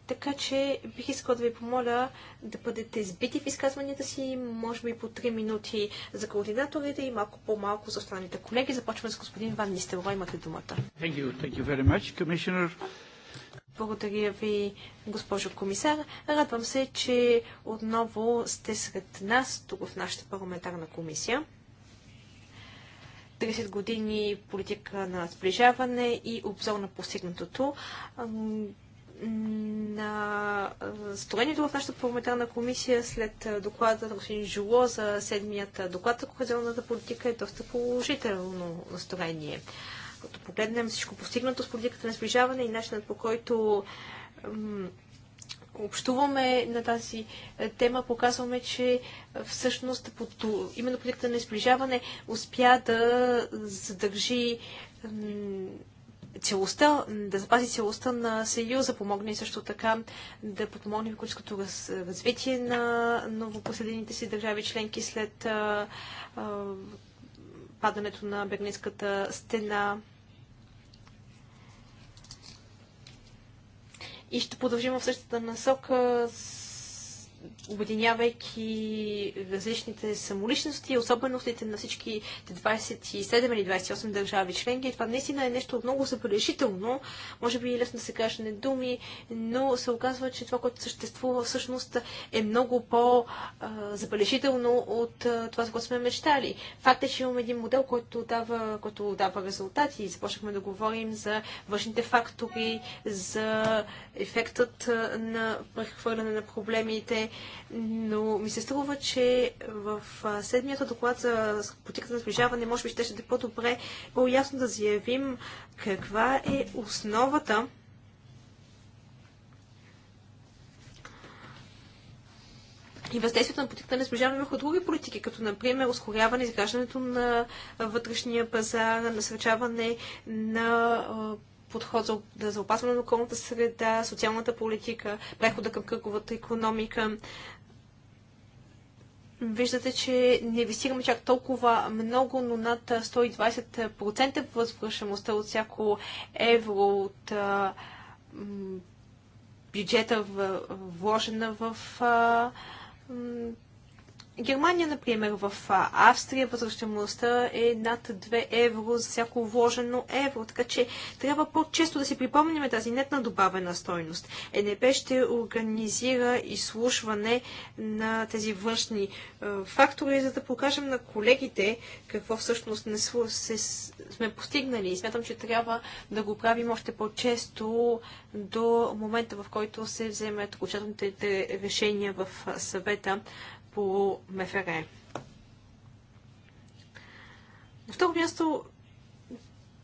така че бих искала да ви помоля да бъдете сбити в изказванията си, може би по 3 минути за координаторите и малко по-малко за останалите колеги. Започваме с господин Ван Нистелова. Имате думата. Thank you. Thank you very much, Commissioner. Благодаря ви, госпожо комисар. Радвам се, че отново сте сред нас, тук в нашата парламентарна комисия. 30 години политика на сближаване и обзор на постигнатото на строението в нашата парламентарна комисия след доклада на господин Жило за седмият доклад за кохезионната политика е доста положително настроение. Като погледнем всичко постигнато с политиката на сближаване и начинът по който общуваме на тази тема, показваме, че всъщност именно политиката на изближаване успя да задържи целостта, да запази целостта на Съюза, помогне и също така да подпомогне економическото раз, развитие на новопоследените си държави членки след падането на Берлинската стена. И ще продължим в същата насока с обединявайки различните самоличности и особеностите на всички 27 или 28 държави членки. това наистина е нещо много забележително. Може би и е лесно се каже не думи, но се оказва, че това, което съществува всъщност е много по-забележително от това, за което сме мечтали. Факт е, че имаме един модел, който дава, който дава резултати. Започнахме да говорим за външните фактори, за ефектът на прехвърляне на проблемите, но ми се струва, че в седмията доклад за политиката на сближаване може би ще ще да е по-добре, по-ясно да заявим каква е основата и въздействието на политиката на сближаване върху други политики, като например ускоряване изграждането на вътрешния пазар, насърчаване на подход за, за опазване на околната среда, социалната политика, прехода към кръговата економика. Виждате, че не висигаме чак толкова много, но над 120% възвръщаемостта от всяко евро от а, бюджета в, вложена в а, Германия, например, в Австрия възвръщаемостта е над 2 евро за всяко вложено евро, така че трябва по-често да си припомняме тази нетна добавена стойност. ЕНП ще организира изслушване на тези външни е, фактори, за да покажем на колегите какво всъщност не се, сме постигнали. смятам, че трябва да го правим още по-често до момента, в който се вземат окончателните решения в съвета по МФР. На второ място,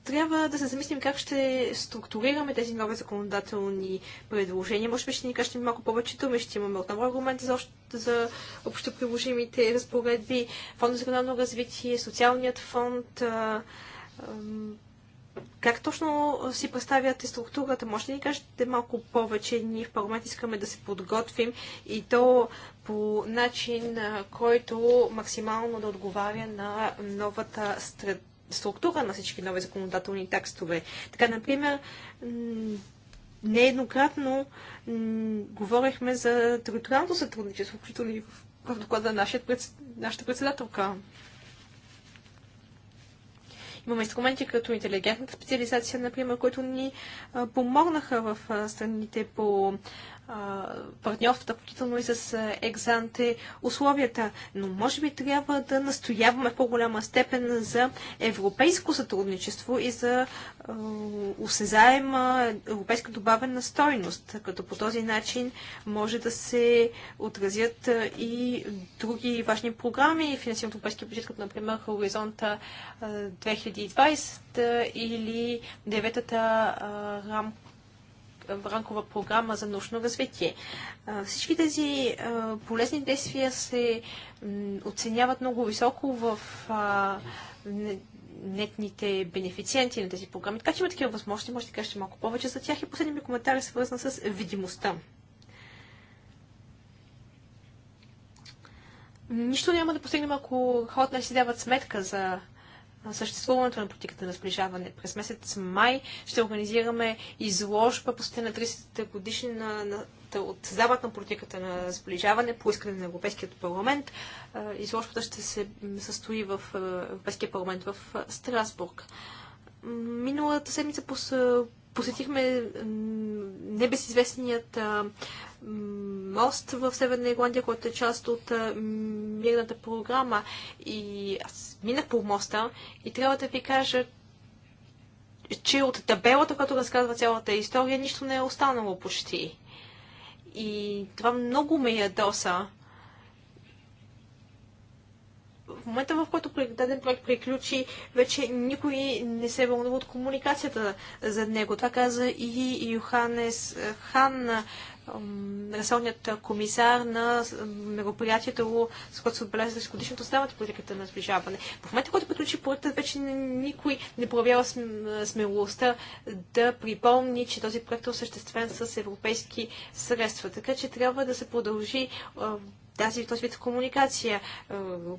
трябва да се замислим как ще структурираме тези нови законодателни предложения. Може би ще ни кажете малко повече думи, ще имаме отново аргументи за, за общо приложимите разпоредби, фонд за регионално развитие, социалният фонд. А, а, как точно си представяте структурата? Може ли да ни кажете малко повече? Ние в парламент искаме да се подготвим и то по начин, който максимално да отговаря на новата структура на всички нови законодателни текстове. Така, например, нееднократно говорихме за териториалното сътрудничество, включително и в доклада на нашата председателка. Имаме инструменти като интелигентната специализация, например, които ни помогнаха в страните по партньорствата, включително и с екзанте условията. Но може би трябва да настояваме в по-голяма степен за европейско сътрудничество и за осезаема европейска добавена стойност, като по този начин може да се отразят и други важни програми, финансирани от европейския бюджет, като например Хоризонта 2020 или деветата рамка рамкова програма за научно развитие. Всички тези полезни действия се оценяват много високо в нетните бенефициенти на тези програми. Така че има такива възможности, може да кажете малко повече за тях. И последният ми коментар е свързан с видимостта. Нищо няма да постигнем, ако хората не си дават сметка за съществуването на политиката на сближаване. През месец май ще организираме изложба по на 30-та годишна на от създаването на политиката на сближаване по искане на Европейският парламент. Изложбата ще се състои в Европейския парламент в Страсбург. Миналата седмица посетихме небезизвестният мост в Северна Ирландия, който е част от мирната програма. И аз минах по моста и трябва да ви кажа, че от табелата, която разказва цялата история, нищо не е останало почти. И това много ме ядоса. Е в момента, в който даден проект приключи, вече никой не се е вълнува от комуникацията за него. Това каза и Йоханес Хан ресорният комисар на мероприятието, с което се отбелязва с годишното създаване политиката на сближаване. В момента, който приключи проектът, вече никой не проявява смелостта да припомни, че този проект е осъществен с европейски средства. Така че трябва да се продължи тази този вид комуникация.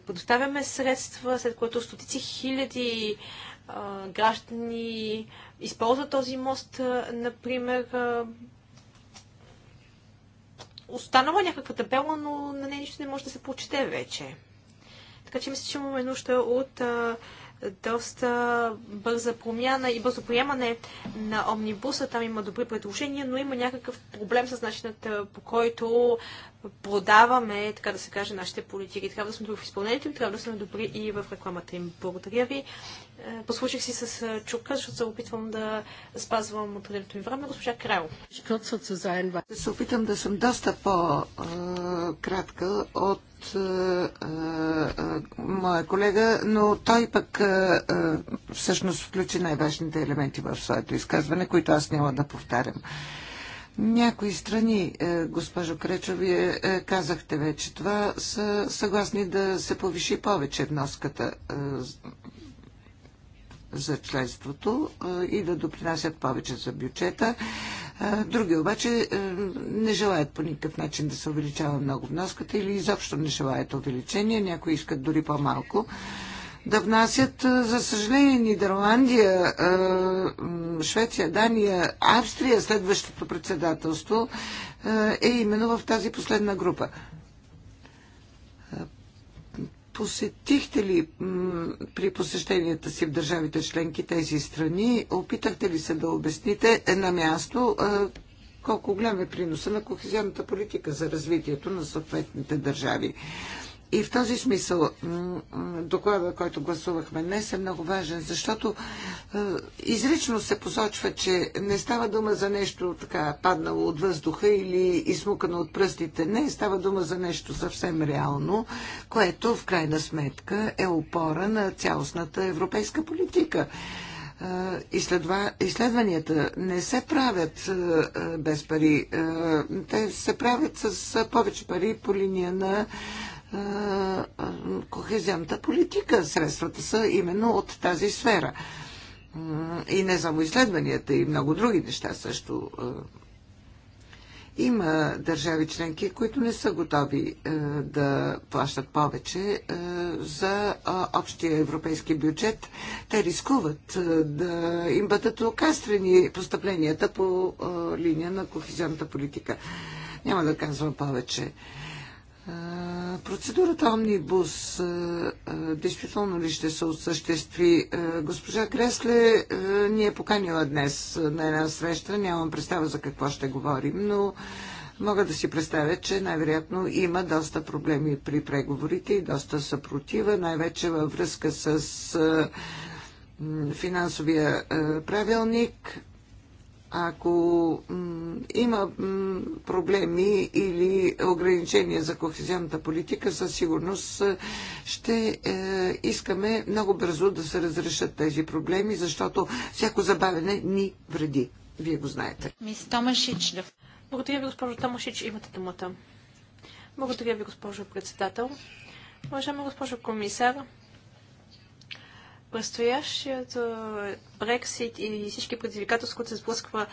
Предоставяме средства, след което стотици хиляди граждани използват този мост, например, останала някаква табела, но на нея нищо не може да се прочете вече. Така че мисля, че имаме нужда от а, доста бърза промяна и бързо приемане на омнибуса. Там има добри предложения, но има някакъв проблем с начинът по който продаваме, така да се каже, нашите политики. Трябва да сме добри в изпълнението им, трябва да сме добри и в рекламата им. Благодаря ви е, послушах си с е, чука, защото се опитвам да спазвам отредното ми време. Госпожа Крайл. Ще се опитам да съм доста по-кратка от е, моя колега, но той пък всъщност включи най-важните елементи в своето изказване, които аз няма да повтарям. Някои страни, госпожо Кречо, вие казахте вече това, са съгласни да се повиши повече вноската за членството и да допринасят повече за бюджета. Други обаче не желаят по никакъв начин да се увеличава много вноската или изобщо не желаят увеличение. Някои искат дори по-малко да внасят. За съжаление, Нидерландия, Швеция, Дания, Австрия, следващото председателство е именно в тази последна група. Посетихте ли при посещенията си в държавите членки тези страни? Опитахте ли се да обясните на място колко голям е приноса на кохезионната политика за развитието на съответните държави? И в този смисъл доклада, който гласувахме днес е много важен, защото е, изрично се посочва, че не става дума за нещо така паднало от въздуха или измукано от пръстите. Не, става дума за нещо съвсем реално, което в крайна сметка е опора на цялостната европейска политика. Е, изследва... изследванията не се правят е, без пари. Те се правят с повече пари по линия на кохезионната политика. Средствата са именно от тази сфера. И не само изследванията, и много други неща също. Има държави членки, които не са готови да плащат повече за общия европейски бюджет. Те рискуват да им бъдат окастрени постъпленията по линия на кохезионната политика. Няма да казвам повече. Процедурата Омнибус действително ли ще се осъществи? Госпожа Кресле ни е поканила днес на една среща. Нямам представа за какво ще говорим, но мога да си представя, че най-вероятно има доста проблеми при преговорите и доста съпротива, най-вече във връзка с финансовия правилник ако има проблеми или ограничения за кохезионната политика, със сигурност е, ще е, искаме много бързо да се разрешат тези проблеми, защото всяко забавене ни вреди. Вие го знаете. Мис Томашич. Благодаря ви, госпожо Томашич. Имате думата. Благодаря ви, госпожо председател. Уважаема госпожо комисар, Предстоящият е, Брексит и всички предизвикателства, които се сблъсква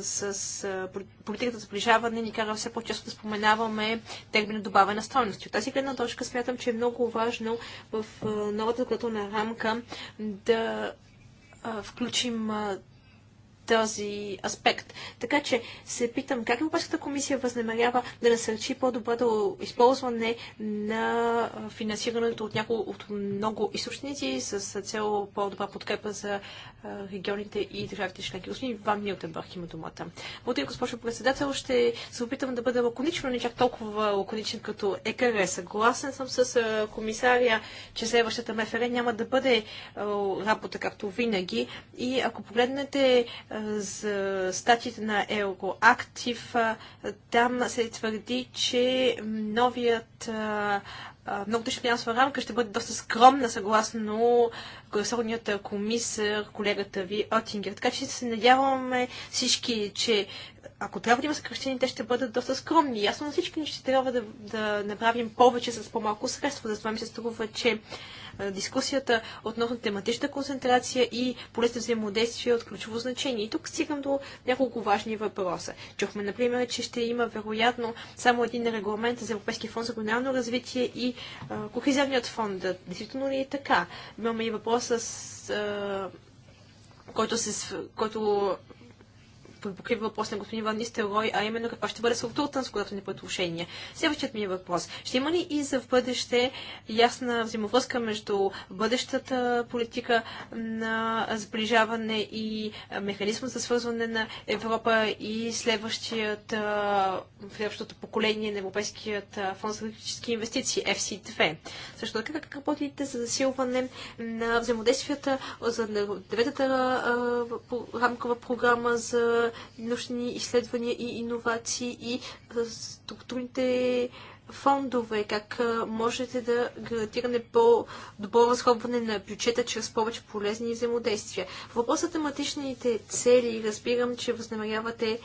с е, политиката за сближаване, ни кара все по-често да споменаваме термина добавена стойност. От тази гледна точка смятам, че е много важно в е, новата законодателна рамка да включим този аспект. Така че се питам как Европейската комисия възнамерява да насърчи по-доброто използване на финансирането от няколко от много източници с цел по-добра подкрепа за регионите и държавите членки. Господин Ван Милтенбърг има думата. Благодаря, госпожо председател. Ще се опитам да бъда лаконична, не чак толкова лаконичен като ЕКР. Съгласен съм с комисария, че следващата МФР няма да бъде работа както винаги. И ако погледнете за статите на Еуроактив, Там се твърди, че новият много тъжна финансова рамка ще бъде доста скромна, съгласно гласовният комисар, колегата ви Отингер. Така че се надяваме всички, че ако трябва да има съкръщения, те ще бъдат доста скромни. Ясно всички ни ще трябва да, да направим повече с по-малко средства. Затова ми се струва, че дискусията относно тематична концентрация и полезно взаимодействие от ключово значение. И тук стигам до няколко важни въпроса. Чухме, например, че ще има вероятно само един регламент за Европейския фонд за регионално развитие и а, Кохизионният фонд. Действително ли е така? Имаме и въпроса с. А, който, се, който покрива въпрос на господин Ван Рой, а именно каква ще бъде структурата на законодателни предложения. Следващият ми е въпрос. Ще има ли и за в бъдеще ясна взаимовръзка между бъдещата политика на сближаване и механизма за свързване на Европа и следващият, следващото поколение на Европейският фонд за стратегически инвестиции, FC2? Също така, как работите за засилване на взаимодействията за деветата рамкова програма за научни изследвания и иновации и структурните фондове, как можете да гарантиране по-добро разходване на бюджета чрез повече полезни взаимодействия. Въпросът е тематичните цели, разбирам, че възнамерявате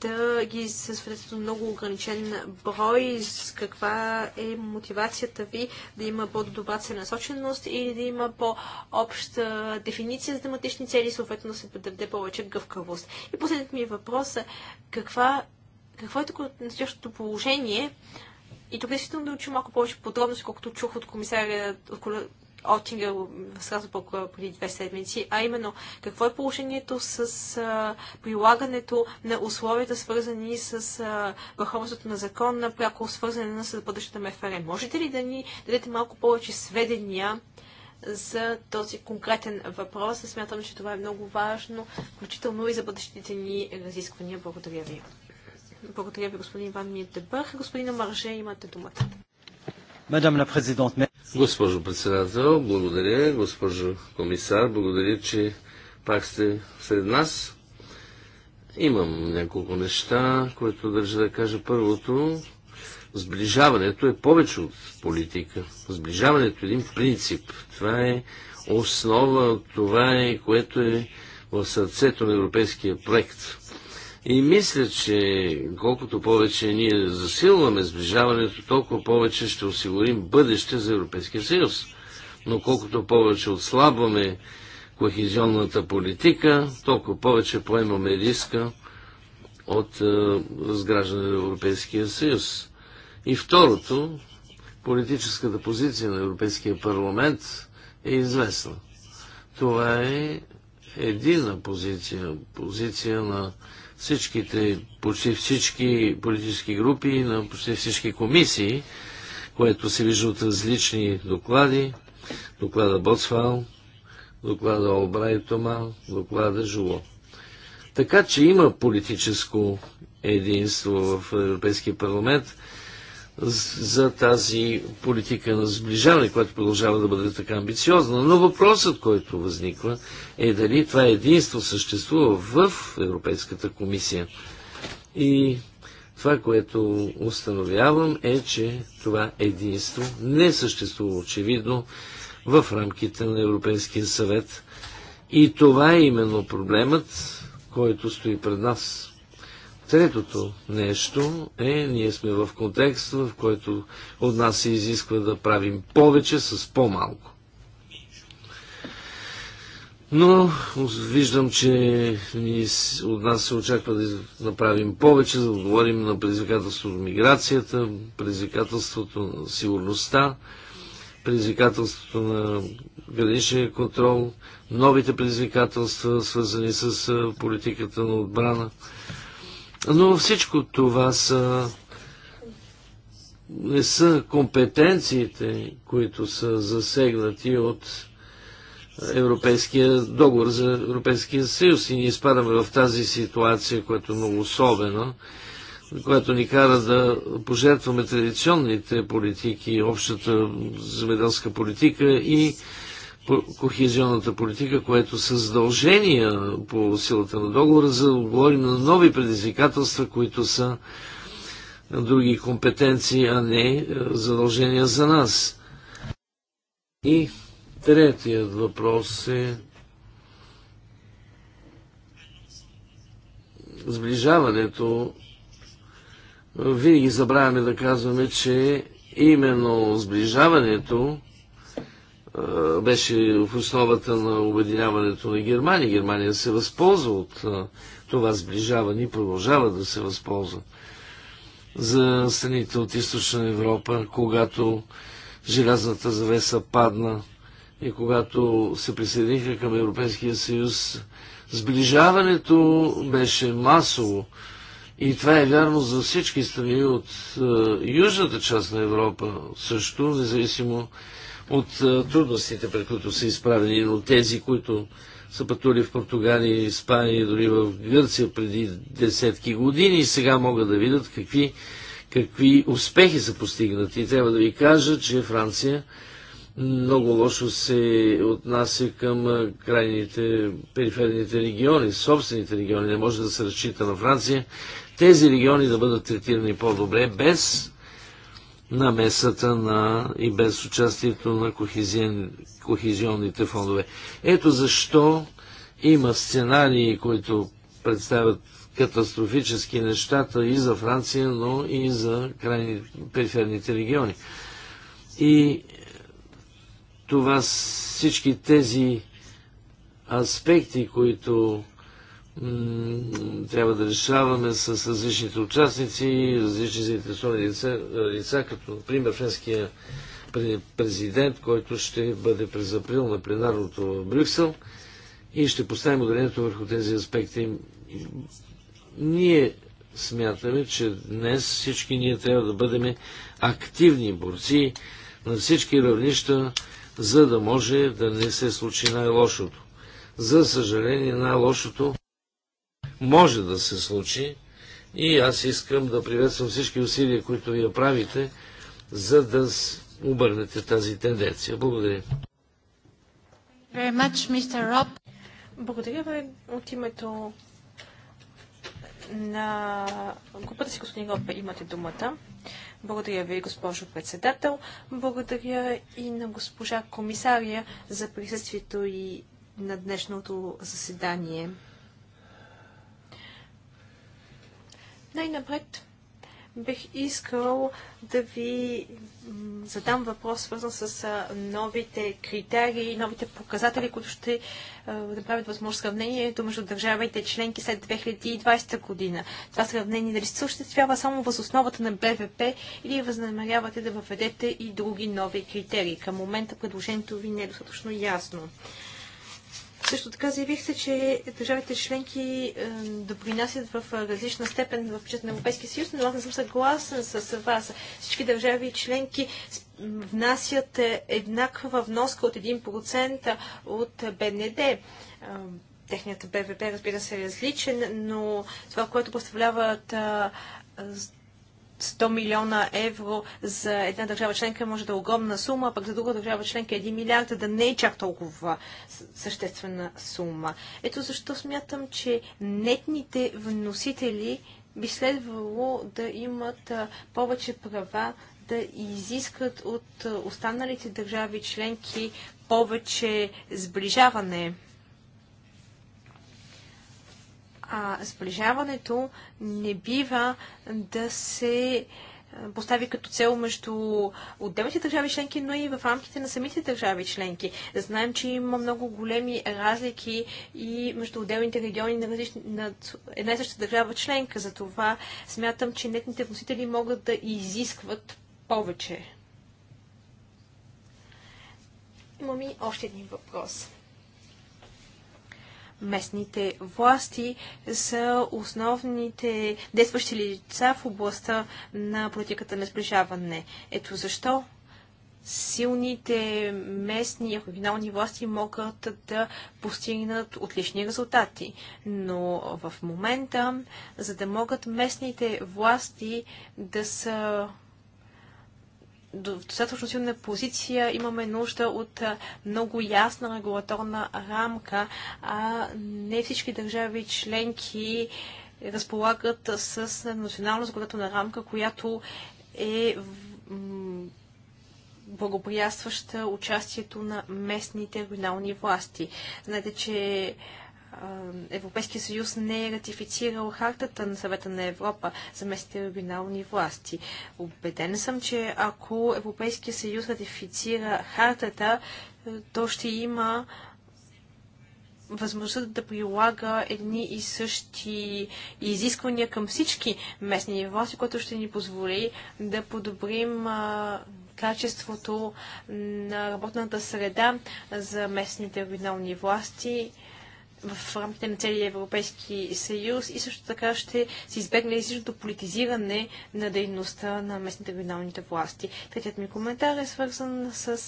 да ги съсведете до много ограничен брой. С каква е мотивацията ви да има по-добра целенасоченост или да има по-обща дефиниция за тематични цели, съответно да се даде повече гъвкавост? И последният ми въпрос е каква какво е такова настоящото положение и тук действително да учим малко повече подробности, колкото чух от комисаря от Отингър в Страсбург преди две седмици, а именно какво е положението с а, прилагането на условията, свързани с а, върховенството на закон, на пряко свързане с бъдещата МФР. Можете ли да ни дадете малко повече сведения за този конкретен въпрос? Смятам, че това е много важно, включително и за бъдещите ни разисквания. Благодаря ви. Благодаря ви, господин Ван Мирдебър. Господин Марже, имате думата. Госпожо председател, благодаря. Госпожо комисар, благодаря, че пак сте сред нас. Имам няколко неща, които държа да кажа. Първото, сближаването е повече от политика. Сближаването е един принцип. Това е основа, това е, което е в сърцето на европейския проект. И мисля, че колкото повече ние засилваме сближаването, толкова повече ще осигурим бъдеще за Европейския съюз. Но колкото повече отслабваме кохезионната политика, толкова повече поемаме риска от е, разграждане на Европейския съюз. И второто, политическата позиция на Европейския парламент е известна. Това е едина позиция, позиция на всичките, почти всички политически групи, на почти всички комисии, което се вижда от различни доклади. Доклада Боцвал, доклада Олбрай Томал, доклада Жуло. Така че има политическо единство в Европейския парламент за тази политика на сближаване, която продължава да бъде така амбициозна. Но въпросът, който възниква, е дали това единство съществува в Европейската комисия. И това, което установявам е, че това единство не съществува очевидно в рамките на Европейския съвет. И това е именно проблемът, който стои пред нас. Третото нещо е, ние сме в контекст, в който от нас се изисква да правим повече с по-малко. Но виждам, че ни, от нас се очаква да направим повече, да отговорим на предизвикателството на миграцията, предизвикателството на сигурността, предизвикателството на граничния контрол, новите предизвикателства, свързани с политиката на отбрана. Но всичко това са не са компетенциите, които са засегнати от Европейския договор за Европейския съюз и ние изпадаме в тази ситуация, която е много особена, която ни кара да пожертваме традиционните политики, общата земеделска политика и кохезионната политика, което са задължения по силата на договора, за да отговорим на нови предизвикателства, които са други компетенции, а не е, задължения за нас. И третият въпрос е сближаването. Винаги забравяме да казваме, че именно сближаването е, беше в основата на обединяването на Германия. Германия се възползва от е, това сближаване и продължава да се възползва. За страните от източна Европа, когато желязната завеса падна и когато се присъединиха към Европейския съюз, сближаването беше масово. И това е вярно за всички страни от е, южната част на Европа също, независимо от трудностите, пред които са изправени, от тези, които са пътували в Португалия, Испания и дори в Гърция преди десетки години и сега могат да видят какви, какви успехи са постигнати. И Трябва да ви кажа, че Франция много лошо се отнася към крайните, периферните региони, собствените региони. Не може да се разчита на Франция тези региони да бъдат третирани по-добре, без намесата на и без участието на кохизион, кохизионните фондове. Ето защо има сценарии, които представят катастрофически нещата и за Франция, но и за крайни периферните региони. И това всички тези аспекти, които трябва да решаваме с различните участници, различни заинтересовани лица, лица като например френския президент, който ще бъде през април на пленарното в Брюксел и ще поставим ударението върху тези аспекти. Ние смятаме, че днес всички ние трябва да бъдем активни борци на всички равнища, за да може да не се случи най-лошото. За съжаление, най-лошото може да се случи и аз искам да приветствам всички усилия, които вие правите, за да обърнете тази тенденция. Благодаря. Much, Благодаря ви от името на групата си, господин Роб, имате думата. Благодаря ви, госпожо председател. Благодаря и на госпожа комисария за присъствието и на днешното заседание. Най-напред бих искал да ви задам въпрос, свързан с новите критерии, новите показатели, които ще направят възможно сравнението между държавите членки след 2020 година. Това сравнение дали се съществява само въз основата на БВП или възнамерявате да въведете и други нови критерии? Към момента предложението ви не е достатъчно ясно. Също така заявихте, че държавите членки е, допринасят в е, различна степен в бюджет на Европейския съюз, но аз не съм съгласен с вас. Всички държави членки внасят е, еднаква вноска от 1% от БНД е, техният БВП, разбира се, е различен, но това, което представляват 100 милиона евро за една държава членка може да е огромна сума, а пък за друга държава членка 1 е милиард да не е чак толкова съществена сума. Ето защо смятам, че нетните вносители би следвало да имат повече права да изискат от останалите държави членки повече сближаване а сближаването не бива да се постави като цел между отделните държави членки, но и в рамките на самите държави членки. Знаем, че има много големи разлики и между отделните региони на, различни, на една и съща държава членка. Затова смятам, че нетните вносители могат да изискват повече. Имам и още един въпрос местните власти са основните действащи лица в областта на политиката на сближаване. Ето защо силните местни и регионални власти могат да постигнат отлични резултати. Но в момента, за да могат местните власти да са достатъчно силна позиция, имаме нужда от много ясна регулаторна рамка, а не всички държави членки разполагат с национална законодателна рамка, която е благоприятстваща участието на местните регионални власти. Знаете, че Европейския съюз не е ратифицирал хартата на съвета на Европа за местните регионални власти. Обеден съм, че ако Европейския съюз ратифицира хартата, то ще има възможността да прилага едни и същи изисквания към всички местни власти, което ще ни позволи да подобрим качеството на работната среда за местните регионални власти в рамките на целия Европейски съюз и също така ще се избегне излишното политизиране на дейността на местните регионалните власти. Третият ми коментар е свързан с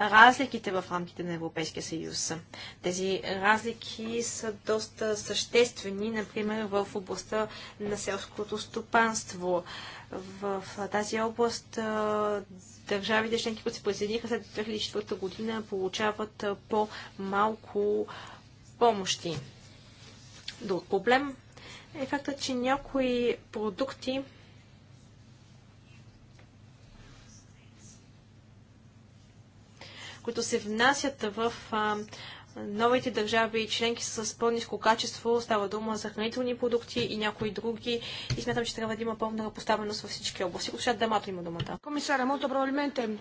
разликите в рамките на Европейския съюз. Тези разлики са доста съществени, например в областта на селското стопанство. В тази област държавите членки, които се присъединиха след 2004 година, получават по-малко помощи. Друг проблем е факта, че някои продукти които се внасят в а, новите държави и членки с по-низко качество. Става дума за хранителни продукти и някои други. И смятам, че трябва да има по по-много поставеност във всички области. Госпожа Дамато има думата. Комисара, molto probabilmente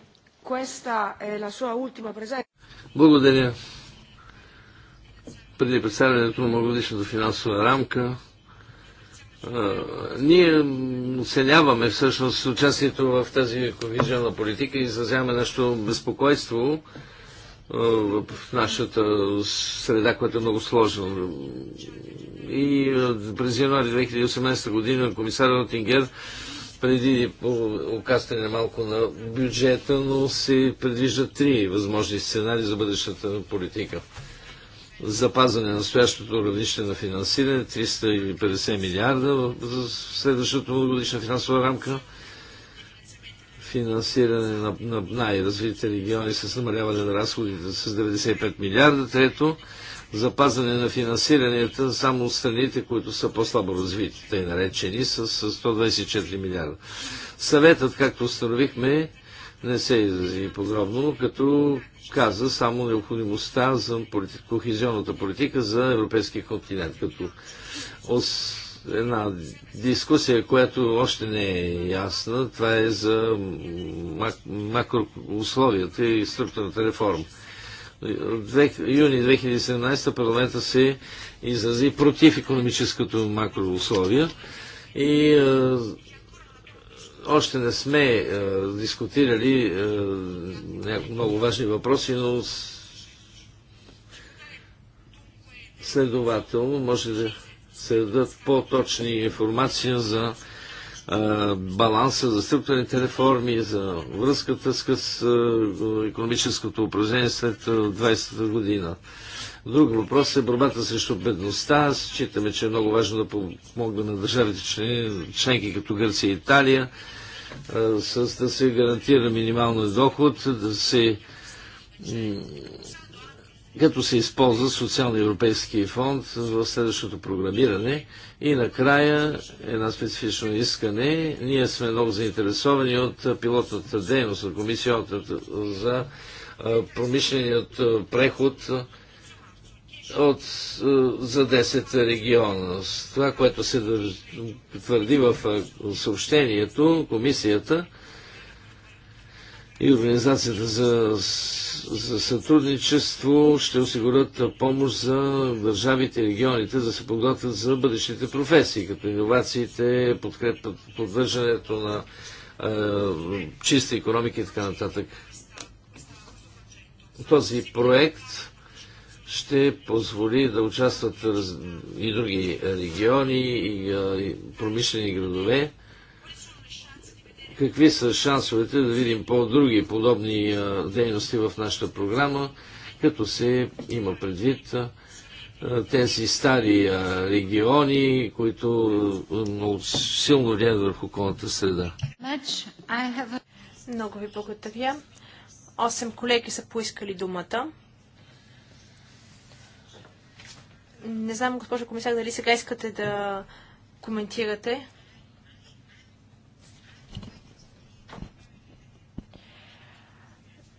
questa е на своя ултима презент. Благодаря преди представянето на многогодишната финансова рамка, ние оценяваме всъщност участието в тази кохезионна политика и изразяваме нашето безпокойство в нашата среда, която е много сложна. И през януари 2018 година комисар Тингер преди окастане малко на бюджета, но се предвиждат три възможни сценари за бъдещата политика запазване на стоящото равнище на финансиране, 350 милиарда в следващата годишна финансова рамка, финансиране на, на най-развитите региони с намаляване на разходите с 95 милиарда, трето, запазване на финансиранията само от страните, които са по-слабо развити, тъй наречени, с 124 милиарда. Съветът, както установихме, не се изрази подробно, като каза само необходимостта за полит... кохезионната политика за европейския континент. Като една дискусия, която още не е ясна, това е за мак... макроусловията и структурната реформа. Юни 2017 парламента се изрази против економическото макроусловие и още не сме е, дискутирали е, много важни въпроси, но следователно може да се дадат по-точни информация за е, баланса, за структурните реформи, за връзката с е, е економическото упражнение след 20-та е, година. Друг въпрос е борбата срещу бедността. Считаме, че е много важно да помогне на държавите члени, членки като Гърция и Италия, а, с да се гарантира минималния доход, да се като се използва социалния европейски фонд в следващото програмиране. И накрая една специфично искане. Ние сме много заинтересовани от пилотната дейност на комисията за промишленият преход от, е, за 10 региона. Това, което се твърди в е, съобщението, комисията и Организацията за, за сътрудничество ще осигурят помощ за държавите и регионите да се подготвят за бъдещите професии, като иновациите, подкрепят поддържането на е, чиста економика и така нататък. Този проект ще позволи да участват и други региони и промишлени градове. Какви са шансовете да видим по-други подобни дейности в нашата програма, като се има предвид тези стари региони, които много силно влияят върху околната среда. Много ви благодаря. Осем колеги са поискали думата. Не знам, госпожа комисар, дали сега искате да коментирате.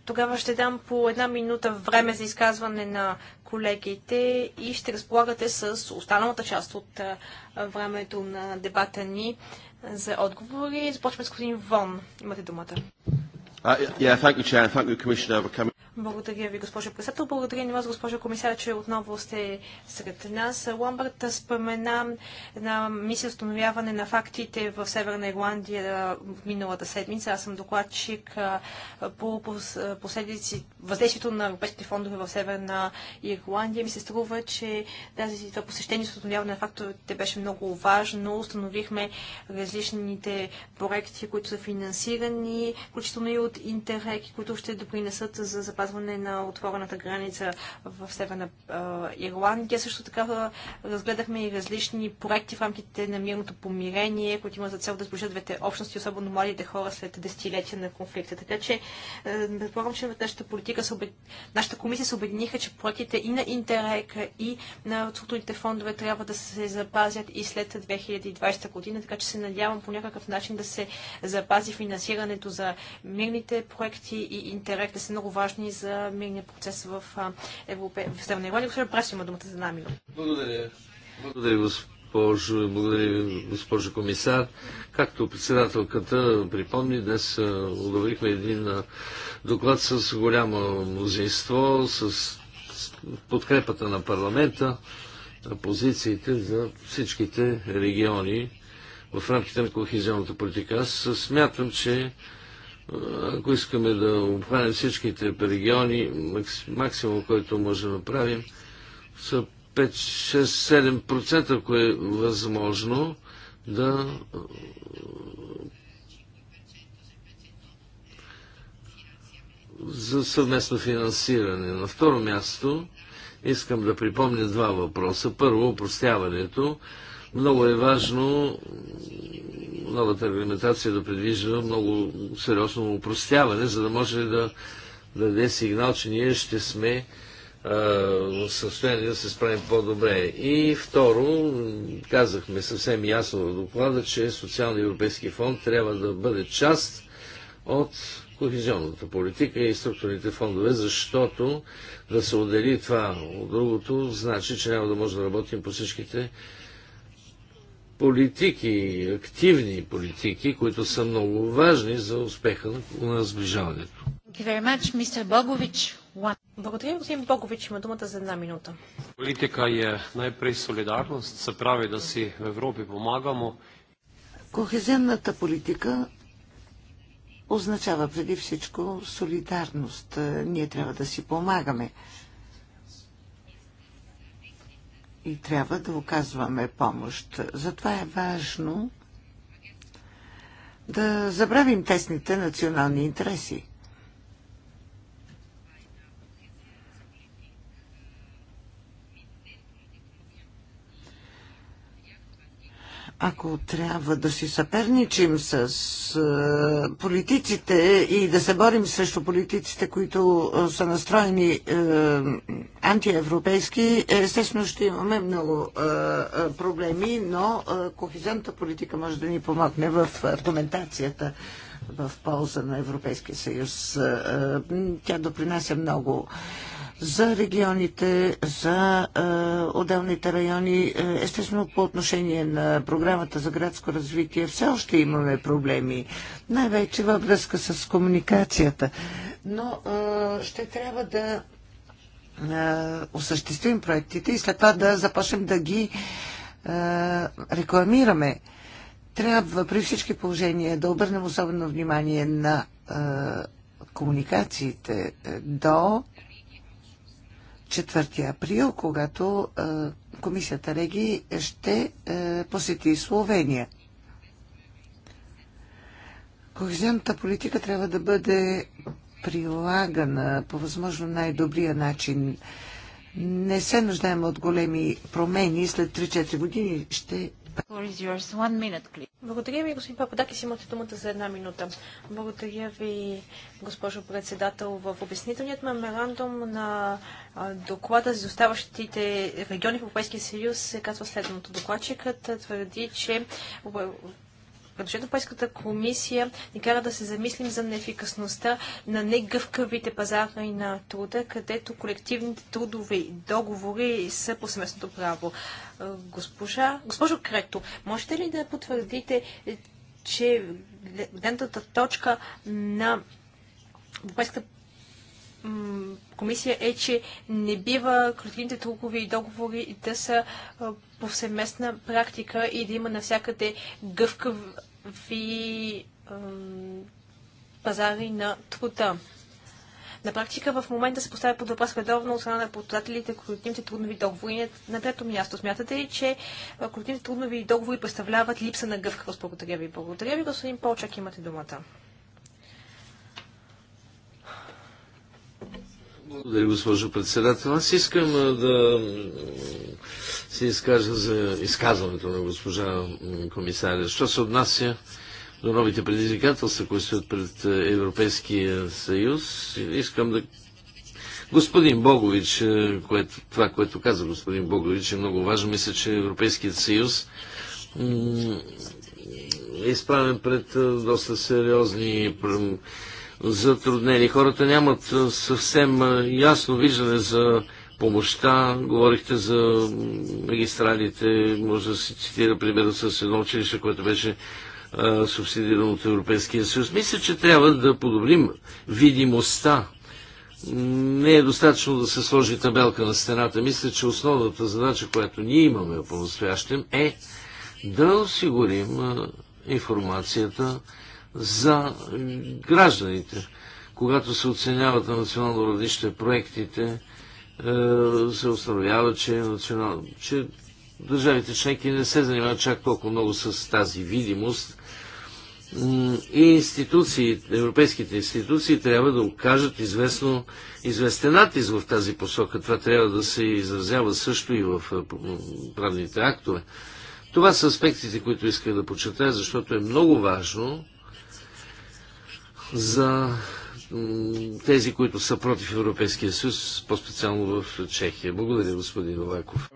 Тогава ще дам по една минута време за изказване на колегите и ще разполагате с останалата част от времето на дебата ни за отговори. Започваме с господин Вон. Имате думата. Uh, yeah, you, you, благодаря ви, госпожо председател. Благодаря и на вас, госпожа комисар, че отново сте сред нас. Ламбърт спомена на мисия установяване на фактите в Северна Ирландия миналата седмица. Аз съм докладчик по последици, въздействието на европейските фондове в Северна Ирландия. Ми се струва, че тази това посещение с установяване на фактите беше много важно. Установихме различните проекти, които са финансирани, включително и от Интерек, които ще допринесат за запазване запазване на отворената граница в Северна Ирландия. Също така разгледахме и различни проекти в рамките на мирното помирение, които има за цел да сближат двете общности, особено младите хора след десетилетия на конфликта. Така че, предполагам, че в нашата политика, нашата комисия се обединиха, че проектите и на Интерек, и на структурните фондове трябва да се запазят и след 2020 година, така че се надявам по някакъв начин да се запази финансирането за мирните проекти и интерект да са много важни за мирния процес в, Европе... в Северна Ирландия. Господин Прас има думата за минута. Благодаря. Благодаря, госпожо, благодаря, госпожо комисар. Както председателката припомни, днес одобрихме един доклад с голямо мнозинство, с подкрепата на парламента, позициите за всичките региони в рамките на кохезионната политика. Аз смятам, че ако искаме да обхванем всичките региони, максимум, който може да направим, са 5-6-7%, ако е възможно да за съвместно финансиране. На второ място искам да припомня два въпроса. Първо, упростяването. Много е важно новата регламентация да предвижда много сериозно упростяване, за да може да даде сигнал, че ние ще сме в състояние да се справим по-добре. И второ, казахме съвсем ясно в доклада, че Социалния европейски фонд трябва да бъде част от кохезионната политика и структурните фондове, защото да се отдели това от другото, значи, че няма да може да работим по всичките политики, активни политики, които са много важни за успеха на сближаването. Благодаря, господин Богович. Има думата за една минута. Политика е най прес солидарност, се прави да си в Европи помагамо. Кохезенната политика означава преди всичко солидарност. Ние трябва да си помагаме и трябва да оказваме помощ. Затова е важно да забравим тесните национални интереси. Ако трябва да си съперничим с а, е, политиците и да се борим срещу политиците, които а, е, са настроени а, е, антиевропейски, естествено ще имаме много а, проблеми, но е, политика може да ни помогне в аргументацията в полза на Европейския съюз. А, тя допринася много за регионите, за е, отделните райони. Е, естествено, по отношение на програмата за градско развитие все още имаме проблеми, най-вече във връзка с комуникацията. Но е, ще трябва да е, осъществим проектите и след това да започнем да ги е, рекламираме. Трябва при всички положения да обърнем особено внимание на е, комуникациите до 4 април, когато комисията Реги ще посети Словения. Кохезионната политика трябва да бъде прилагана по възможно най-добрия начин. Не се нуждаем от големи промени. След 3-4 години ще благодаря ви, господин Пападакис. Имате думата за една минута. Благодаря ви, госпожо председател. В обяснителният меморандум на доклада за изоставащите региони в Европейския съюз се казва следното. Докладчикът твърди, че Предложението Европейската комисия ни кара да се замислим за неефикасността на негъвкавите пазарни на труда, където колективните трудови договори са по съместното право. Госпожа, госпожо Крето, можете ли да потвърдите, че гледната точка на Европейската комисия е, че не бива колективните трудови и договори да са повсеместна практика и да има навсякъде гъвкави пазари на труда. На практика в момента се поставя под въпрос редовно от страна на работодателите колективните трудови договори. На трето място смятате ли, че колективните трудови договори представляват липса на гъвкавост? Благодаря ви. Благодаря ви, господин Полчак, имате думата. Благодаря, госпожо председател. Аз искам да се изкажа за изказването на госпожа комисаря. Що се отнася до новите предизвикателства, които стоят пред Европейския съюз, искам да Господин Богович, което, това, което каза господин Богович е много важно. Мисля, че Европейският съюз е изправен пред доста сериозни затруднени. Хората нямат съвсем ясно виждане за помощта. Говорихте за магистралите. Може да се цитира примера с едно училище, което беше субсидирано от Европейския съюз. Мисля, че трябва да подобрим видимостта. Не е достатъчно да се сложи табелка на стената. Мисля, че основната задача, която ние имаме по-настоящем е да осигурим информацията за гражданите. Когато се оценяват на национално равнище проектите, е, се установява, че, национал... че държавите членки не се занимават чак толкова много с тази видимост. И институции, европейските институции трябва да окажат известно, известен натиск в тази посока. Това трябва да се изразява също и в е, правните актове. Това са аспектите, които исках да почетая, защото е много важно за тези, които са против Европейския съюз, по-специално в Чехия. Благодаря, господин Олаков.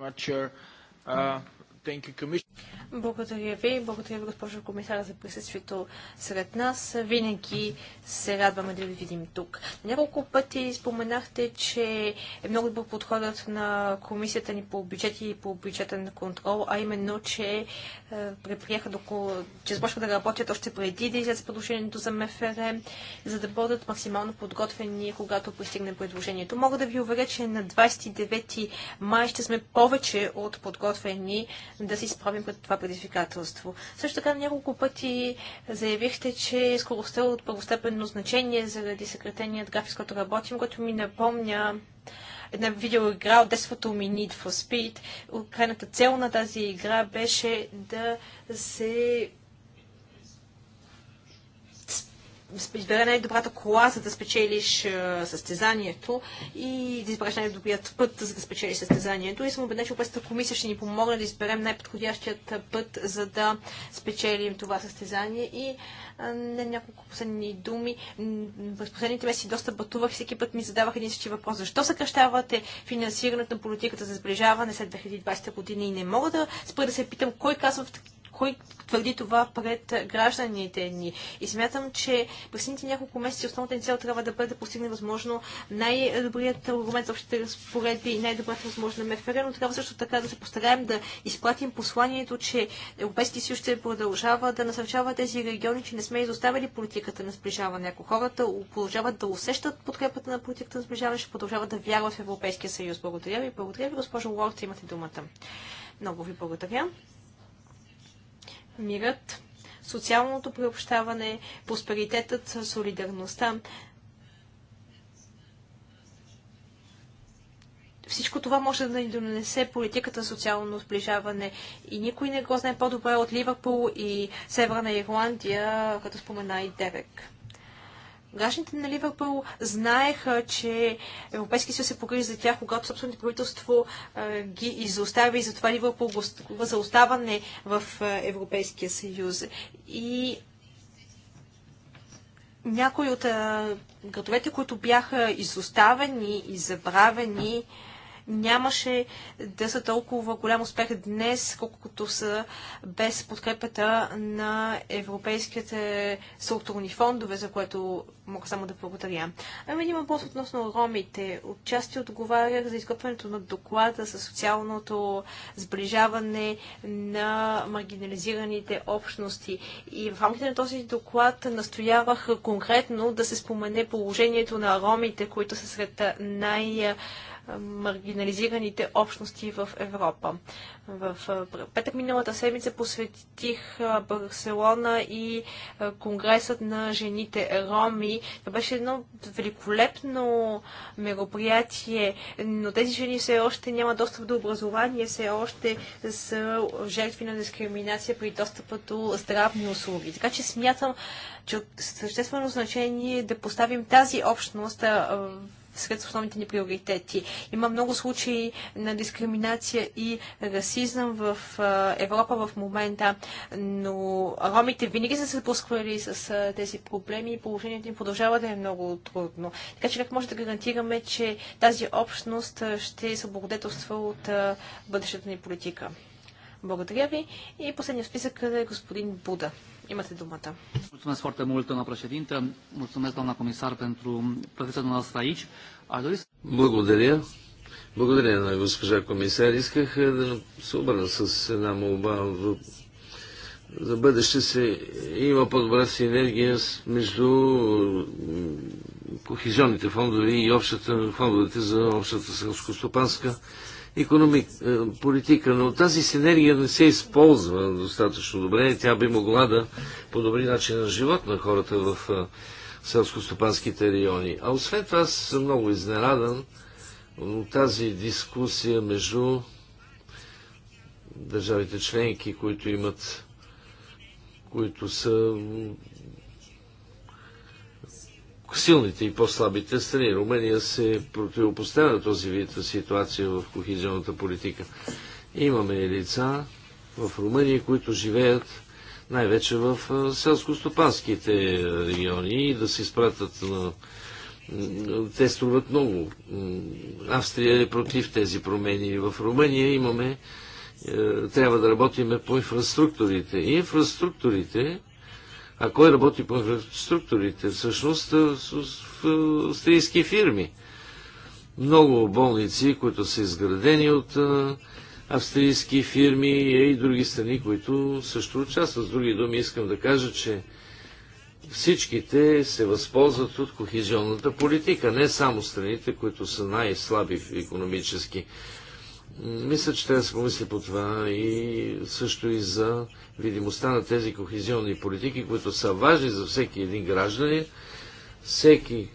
Благодаря ви. Благодаря ви, госпожо комисара, за присъствието сред нас. Винаги се радваме да ви видим тук. Няколко пъти споменахте, че е много добър подходът на комисията ни по бюджет и по бюджетен контрол, а именно, че приеха, предприеха, че започнаха да работят още преди да излезе предложението за МФР, за да бъдат максимално подготвени, когато пристигне предложението. Мога да ви уверя, че на 29 май ще сме повече от подготвени да се изправим пред това предизвикателство. Също така няколко пъти заявихте, че скоростта е от първостепенно значение заради съкратеният график, с който работим, който ми напомня една видеоигра от детството ми Need for Speed. Крайната цел на тази игра беше да се избере най-добрата е кола, за да спечелиш състезанието и да избереш най-добрият път, за да спечелиш състезанието. И съм убеден, че Европейската комисия ще ни помогне да изберем най-подходящият път, за да спечелим това състезание. И не няколко последни думи. През последните месеци доста пътувах и всеки път ми задавах един същи въпрос. Защо съкръщавате финансирането на политиката за сближаване след 2020 година и не мога да спра да се питам кой казва в кой твърди това пред гражданите ни. И смятам, че през няколко месеца основната ни цел трябва да бъде да постигне възможно най-добрият аргумент за общите разпоредби и най-добрата възможна МФР, но трябва също така да се постараем да изпратим посланието, че Европейския съюз ще продължава да насърчава тези региони, че не сме изоставили политиката на сближаване. Ако хората продължават да усещат подкрепата на политиката на сближаване, ще продължават да вярват в Европейския съюз. Благодаря ви. Благодаря ви, госпожо Лорд, имате думата. Много ви благодаря мирът, социалното приобщаване, просперитетът, солидарността. Всичко това може да ни донесе политиката социално сближаване и никой не го знае по-добре от Ливърпул и Северна Ирландия, като спомена и Дерек. Гражданите на Ливърпул знаеха, че Европейския съюз се погрижи за тях, когато собственото правителство ги изостави и затова Ливърпул го за оставане в Европейския съюз. И някои от градовете, които бяха изоставени и забравени, нямаше да са толкова голям успех днес, колкото са без подкрепата на европейските структурни фондове, за което мога само да благодаря. Ами един въпрос относно ромите. Отчасти отговарях за изкъпването на доклада за социалното сближаване на маргинализираните общности. И в рамките на този доклад настоявах конкретно да се спомене положението на ромите, които са сред най- маргинализираните общности в Европа. В петък миналата седмица посветих Барселона и Конгресът на жените роми. Това беше едно великолепно мероприятие, но тези жени все още няма достъп до образование, все още са жертви на дискриминация при достъпа до здравни услуги. Така че смятам, че от съществено значение е да поставим тази общност сред основните ни приоритети. Има много случаи на дискриминация и расизъм в Европа в момента, но ромите винаги са се спусквали с тези проблеми и положението им продължава да е много трудно. Така че как може да гарантираме, че тази общност ще се от бъдещата ни политика? Благодаря ви. И последния списък е господин Буда. Имате думата. Mulțumesc foarte mult, doamna președintă. Mulțumesc, doamna comisar, pentru prezența noastră aici. Aș Благодаря. Благодаря на госпожа комисар. Исках е, да се обърна с една молба за бъдеще се има по-добра синергия между кохизионните фондове и общата, фондовете за общата селско-стопанска економик, е, политика, но тази синергия не се използва достатъчно добре. Тя би могла да подобри начин на живот на хората в е, селско-стопанските райони. А освен това съм много изненадан от тази дискусия между държавите членки, които имат които са силните и по-слабите страни. Румъния се противопоставя на този вид ситуация в кохизионната политика. Имаме и лица в Румъния, които живеят най-вече в селско-стопанските региони и да се изпратят на те струват много. Австрия е против тези промени. В Румъния имаме, е, трябва да работиме по инфраструктурите. И инфраструктурите а кой работи по инфраструктурите? Всъщност в австрийски фирми. Много болници, които са изградени от австрийски фирми и други страни, които също участват. С други думи искам да кажа, че всичките се възползват от кохезионната политика, не само страните, които са най-слаби в економически. Мисля, че трябва да се помисли по това и също и за видимостта на тези кохезионни политики, които са важни за всеки един гражданин. Всеки,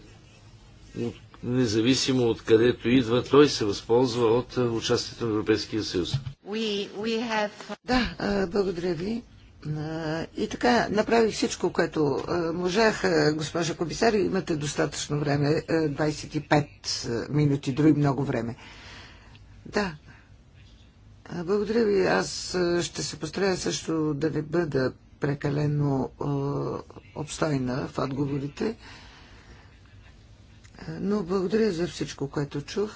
независимо от където идва, той се възползва от е, участието на Европейския съюз. We, we have... Да, благодаря ви. И така, направих всичко, което можах. Госпожа комисар, имате достатъчно време, 25 минути, дори много време. Да, благодаря ви. Аз ще се постарая също да не бъда прекалено обстойна в отговорите. Но благодаря за всичко, което чух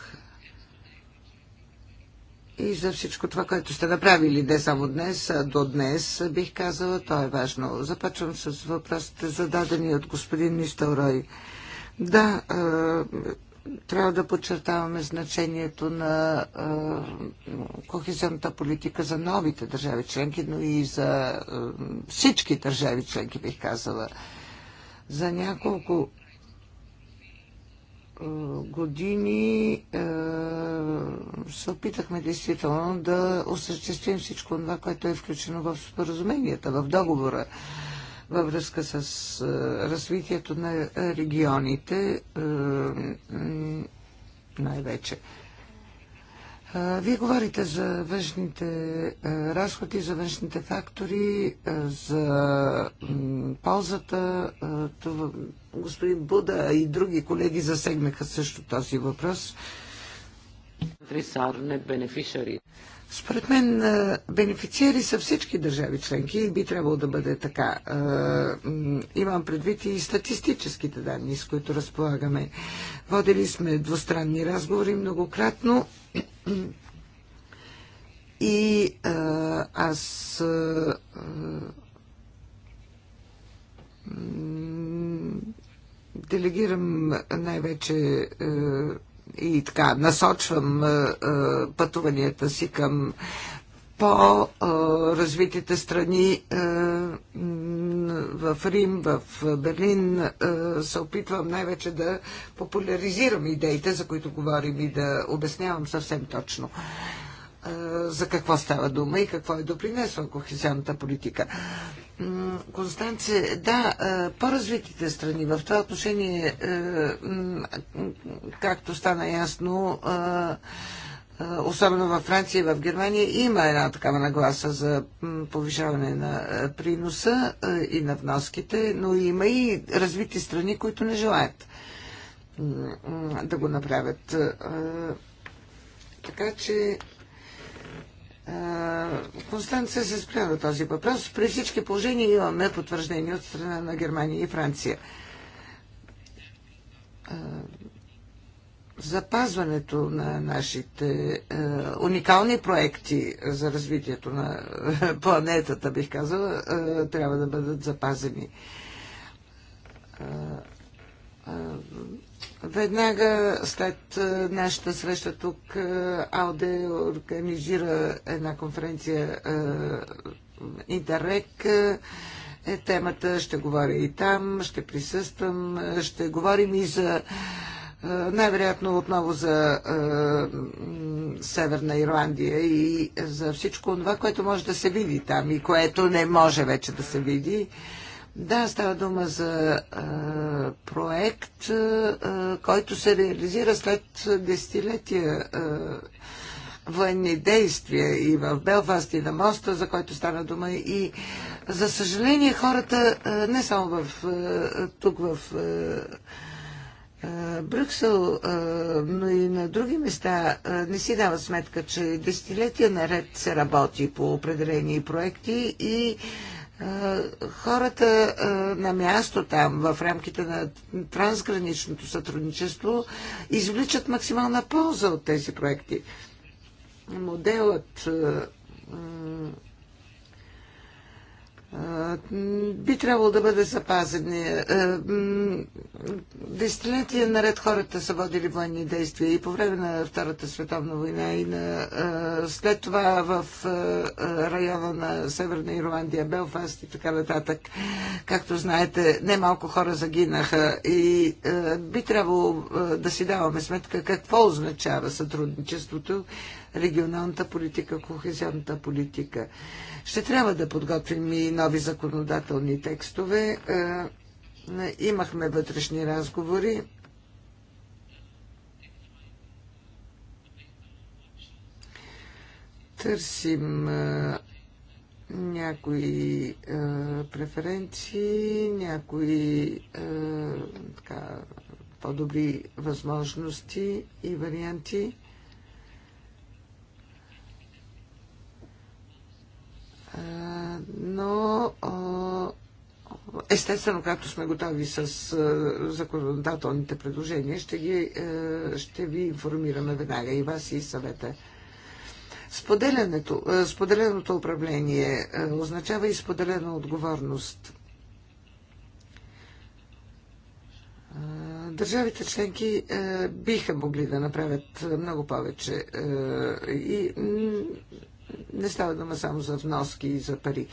и за всичко това, което сте направили не само днес, а до днес, бих казала, то е важно. Започвам с въпросите, зададени от господин Нистелрой. Да, трябва да подчертаваме значението на а, кохезионната политика за новите държави членки, но и за а, всички държави членки, бих казала. За няколко а, години а, се опитахме действително да осъществим всичко това, което е включено в споразуменията, в договора. А, във връзка с е, развитието на регионите е, най-вече. Е, вие говорите за външните разходи, за външните фактори, за ползата. Господин Буда и други колеги засегнаха също този въпрос. Според мен бенефициери са всички държави членки и би трябвало да бъде така. Имам предвид и статистическите данни, с които разполагаме. Водили сме двустранни разговори многократно и аз делегирам най-вече и така насочвам е, е, пътуванията си към по-развитите страни е, в Рим, в Берлин се опитвам най-вече да популяризирам идеите, за които говорим и да обяснявам съвсем точно. Е, за какво става дума и какво е допринесла кохезионната политика. Констанце, да, е, по-развитите страни в това отношение, е, както стана ясно, особено във Франция и в Германия, има една такава нагласа за повишаване на приноса и на вноските, но има и развити страни, които не желаят да го направят. Така че Констанция се спря на този въпрос. При всички положения имаме потвърждение от страна на Германия и Франция. Запазването на нашите уникални проекти за развитието на планетата, бих казала, трябва да бъдат запазени Веднага след е, нашата среща тук е, АОДЕ организира една конференция е, Интеррек е темата, ще говоря и там, ще присъствам, ще говорим и за най-вероятно отново за е, Северна Ирландия и за всичко това, което може да се види там и което не може вече да се види. Е, да, става дума за а, проект, а, който се реализира след десетилетия а, военни действия и в Белфаст и на моста, за който стана дума и за съжаление хората а, не само в, а, тук в а, Брюксел, но и на други места не си дават сметка, че десетилетия наред се работи по определени проекти и хората на място там, в рамките на трансграничното сътрудничество, извличат максимална полза от тези проекти. Моделът би трябвало да бъде запазен. Е, е, десетилетия наред хората са водили военни действия и по време на Втората световна война и на, е, след това в района на Северна Ирландия, Белфаст и така нататък. Както знаете, немалко хора загинаха и би трябвало да си даваме сметка какво означава сътрудничеството регионалната политика, кохезионната политика. Ще трябва да подготвим и нови законодателни текстове. Е, имахме вътрешни разговори. Търсим е, някои е, преференции, някои е, така, по-добри възможности и варианти. но естествено, както сме готови с законодателните предложения, ще, ги, ще ви информираме веднага и вас и съвета. Споделянето, споделеното управление означава и споделена отговорност. Държавите членки биха могли да направят много повече и не става дума само за вноски и за пари.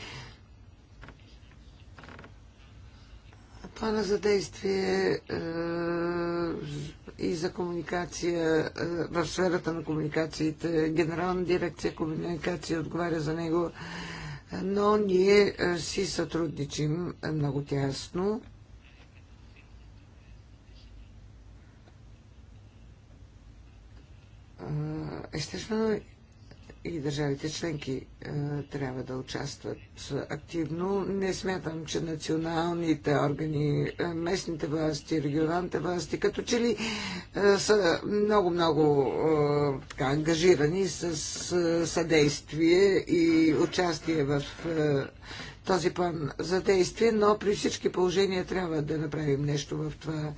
Плана за действие е, и за комуникация е, в сферата на комуникациите. Генерална дирекция комуникация отговаря за него, е, но ние е, си сътрудничим много тясно. Е, естествено, и държавите членки е, трябва да участват активно. Не смятам, че националните органи, е, местните власти, регионалните власти, като че ли е, са много-много ангажирани с съдействие и участие в този план за действие, но при всички положения трябва да направим нещо в това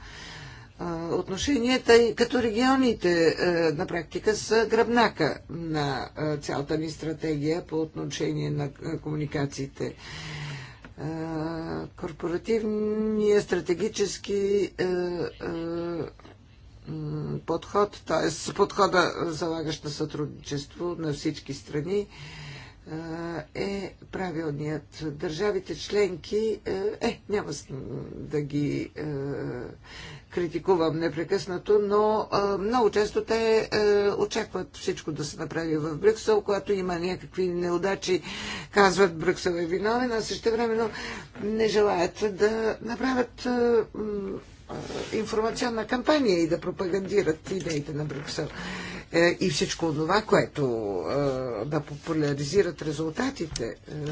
отношение, тъй като регионите на практика са гръбнака на цялата ни стратегия по отношение на комуникациите. корпоративния стратегически подход, т.е. подхода залагащ на сътрудничество на всички страни, е правилният. Държавите членки, е, е няма да ги е, критикувам непрекъснато, но е, много често те е, очакват всичко да се направи в Брюксел, когато има някакви неудачи, казват Брюксел е виновен, а също времено не желаят да направят е, е, информационна кампания и да пропагандират идеите на Брюксел. Е, и всичко това, което е, да популяризират резултатите. Е,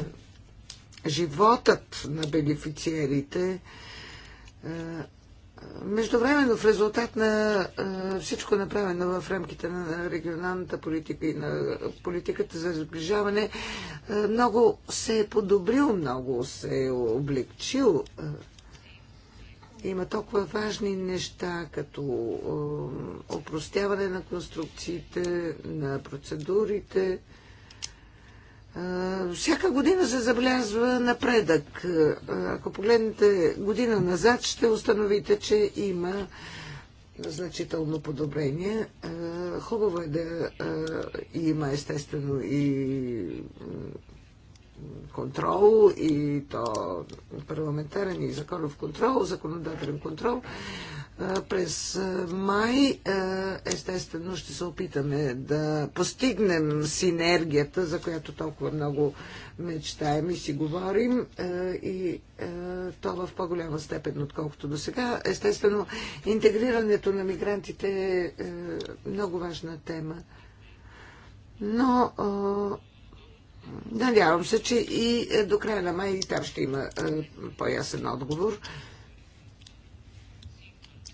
животът на бенефициерите Междувременно, в резултат на всичко направено в рамките на регионалната политика и на политиката за сближаване, много се е подобрил, много се е облегчил има толкова важни неща, като е, опростяване на конструкциите, на процедурите. Е, всяка година се забелязва напредък. Е, ако погледнете година назад, ще установите, че има значително подобрение. Хубаво е да има естествено и контрол и то парламентарен и законов контрол, законодателен контрол. През май естествено ще се опитаме да постигнем синергията, за която толкова много мечтаем и си говорим и то в по-голяма степен, отколкото до сега. Естествено, интегрирането на мигрантите е, е много важна тема. Но Надявам се, че и е, до края на май и там ще има е, по-ясен отговор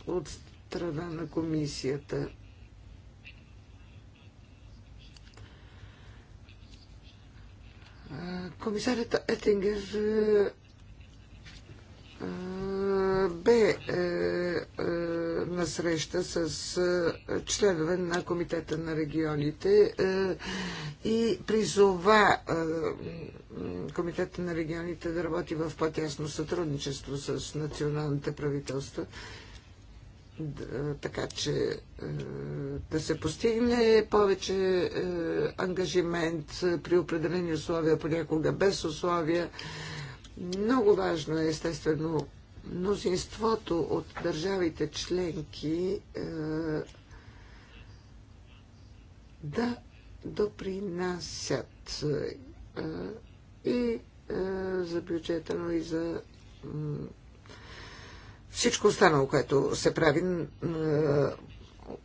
от страна на комисията. Е, комисарят Етингер бе е, е, на среща с е, членове на Комитета на регионите и призова Комитета на регионите да работи в по-тясно сътрудничество с националните правителства, така че да се постигне повече ангажимент при определени условия, понякога без условия. Много важно е, естествено, мнозинството от държавите членки е, да допринасят е, и е, за бюджета, но и за всичко останало, което се прави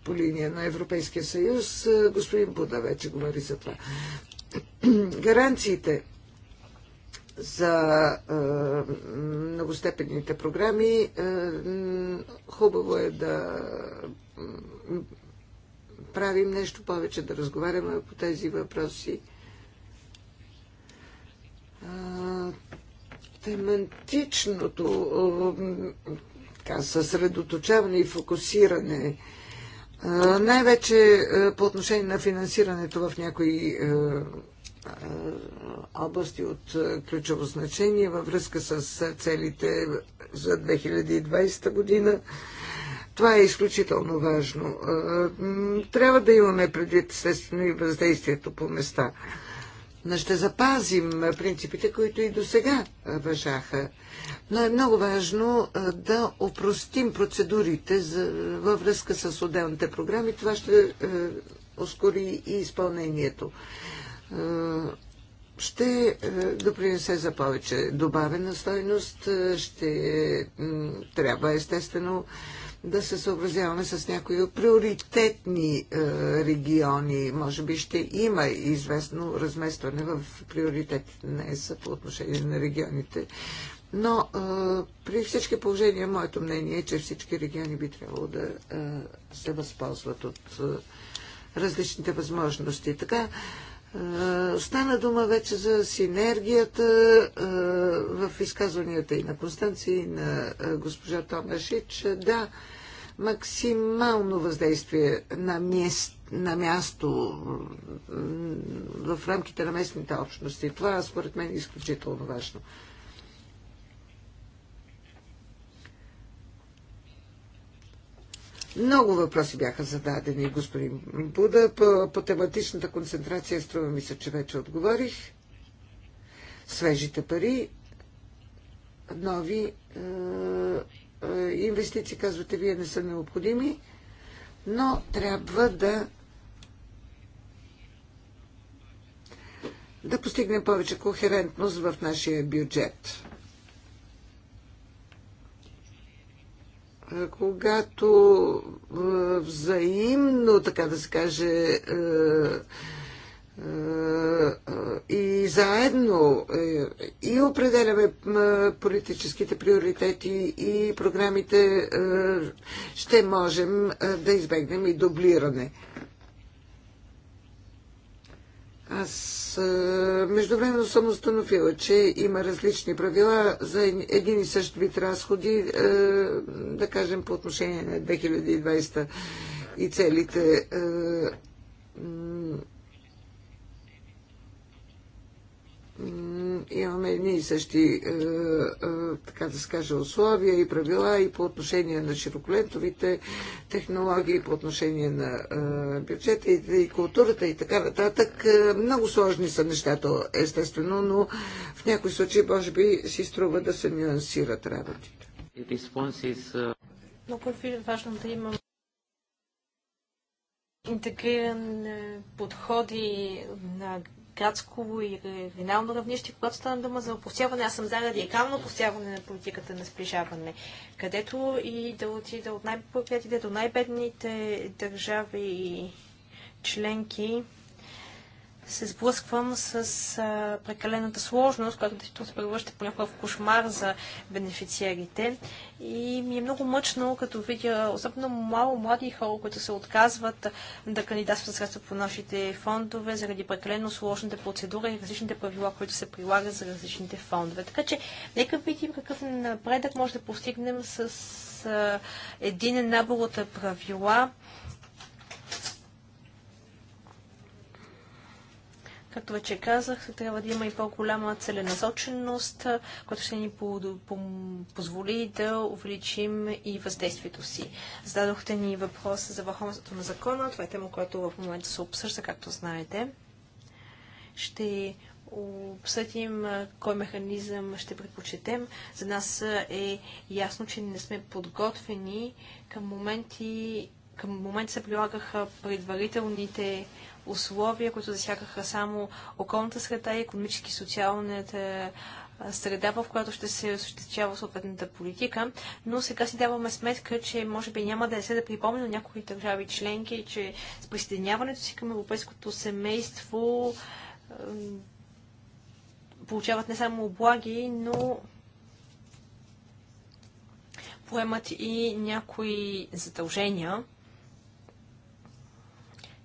по линия на Европейския съюз. Е, господин Буда вече говори за това. Гаранциите за е, многостепенните програми. Е, хубаво е да правим нещо повече, да разговаряме по тези въпроси. Е, тематичното е, така, съсредоточаване и фокусиране е, най-вече е, по отношение на финансирането в някои е, области от ключово значение във връзка с целите за 2020 година. Това е изключително важно. Трябва да имаме предвид, естествено, и въздействието по места. Но ще запазим принципите, които и до сега въжаха. Но е много важно да опростим процедурите за, във връзка с отделните програми. Това ще е, ускори и изпълнението. Е, ще е, допринесе за повече добавена стойност, е, ще трябва естествено да се съобразяваме с някои приоритетни региони. Може би ще има известно разместване в приоритетите на ЕСА по отношение на регионите. Но при всички положения, моето мнение е, че всички региони би трябвало да се възползват от различните възможности. Така, е, стана дума вече за синергията е, в изказванията и на Констанция, и на е, госпожа Томашич. Да, максимално въздействие на, мест, на място в рамките на местните общности. Това според мен е изключително важно. Много въпроси бяха зададени, господин Буда. По, по тематичната концентрация струва ми се, че вече отговорих. Свежите пари, нови е, е, инвестиции, казвате, вие не са необходими, но трябва да да постигнем повече кохерентност в нашия бюджет. когато взаимно, така да се каже, и заедно е, и определяме политическите приоритети и програмите, ще можем да избегнем и дублиране. Аз междувременно съм установила, че има различни правила за един и същ вид разходи, да кажем по отношение на 2020 и целите имаме едни и същи, е, е, така да се каже, условия и правила и по отношение на широколентовите технологии, по отношение на е, бюджета и културата и така нататък. Много сложни са нещата, естествено, но в някои случаи, може би, си струва да се нюансират работите. Много е важно да имам интегриран подходи на градско и регионално равнище, когато стана дума за опустяване, аз съм за радикално опустяване на политиката на сближаване, където и да отида от най-богатите до най-бедните държави и членки, се сблъсквам с а, прекалената сложност, която действително се превръща понякога в кошмар за бенефициерите. И ми е много мъчно, като видя особено малко млади хора, които се отказват да кандидатстват средства по нашите фондове, заради прекалено сложните процедури и различните правила, които се прилагат за различните фондове. Така че, нека видим какъв напредък може да постигнем с а, един набор от правила, Както вече казах, трябва да има и по-голяма целенасоченост, която ще ни позволи да увеличим и въздействието си. Зададохте ни въпрос за върховенството на закона. Това е тема, която в момента се обсъжда, както знаете. Ще обсъдим кой механизъм ще предпочетем. За нас е ясно, че не сме подготвени. Към моменти към момента се прилагаха предварителните условия, които засягаха само околната среда и економически и социалната среда, в която ще се осъществява съответната политика, но сега си даваме сметка, че може би няма да е се да припомня на някои държави членки, че с присъединяването си към европейското семейство получават не само облаги, но поемат и някои задължения.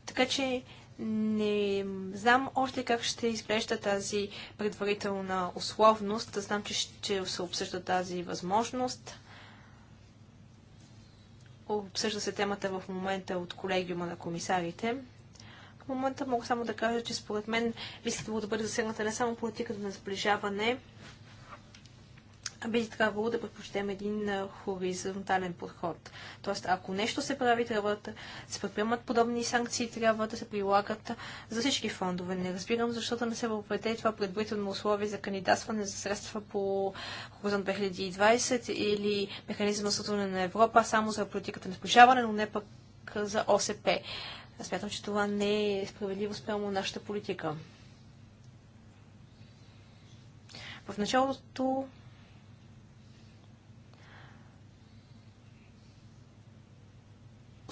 Така че не знам още как ще изглежда тази предварителна условност. Знам, че ще се обсъжда тази възможност. Обсъжда се темата в момента от колегиума на комисарите. В момента мога само да кажа, че според мен би следвало да бъде засегната не само политиката на сближаване, би трябвало да предпочитаме един хоризонтален подход. Тоест, ако нещо се прави, трябва да се предприемат подобни санкции, трябва да се прилагат за всички фондове. Не разбирам защо да не се въпреде това предварително условие за кандидатстване за средства по хоризон 2020 или механизма за на Европа само за политиката на сближаване, но не пък за ОСП. Аз Смятам, че това не е справедливо спрямо нашата политика. В началото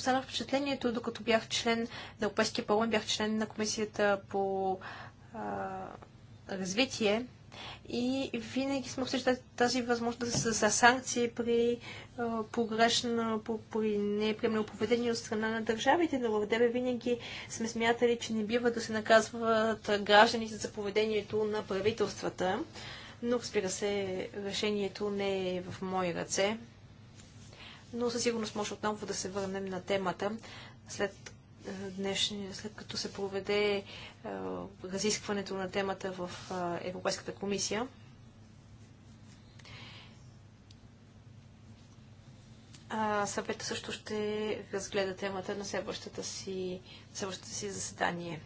останах впечатлението, докато бях член на Европейския парламент, бях член на комисията по а, развитие и винаги сме обсъждали тази възможност за, за санкции при а, погрешно, по, при неприемливо поведение от страна на държавите, но в ДБ винаги сме смятали, че не бива да се наказват гражданите за поведението на правителствата. Но, разбира се, решението не е в мои ръце но със сигурност може отново да се върнем на темата след е, днешния, след като се проведе е, разискването на темата в е, Европейската комисия. А, съвета също ще разгледа темата на следващата си, следващата си заседание.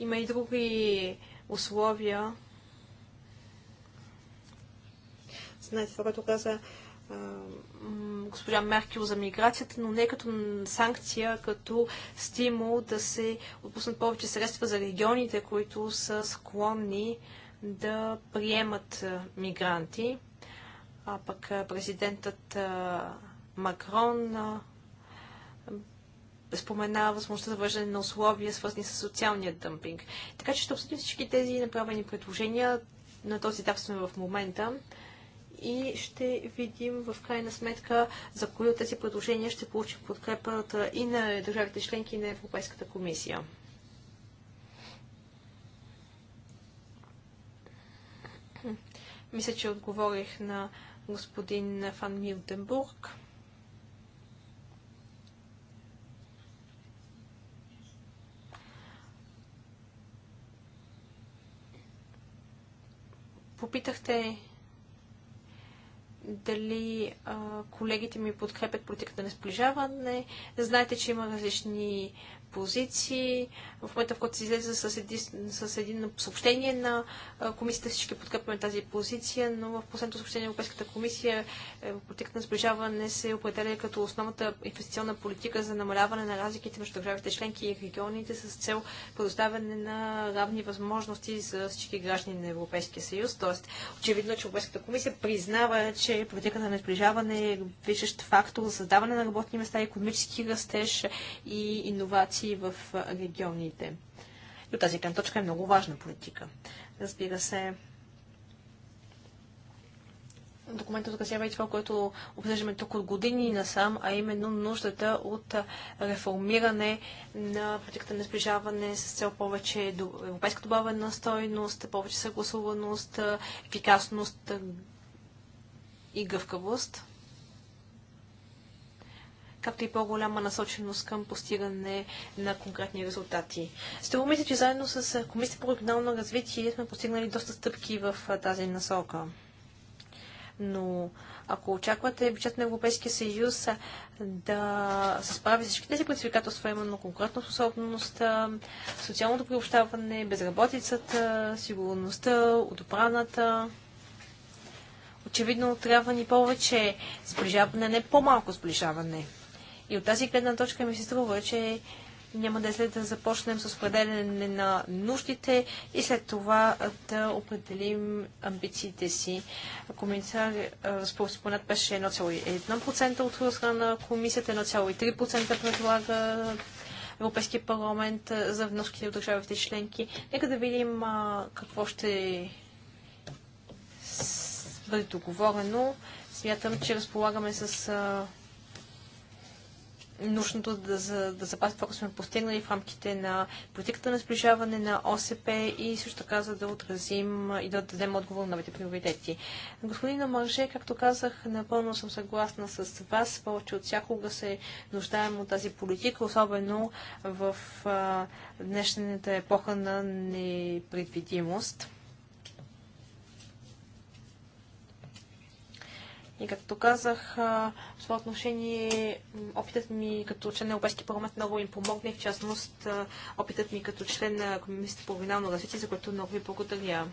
Има и други условия. Знаете, това, което каза госпожа Меркел за миграцията, но не като санкция, като стимул да се отпуснат повече средства за регионите, които са склонни да приемат мигранти. А пък президентът Макрон спомена възможността за въждане на условия, свързани с социалния дъмпинг. Така че ще обсъдим всички тези направени предложения. На този етап сме в момента и ще видим в крайна сметка за кои от тези предложения ще получим подкрепата и на държавите членки и на Европейската комисия. Мисля, че отговорих на господин Фан Милденбург. Попитахте дали а, колегите ми подкрепят политиката на сближаване. Знаете, че има различни позиции. В момента, в който се излезе с, еди, с един съобщение на комисията, всички подкрепяме тази позиция, но в последното съобщение на Европейската комисия е, политиката на сближаване се определя като основната инвестиционна политика за намаляване на разликите между държавите членки и регионите с цел предоставяне на равни възможности за всички граждани на Европейския съюз. Тоест, очевидно, че Европейската комисия признава, че политиката на сближаване е виждащ фактор за създаване на работни места, економически растеж и иновации инвестиции в регионите. И от тази гледна точка е много важна политика. Разбира се, документът отразява и това, което обсъждаме тук от години насам, а именно нуждата от реформиране на политиката на сближаване с цел повече до европейска добавена стойност, повече съгласуваност, ефикасност и гъвкавост както и по-голяма насоченост към постигане на конкретни резултати. Струва мисля, че заедно с Комисията по регионално развитие сме постигнали доста стъпки в тази насока. Но ако очаквате бюджет на Европейския съюз да се справи всички тези предизвикателства, именно конкретно способността, социалното приобщаване, безработицата, сигурността, отбраната, очевидно трябва ни повече сближаване, не по-малко сближаване. И от тази гледна точка ми се струва, че няма да е след да започнем с определене на нуждите и след това да определим амбициите си. Комисар споменат беше 1,1% от страна на комисията, 1,3% предлага Европейския парламент за вноските от държавите членки. Нека да видим а, какво ще бъде договорено. Смятам, че разполагаме с а, нужното да, за, да запазим това, което сме постигнали в рамките на политиката на сближаване на ОСП и също така за да отразим и да дадем отговор на новите приоритети. Господин Омарже, както казах, напълно съм съгласна с вас. Повече от всякога се нуждаем от тази политика, особено в а, днешната епоха на непредвидимост. И както казах, в това отношение опитът ми като член на Европейския парламент много им помогне, в частност опитът ми като член на Комисията по регионално развитие, за което много ви благодаря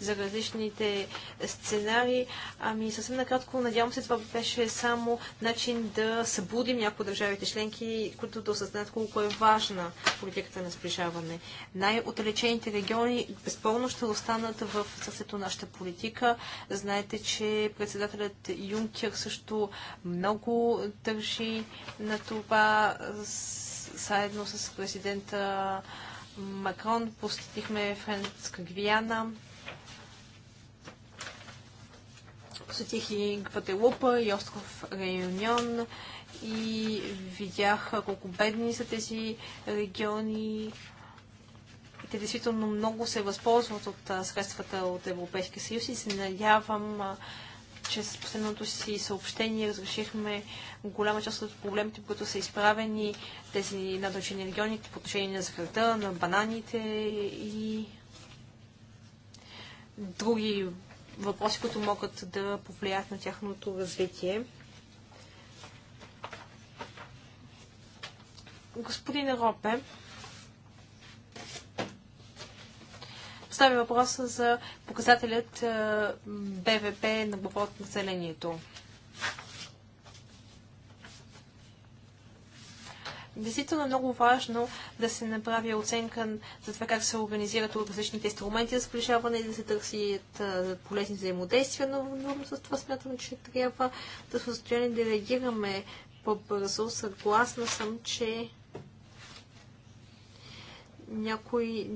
за различните сценари. Ами съвсем накратко, надявам се, това беше само начин да събудим някои държавите членки, които да осъзнат колко е важна политиката на сближаване. Най-отдалечените региони безпълно ще останат в сърцето нашата политика. Знаете, че председателят Юнкер също много държи на това заедно с президента Макрон посетихме Френска Гвиана. Посетих и Гвателупа, и остров Реюнион и видях колко бедни са тези региони. И те действително много се възползват от средствата от Европейския съюз и се надявам, че с последното си съобщение разрешихме голяма част от проблемите, които са изправени тези надължени региони по отношение на захарта, на бананите и други въпроси, които могат да повлият на тяхното развитие. Господин Ропе постави въпроса за показателят БВП на глава населението. действително е много важно да се направи оценка за това как се организират различните инструменти за сближаване и да се търсят полезни взаимодействия, но, но с това смятам, че трябва да се състояние да реагираме по-бързо. Съгласна съм, че някои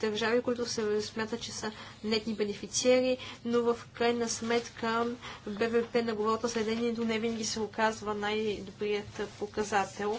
държави, които се смятат, че са нетни бенефициери, но в крайна сметка БВП на глобалното следението не винаги се оказва най-добрият показател.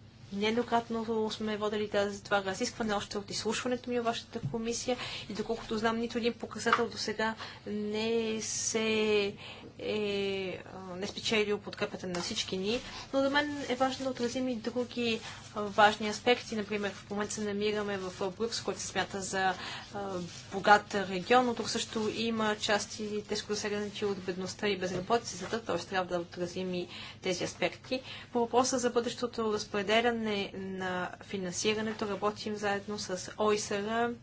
Нееднократно сме водили тази, това разискване още от изслушването ми в вашата комисия и доколкото знам, нито един показател до сега не се е не спечелил подкрепата на всички ни, но за мен е важно да отразим и други важни аспекти. Например, в момента се намираме в Брюкс, който се смята за богат регион, но тук също има части тежко засегнати от бедността и безработицата, т.е. трябва да отразим и тези аспекти. По въпроса за бъдещото разпределяне подпомагане на финансирането. Работим заедно с ОИСР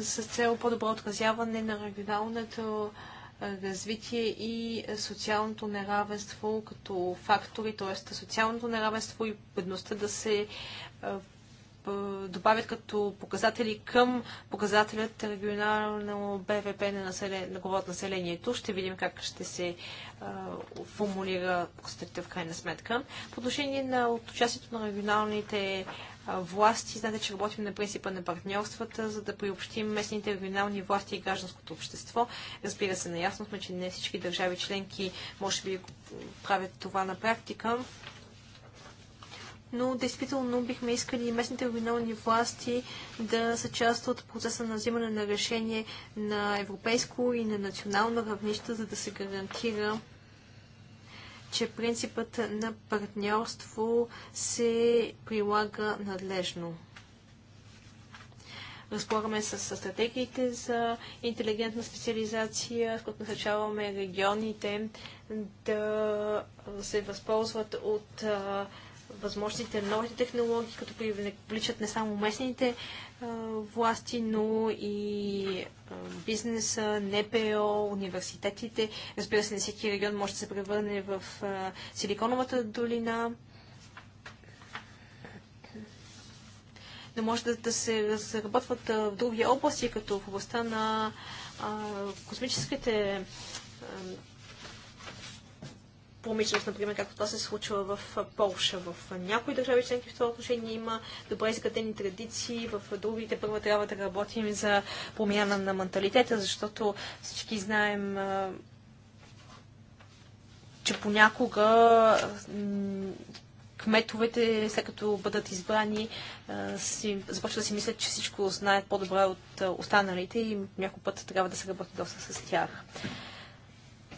с цел по-добро отразяване на регионалното развитие и социалното неравенство като фактори, т.е. социалното неравенство и бедността да се добавят като показатели към показателят регионално БВП на, населен... на глава от населението. Ще видим как ще се а, формулира показателите в крайна сметка. По отношение на участието на регионалните власти. Знаете, че работим на принципа на партньорствата, за да приобщим местните регионални власти и гражданското общество. Разбира се, наясно сме, че не всички държави членки може би правят това на практика, но действително бихме искали местните регионални власти да са част от процеса на взимане на решение на европейско и на национално равнище, за да се гарантира че принципът на партньорство се прилага надлежно. Разполагаме с стратегиите за интелигентна специализация, с които насъчаваме регионите да се възползват от възможностите на новите технологии, като привличат не само местните а, власти, но и а, бизнеса, НПО, университетите. Разбира се, не всеки регион може да се превърне в а, Силиконовата долина. Не може да, да се разработват в други области, като в областта на космическите промишленост, например, както това се е случва в Полша. В някои държави членки в това отношение има добре изградени традиции, в другите първо трябва да работим за промяна на менталитета, защото всички знаем че понякога кметовете, след като бъдат избрани, започват да си мислят, че всичко знаят по-добре от останалите и някой път трябва да се работи доста с тях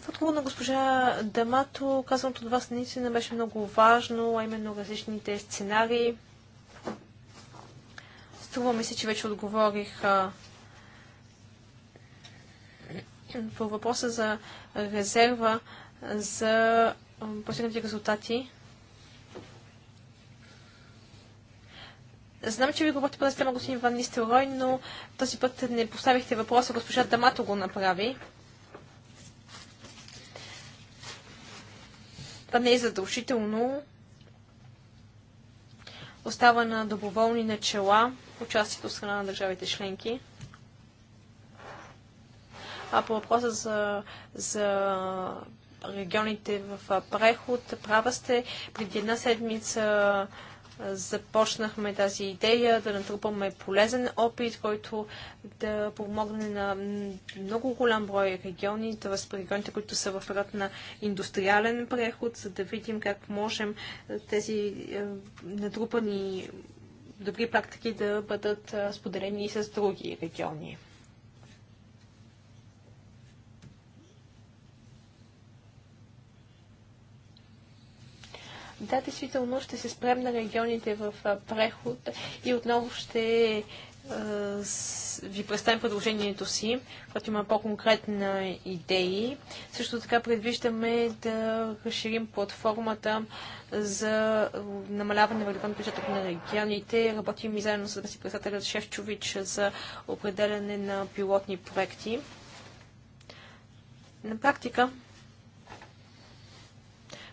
отговор на госпожа Дамато, казаното от вас наистина беше много важно, а именно различните сценарии. Струва ми се, че вече отговорих а, по въпроса за резерва за постигнати резултати. Знам, че ви говорите по тази тема, господин Ван Нистелрой, но този път не поставихте въпроса, госпожа Дамато го направи. Това не е задължително. Остава на доброволни начала участието в страна на държавите членки. А по въпроса за, за регионите в преход, права сте. Преди една седмица започнахме тази идея да натрупаме полезен опит, който да помогне на много голям брой региони, т.е. регионите, които са в род на индустриален преход, за да видим как можем тези е, натрупани добри практики да бъдат е, споделени и с други региони. Да, действително ще се спрем на регионите в преход и отново ще ви представим предложението си, което има по-конкретни идеи. Също така предвиждаме да разширим платформата за намаляване на регионалния бюджет на регионите. Работим и заедно с си председателят Шевчович за определяне на пилотни проекти. На практика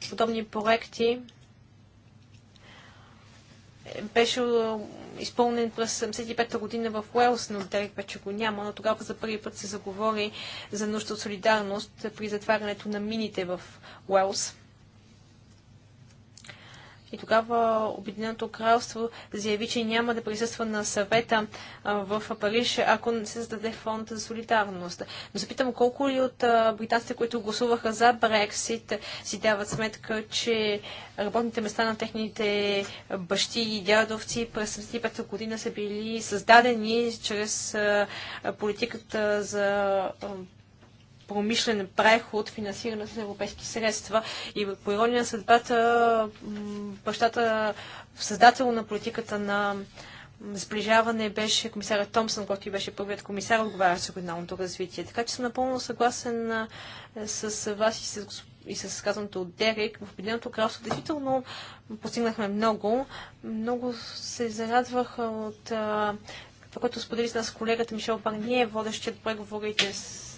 подобни проекти е, беше изпълнен през 75-та година в Уелс, но Дерек вече го няма, но тогава за първи път се заговори за нужда от солидарност при затварянето на мините в Уелс и тогава Обединеното кралство заяви, че няма да присъства на съвета в Париж, ако не се създаде фонд за солидарност. Но запитам колко ли от британците, които гласуваха за Брексит, си дават сметка, че работните места на техните бащи и дядовци през 75-та година са били създадени чрез политиката за промишлен преход, финансиран с европейски средства. И по ирония на съдбата, бащата, създател на политиката на сближаване беше комисарът Томсън, който и беше първият комисар, отговарящ за регионалното развитие. Така че съм напълно съгласен с вас и с и с казаното от Дерек, в Обединеното кралство действително постигнахме много. Много се зарадвах от това, което сподели с нас колегата Мишел Парние, водещият преговорите с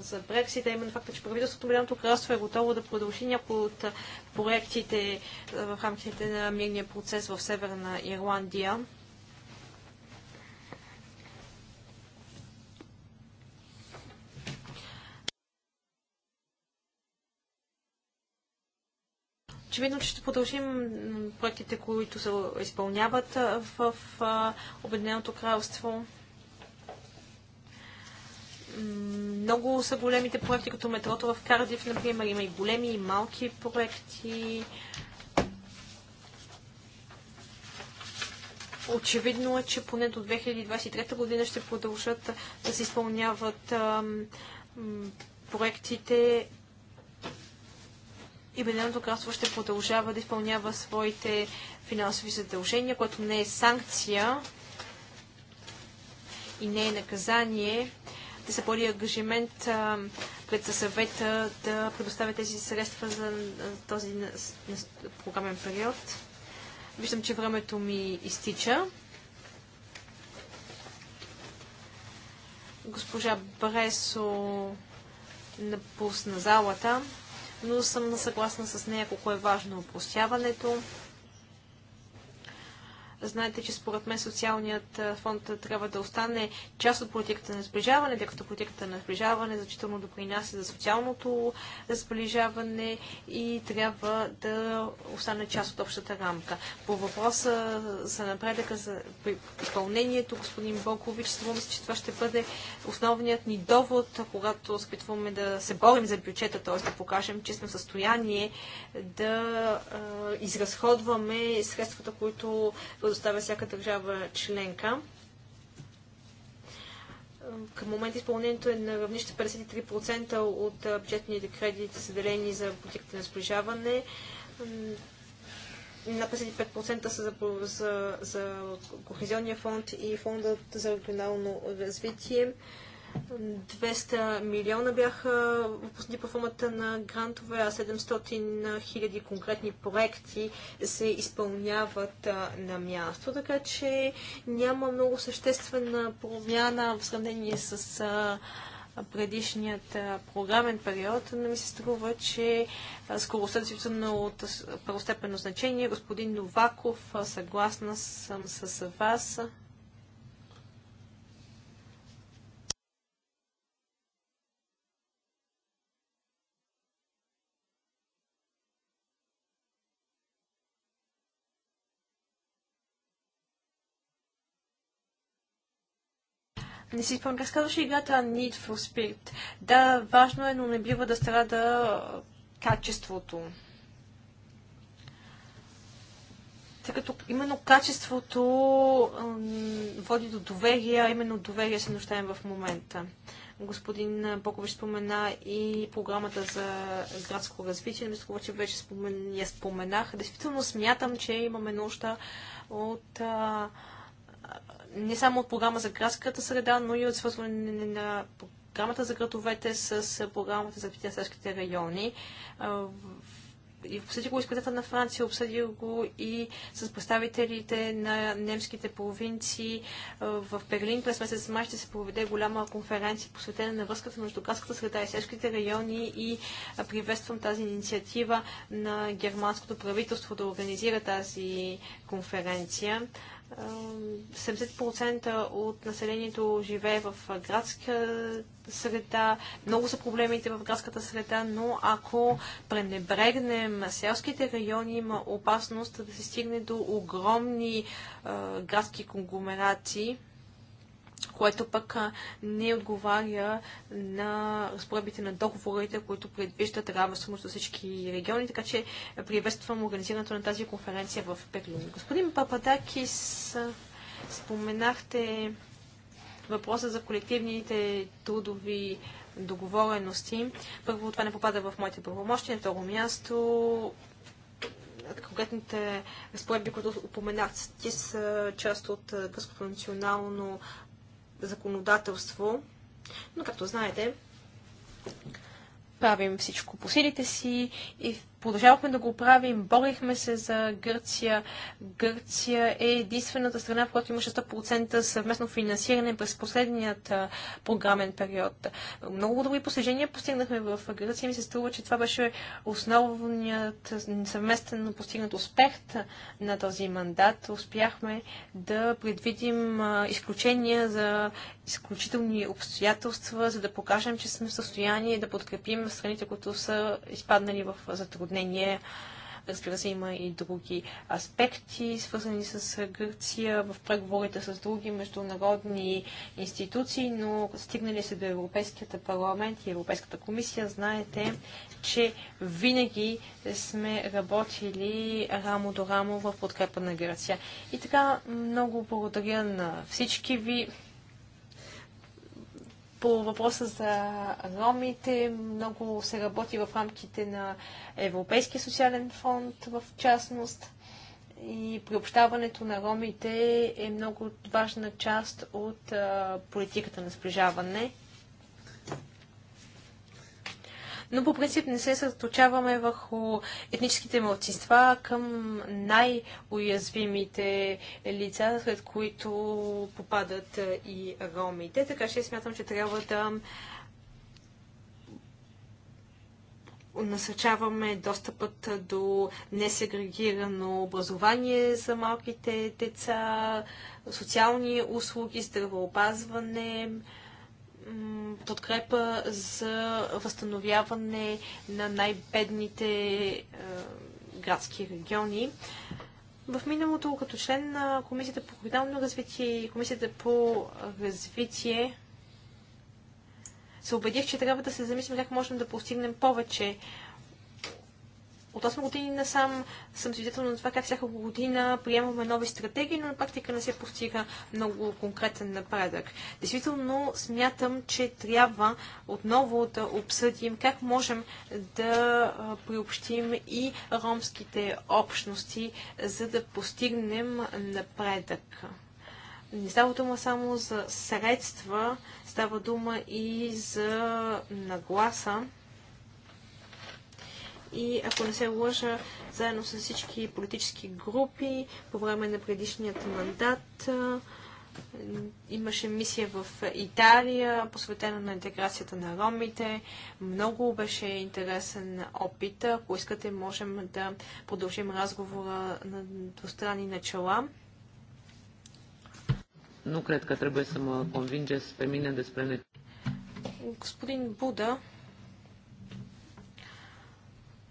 за Брексита, именно факта, че правителството на Голямото кралство е готово да продължи някои от проектите в рамките на мирния процес в Северна Ирландия. Очевидно, че ще продължим проектите, които се изпълняват в Обединеното кралство много са големите проекти, като метрото в Кардив, например. Има и големи, и малки проекти. Очевидно е, че поне до 2023 година ще продължат да се изпълняват ам, проектите и Беденото кралство ще продължава да изпълнява своите финансови задължения, което не е санкция и не е наказание, те са поли ангажимент пред съвета да предоставя тези средства за този програмен период. Виждам, че времето ми изтича. Госпожа Бресо напусна залата, но съм съгласна с нея колко е важно опростяването. Знаете, че според мен социалният фонд трябва да остане част от политиката на сближаване, тъй като политиката на сближаване значително допринася за социалното сближаване и трябва да остане част от общата рамка. По въпроса за напредъка за изпълнението, господин Бокович, струвам се, че това ще бъде основният ни довод, когато опитваме да се борим за бюджета, т.е. да покажем, че сме в състояние да изразходваме средствата, които предоставя всяка държава членка. Към момента изпълнението е на равнище 53% от бюджетните кредити са за политиката на сближаване. На 55% са за, за, за Кохезионния фонд и фондът за регионално развитие. 200 милиона бяха отпуснати по формата на грантове, а 700 хиляди конкретни проекти се изпълняват на място. Така че няма много съществена промяна в сравнение с предишният програмен период, но ми се струва, че скоростта е от първостепенно значение. Господин Новаков, съгласна съм с вас Не си спомням как казваше играта Need for Speed. Да, важно е, но не бива да страда качеството. Тъй като именно качеството води до доверие, а именно доверие се нуждаем в момента. Господин Бокович спомена и програмата за градско развитие, мисля, че вече спомен, я споменах. Действително смятам, че имаме нужда от а, не само от програма за градската среда, но и от свързване на програмата за градовете с програмата за развитие селските райони. И обсъди го и на Франция, обсъди го и с представителите на немските провинции. В Берлин през месец май ще се проведе голяма конференция, посветена на връзката между градската среда и селските райони и приветствам тази инициатива на германското правителство да организира тази конференция. 70% от населението живее в градска среда. Много са проблемите в градската среда, но ако пренебрегнем селските райони, има опасност да се стигне до огромни градски конгломерации което пък не отговаря на разпоредбите на договорите, които предвиждат равенство за всички региони, така че приветствам организирането на тази конференция в Берлин. Господин Пападакис, споменахте въпроса за колективните трудови договорености. Първо, това не попада в моите правомощия. На второ място, конкретните разпоредби, които упоменахте, са част от Гръцкото национално законодателство. Но, както знаете, правим всичко по силите си и Продължавахме да го правим, борихме се за Гърция. Гърция е единствената страна, в която имаше 100% съвместно финансиране през последният програмен период. Много добри постижения постигнахме в Гърция и ми се струва, че това беше основният съвместно постигнат успех на този мандат. Успяхме да предвидим изключения за изключителни обстоятелства, за да покажем, че сме в състояние да подкрепим страните, които са изпаднали в затруднение наводнение. Разбира се, има и други аспекти, свързани с Гърция, в преговорите с други международни институции, но стигнали се до Европейският парламент и Европейската комисия, знаете, че винаги сме работили рамо до рамо в подкрепа на Гърция. И така, много благодаря на всички ви. По въпроса за ромите, много се работи в рамките на Европейския социален фонд в частност и приобщаването на ромите е много важна част от а, политиката на сближаване но по принцип не се състочаваме върху етническите младсинства към най-уязвимите лица, сред които попадат и ромите. Така че смятам, че трябва да насърчаваме достъпът до несегрегирано образование за малките деца, социални услуги, здравеопазване, подкрепа за възстановяване на най-бедните е, градски региони. В миналото, като член на Комисията по регионално развитие и Комисията по развитие, се убедих, че трябва да се замислим как можем да постигнем повече от 8 години насам съм свидетел на това как всяка година приемаме нови стратегии, но на практика не се постига много конкретен напредък. Действително смятам, че трябва отново да обсъдим как можем да приобщим и ромските общности, за да постигнем напредък. Не става дума само за средства, става дума и за нагласа и, ако не се лъжа, заедно с всички политически групи по време на предишният мандат имаше мисия в Италия, посветена на интеграцията на ромите. Много беше интересен опит. Ако искате, можем да продължим разговора на двустранни начала. Но, cred трябва само să mă convingeți pe Господин Буда,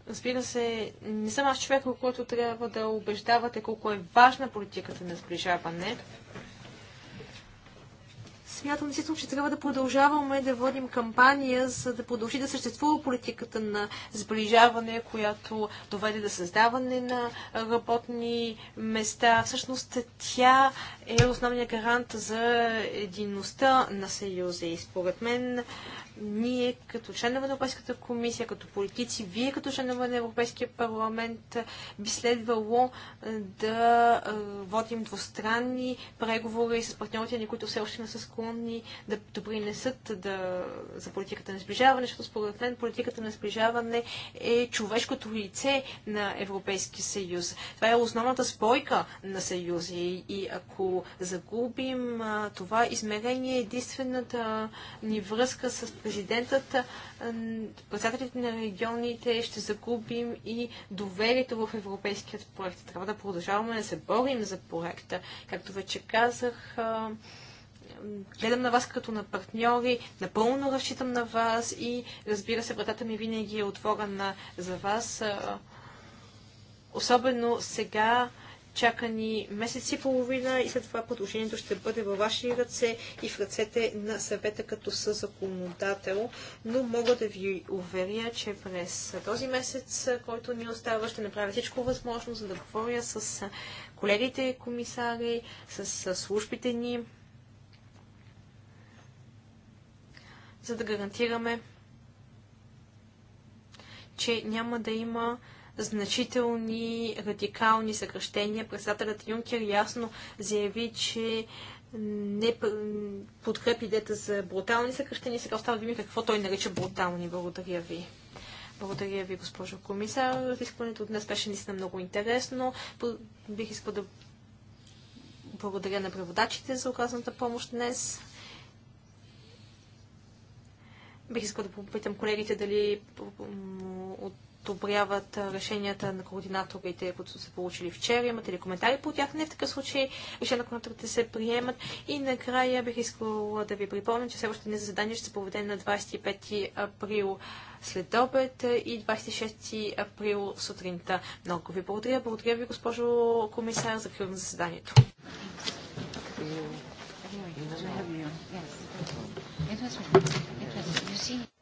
Разбира се, не съм аз човек, който трябва да убеждавате колко е важна политиката на сближаване. Смятам действително, че трябва да продължаваме да водим кампания, за да продължи да съществува политиката на сближаване, която доведе до създаване на работни места. Всъщност тя е основният гарант за единността на Съюза. И според мен ние като членове на Европейската комисия, като политици, вие като членове на Европейския парламент би следвало да водим двустранни преговори с партньорите ни, които все още не са склонни да допринесат да, за политиката на сближаване, защото според мен политиката на сближаване е човешкото лице на Европейския съюз. Това е основната спойка на съюзи и, ако загубим това измерение, е единствената ни връзка с президентът, председателите на регионите, ще загубим и доверието в европейският проект. Трябва да продължаваме да се борим за проекта. Както вече казах, гледам на вас като на партньори, напълно разчитам на вас и разбира се, вратата ми винаги е отворена за вас. Особено сега, Чака ни месец и половина и след това продължението ще бъде във ваши ръце и в ръцете на съвета като законодател. Но мога да ви уверя, че през този месец, който ни остава, ще направя всичко възможно, за да говоря с колегите комисари, с службите ни, за да гарантираме, че няма да има значителни радикални съкръщения. Председателят Юнкер ясно заяви, че не подкрепи идеята за брутални съкръщения. Сега остава видим какво той нарича брутални. Благодаря ви. Благодаря ви, госпожо комисар. Изискването днес беше наистина много интересно. Бих искал да благодаря на преводачите за оказаната помощ днес. Бих искал да попитам колегите дали от одобряват решенията на координаторите, които са се получили вчера? Имате ли коментари по тях? Не в такъв случай решения на координаторите се приемат. И накрая бих искала да ви припомня, че следващото ни заседание ще се проведе на 25 април след обед и 26 април сутринта. Много ви благодаря. Благодаря ви, госпожо комисар. Закривам заседанието. Yes. It was, it was, you see.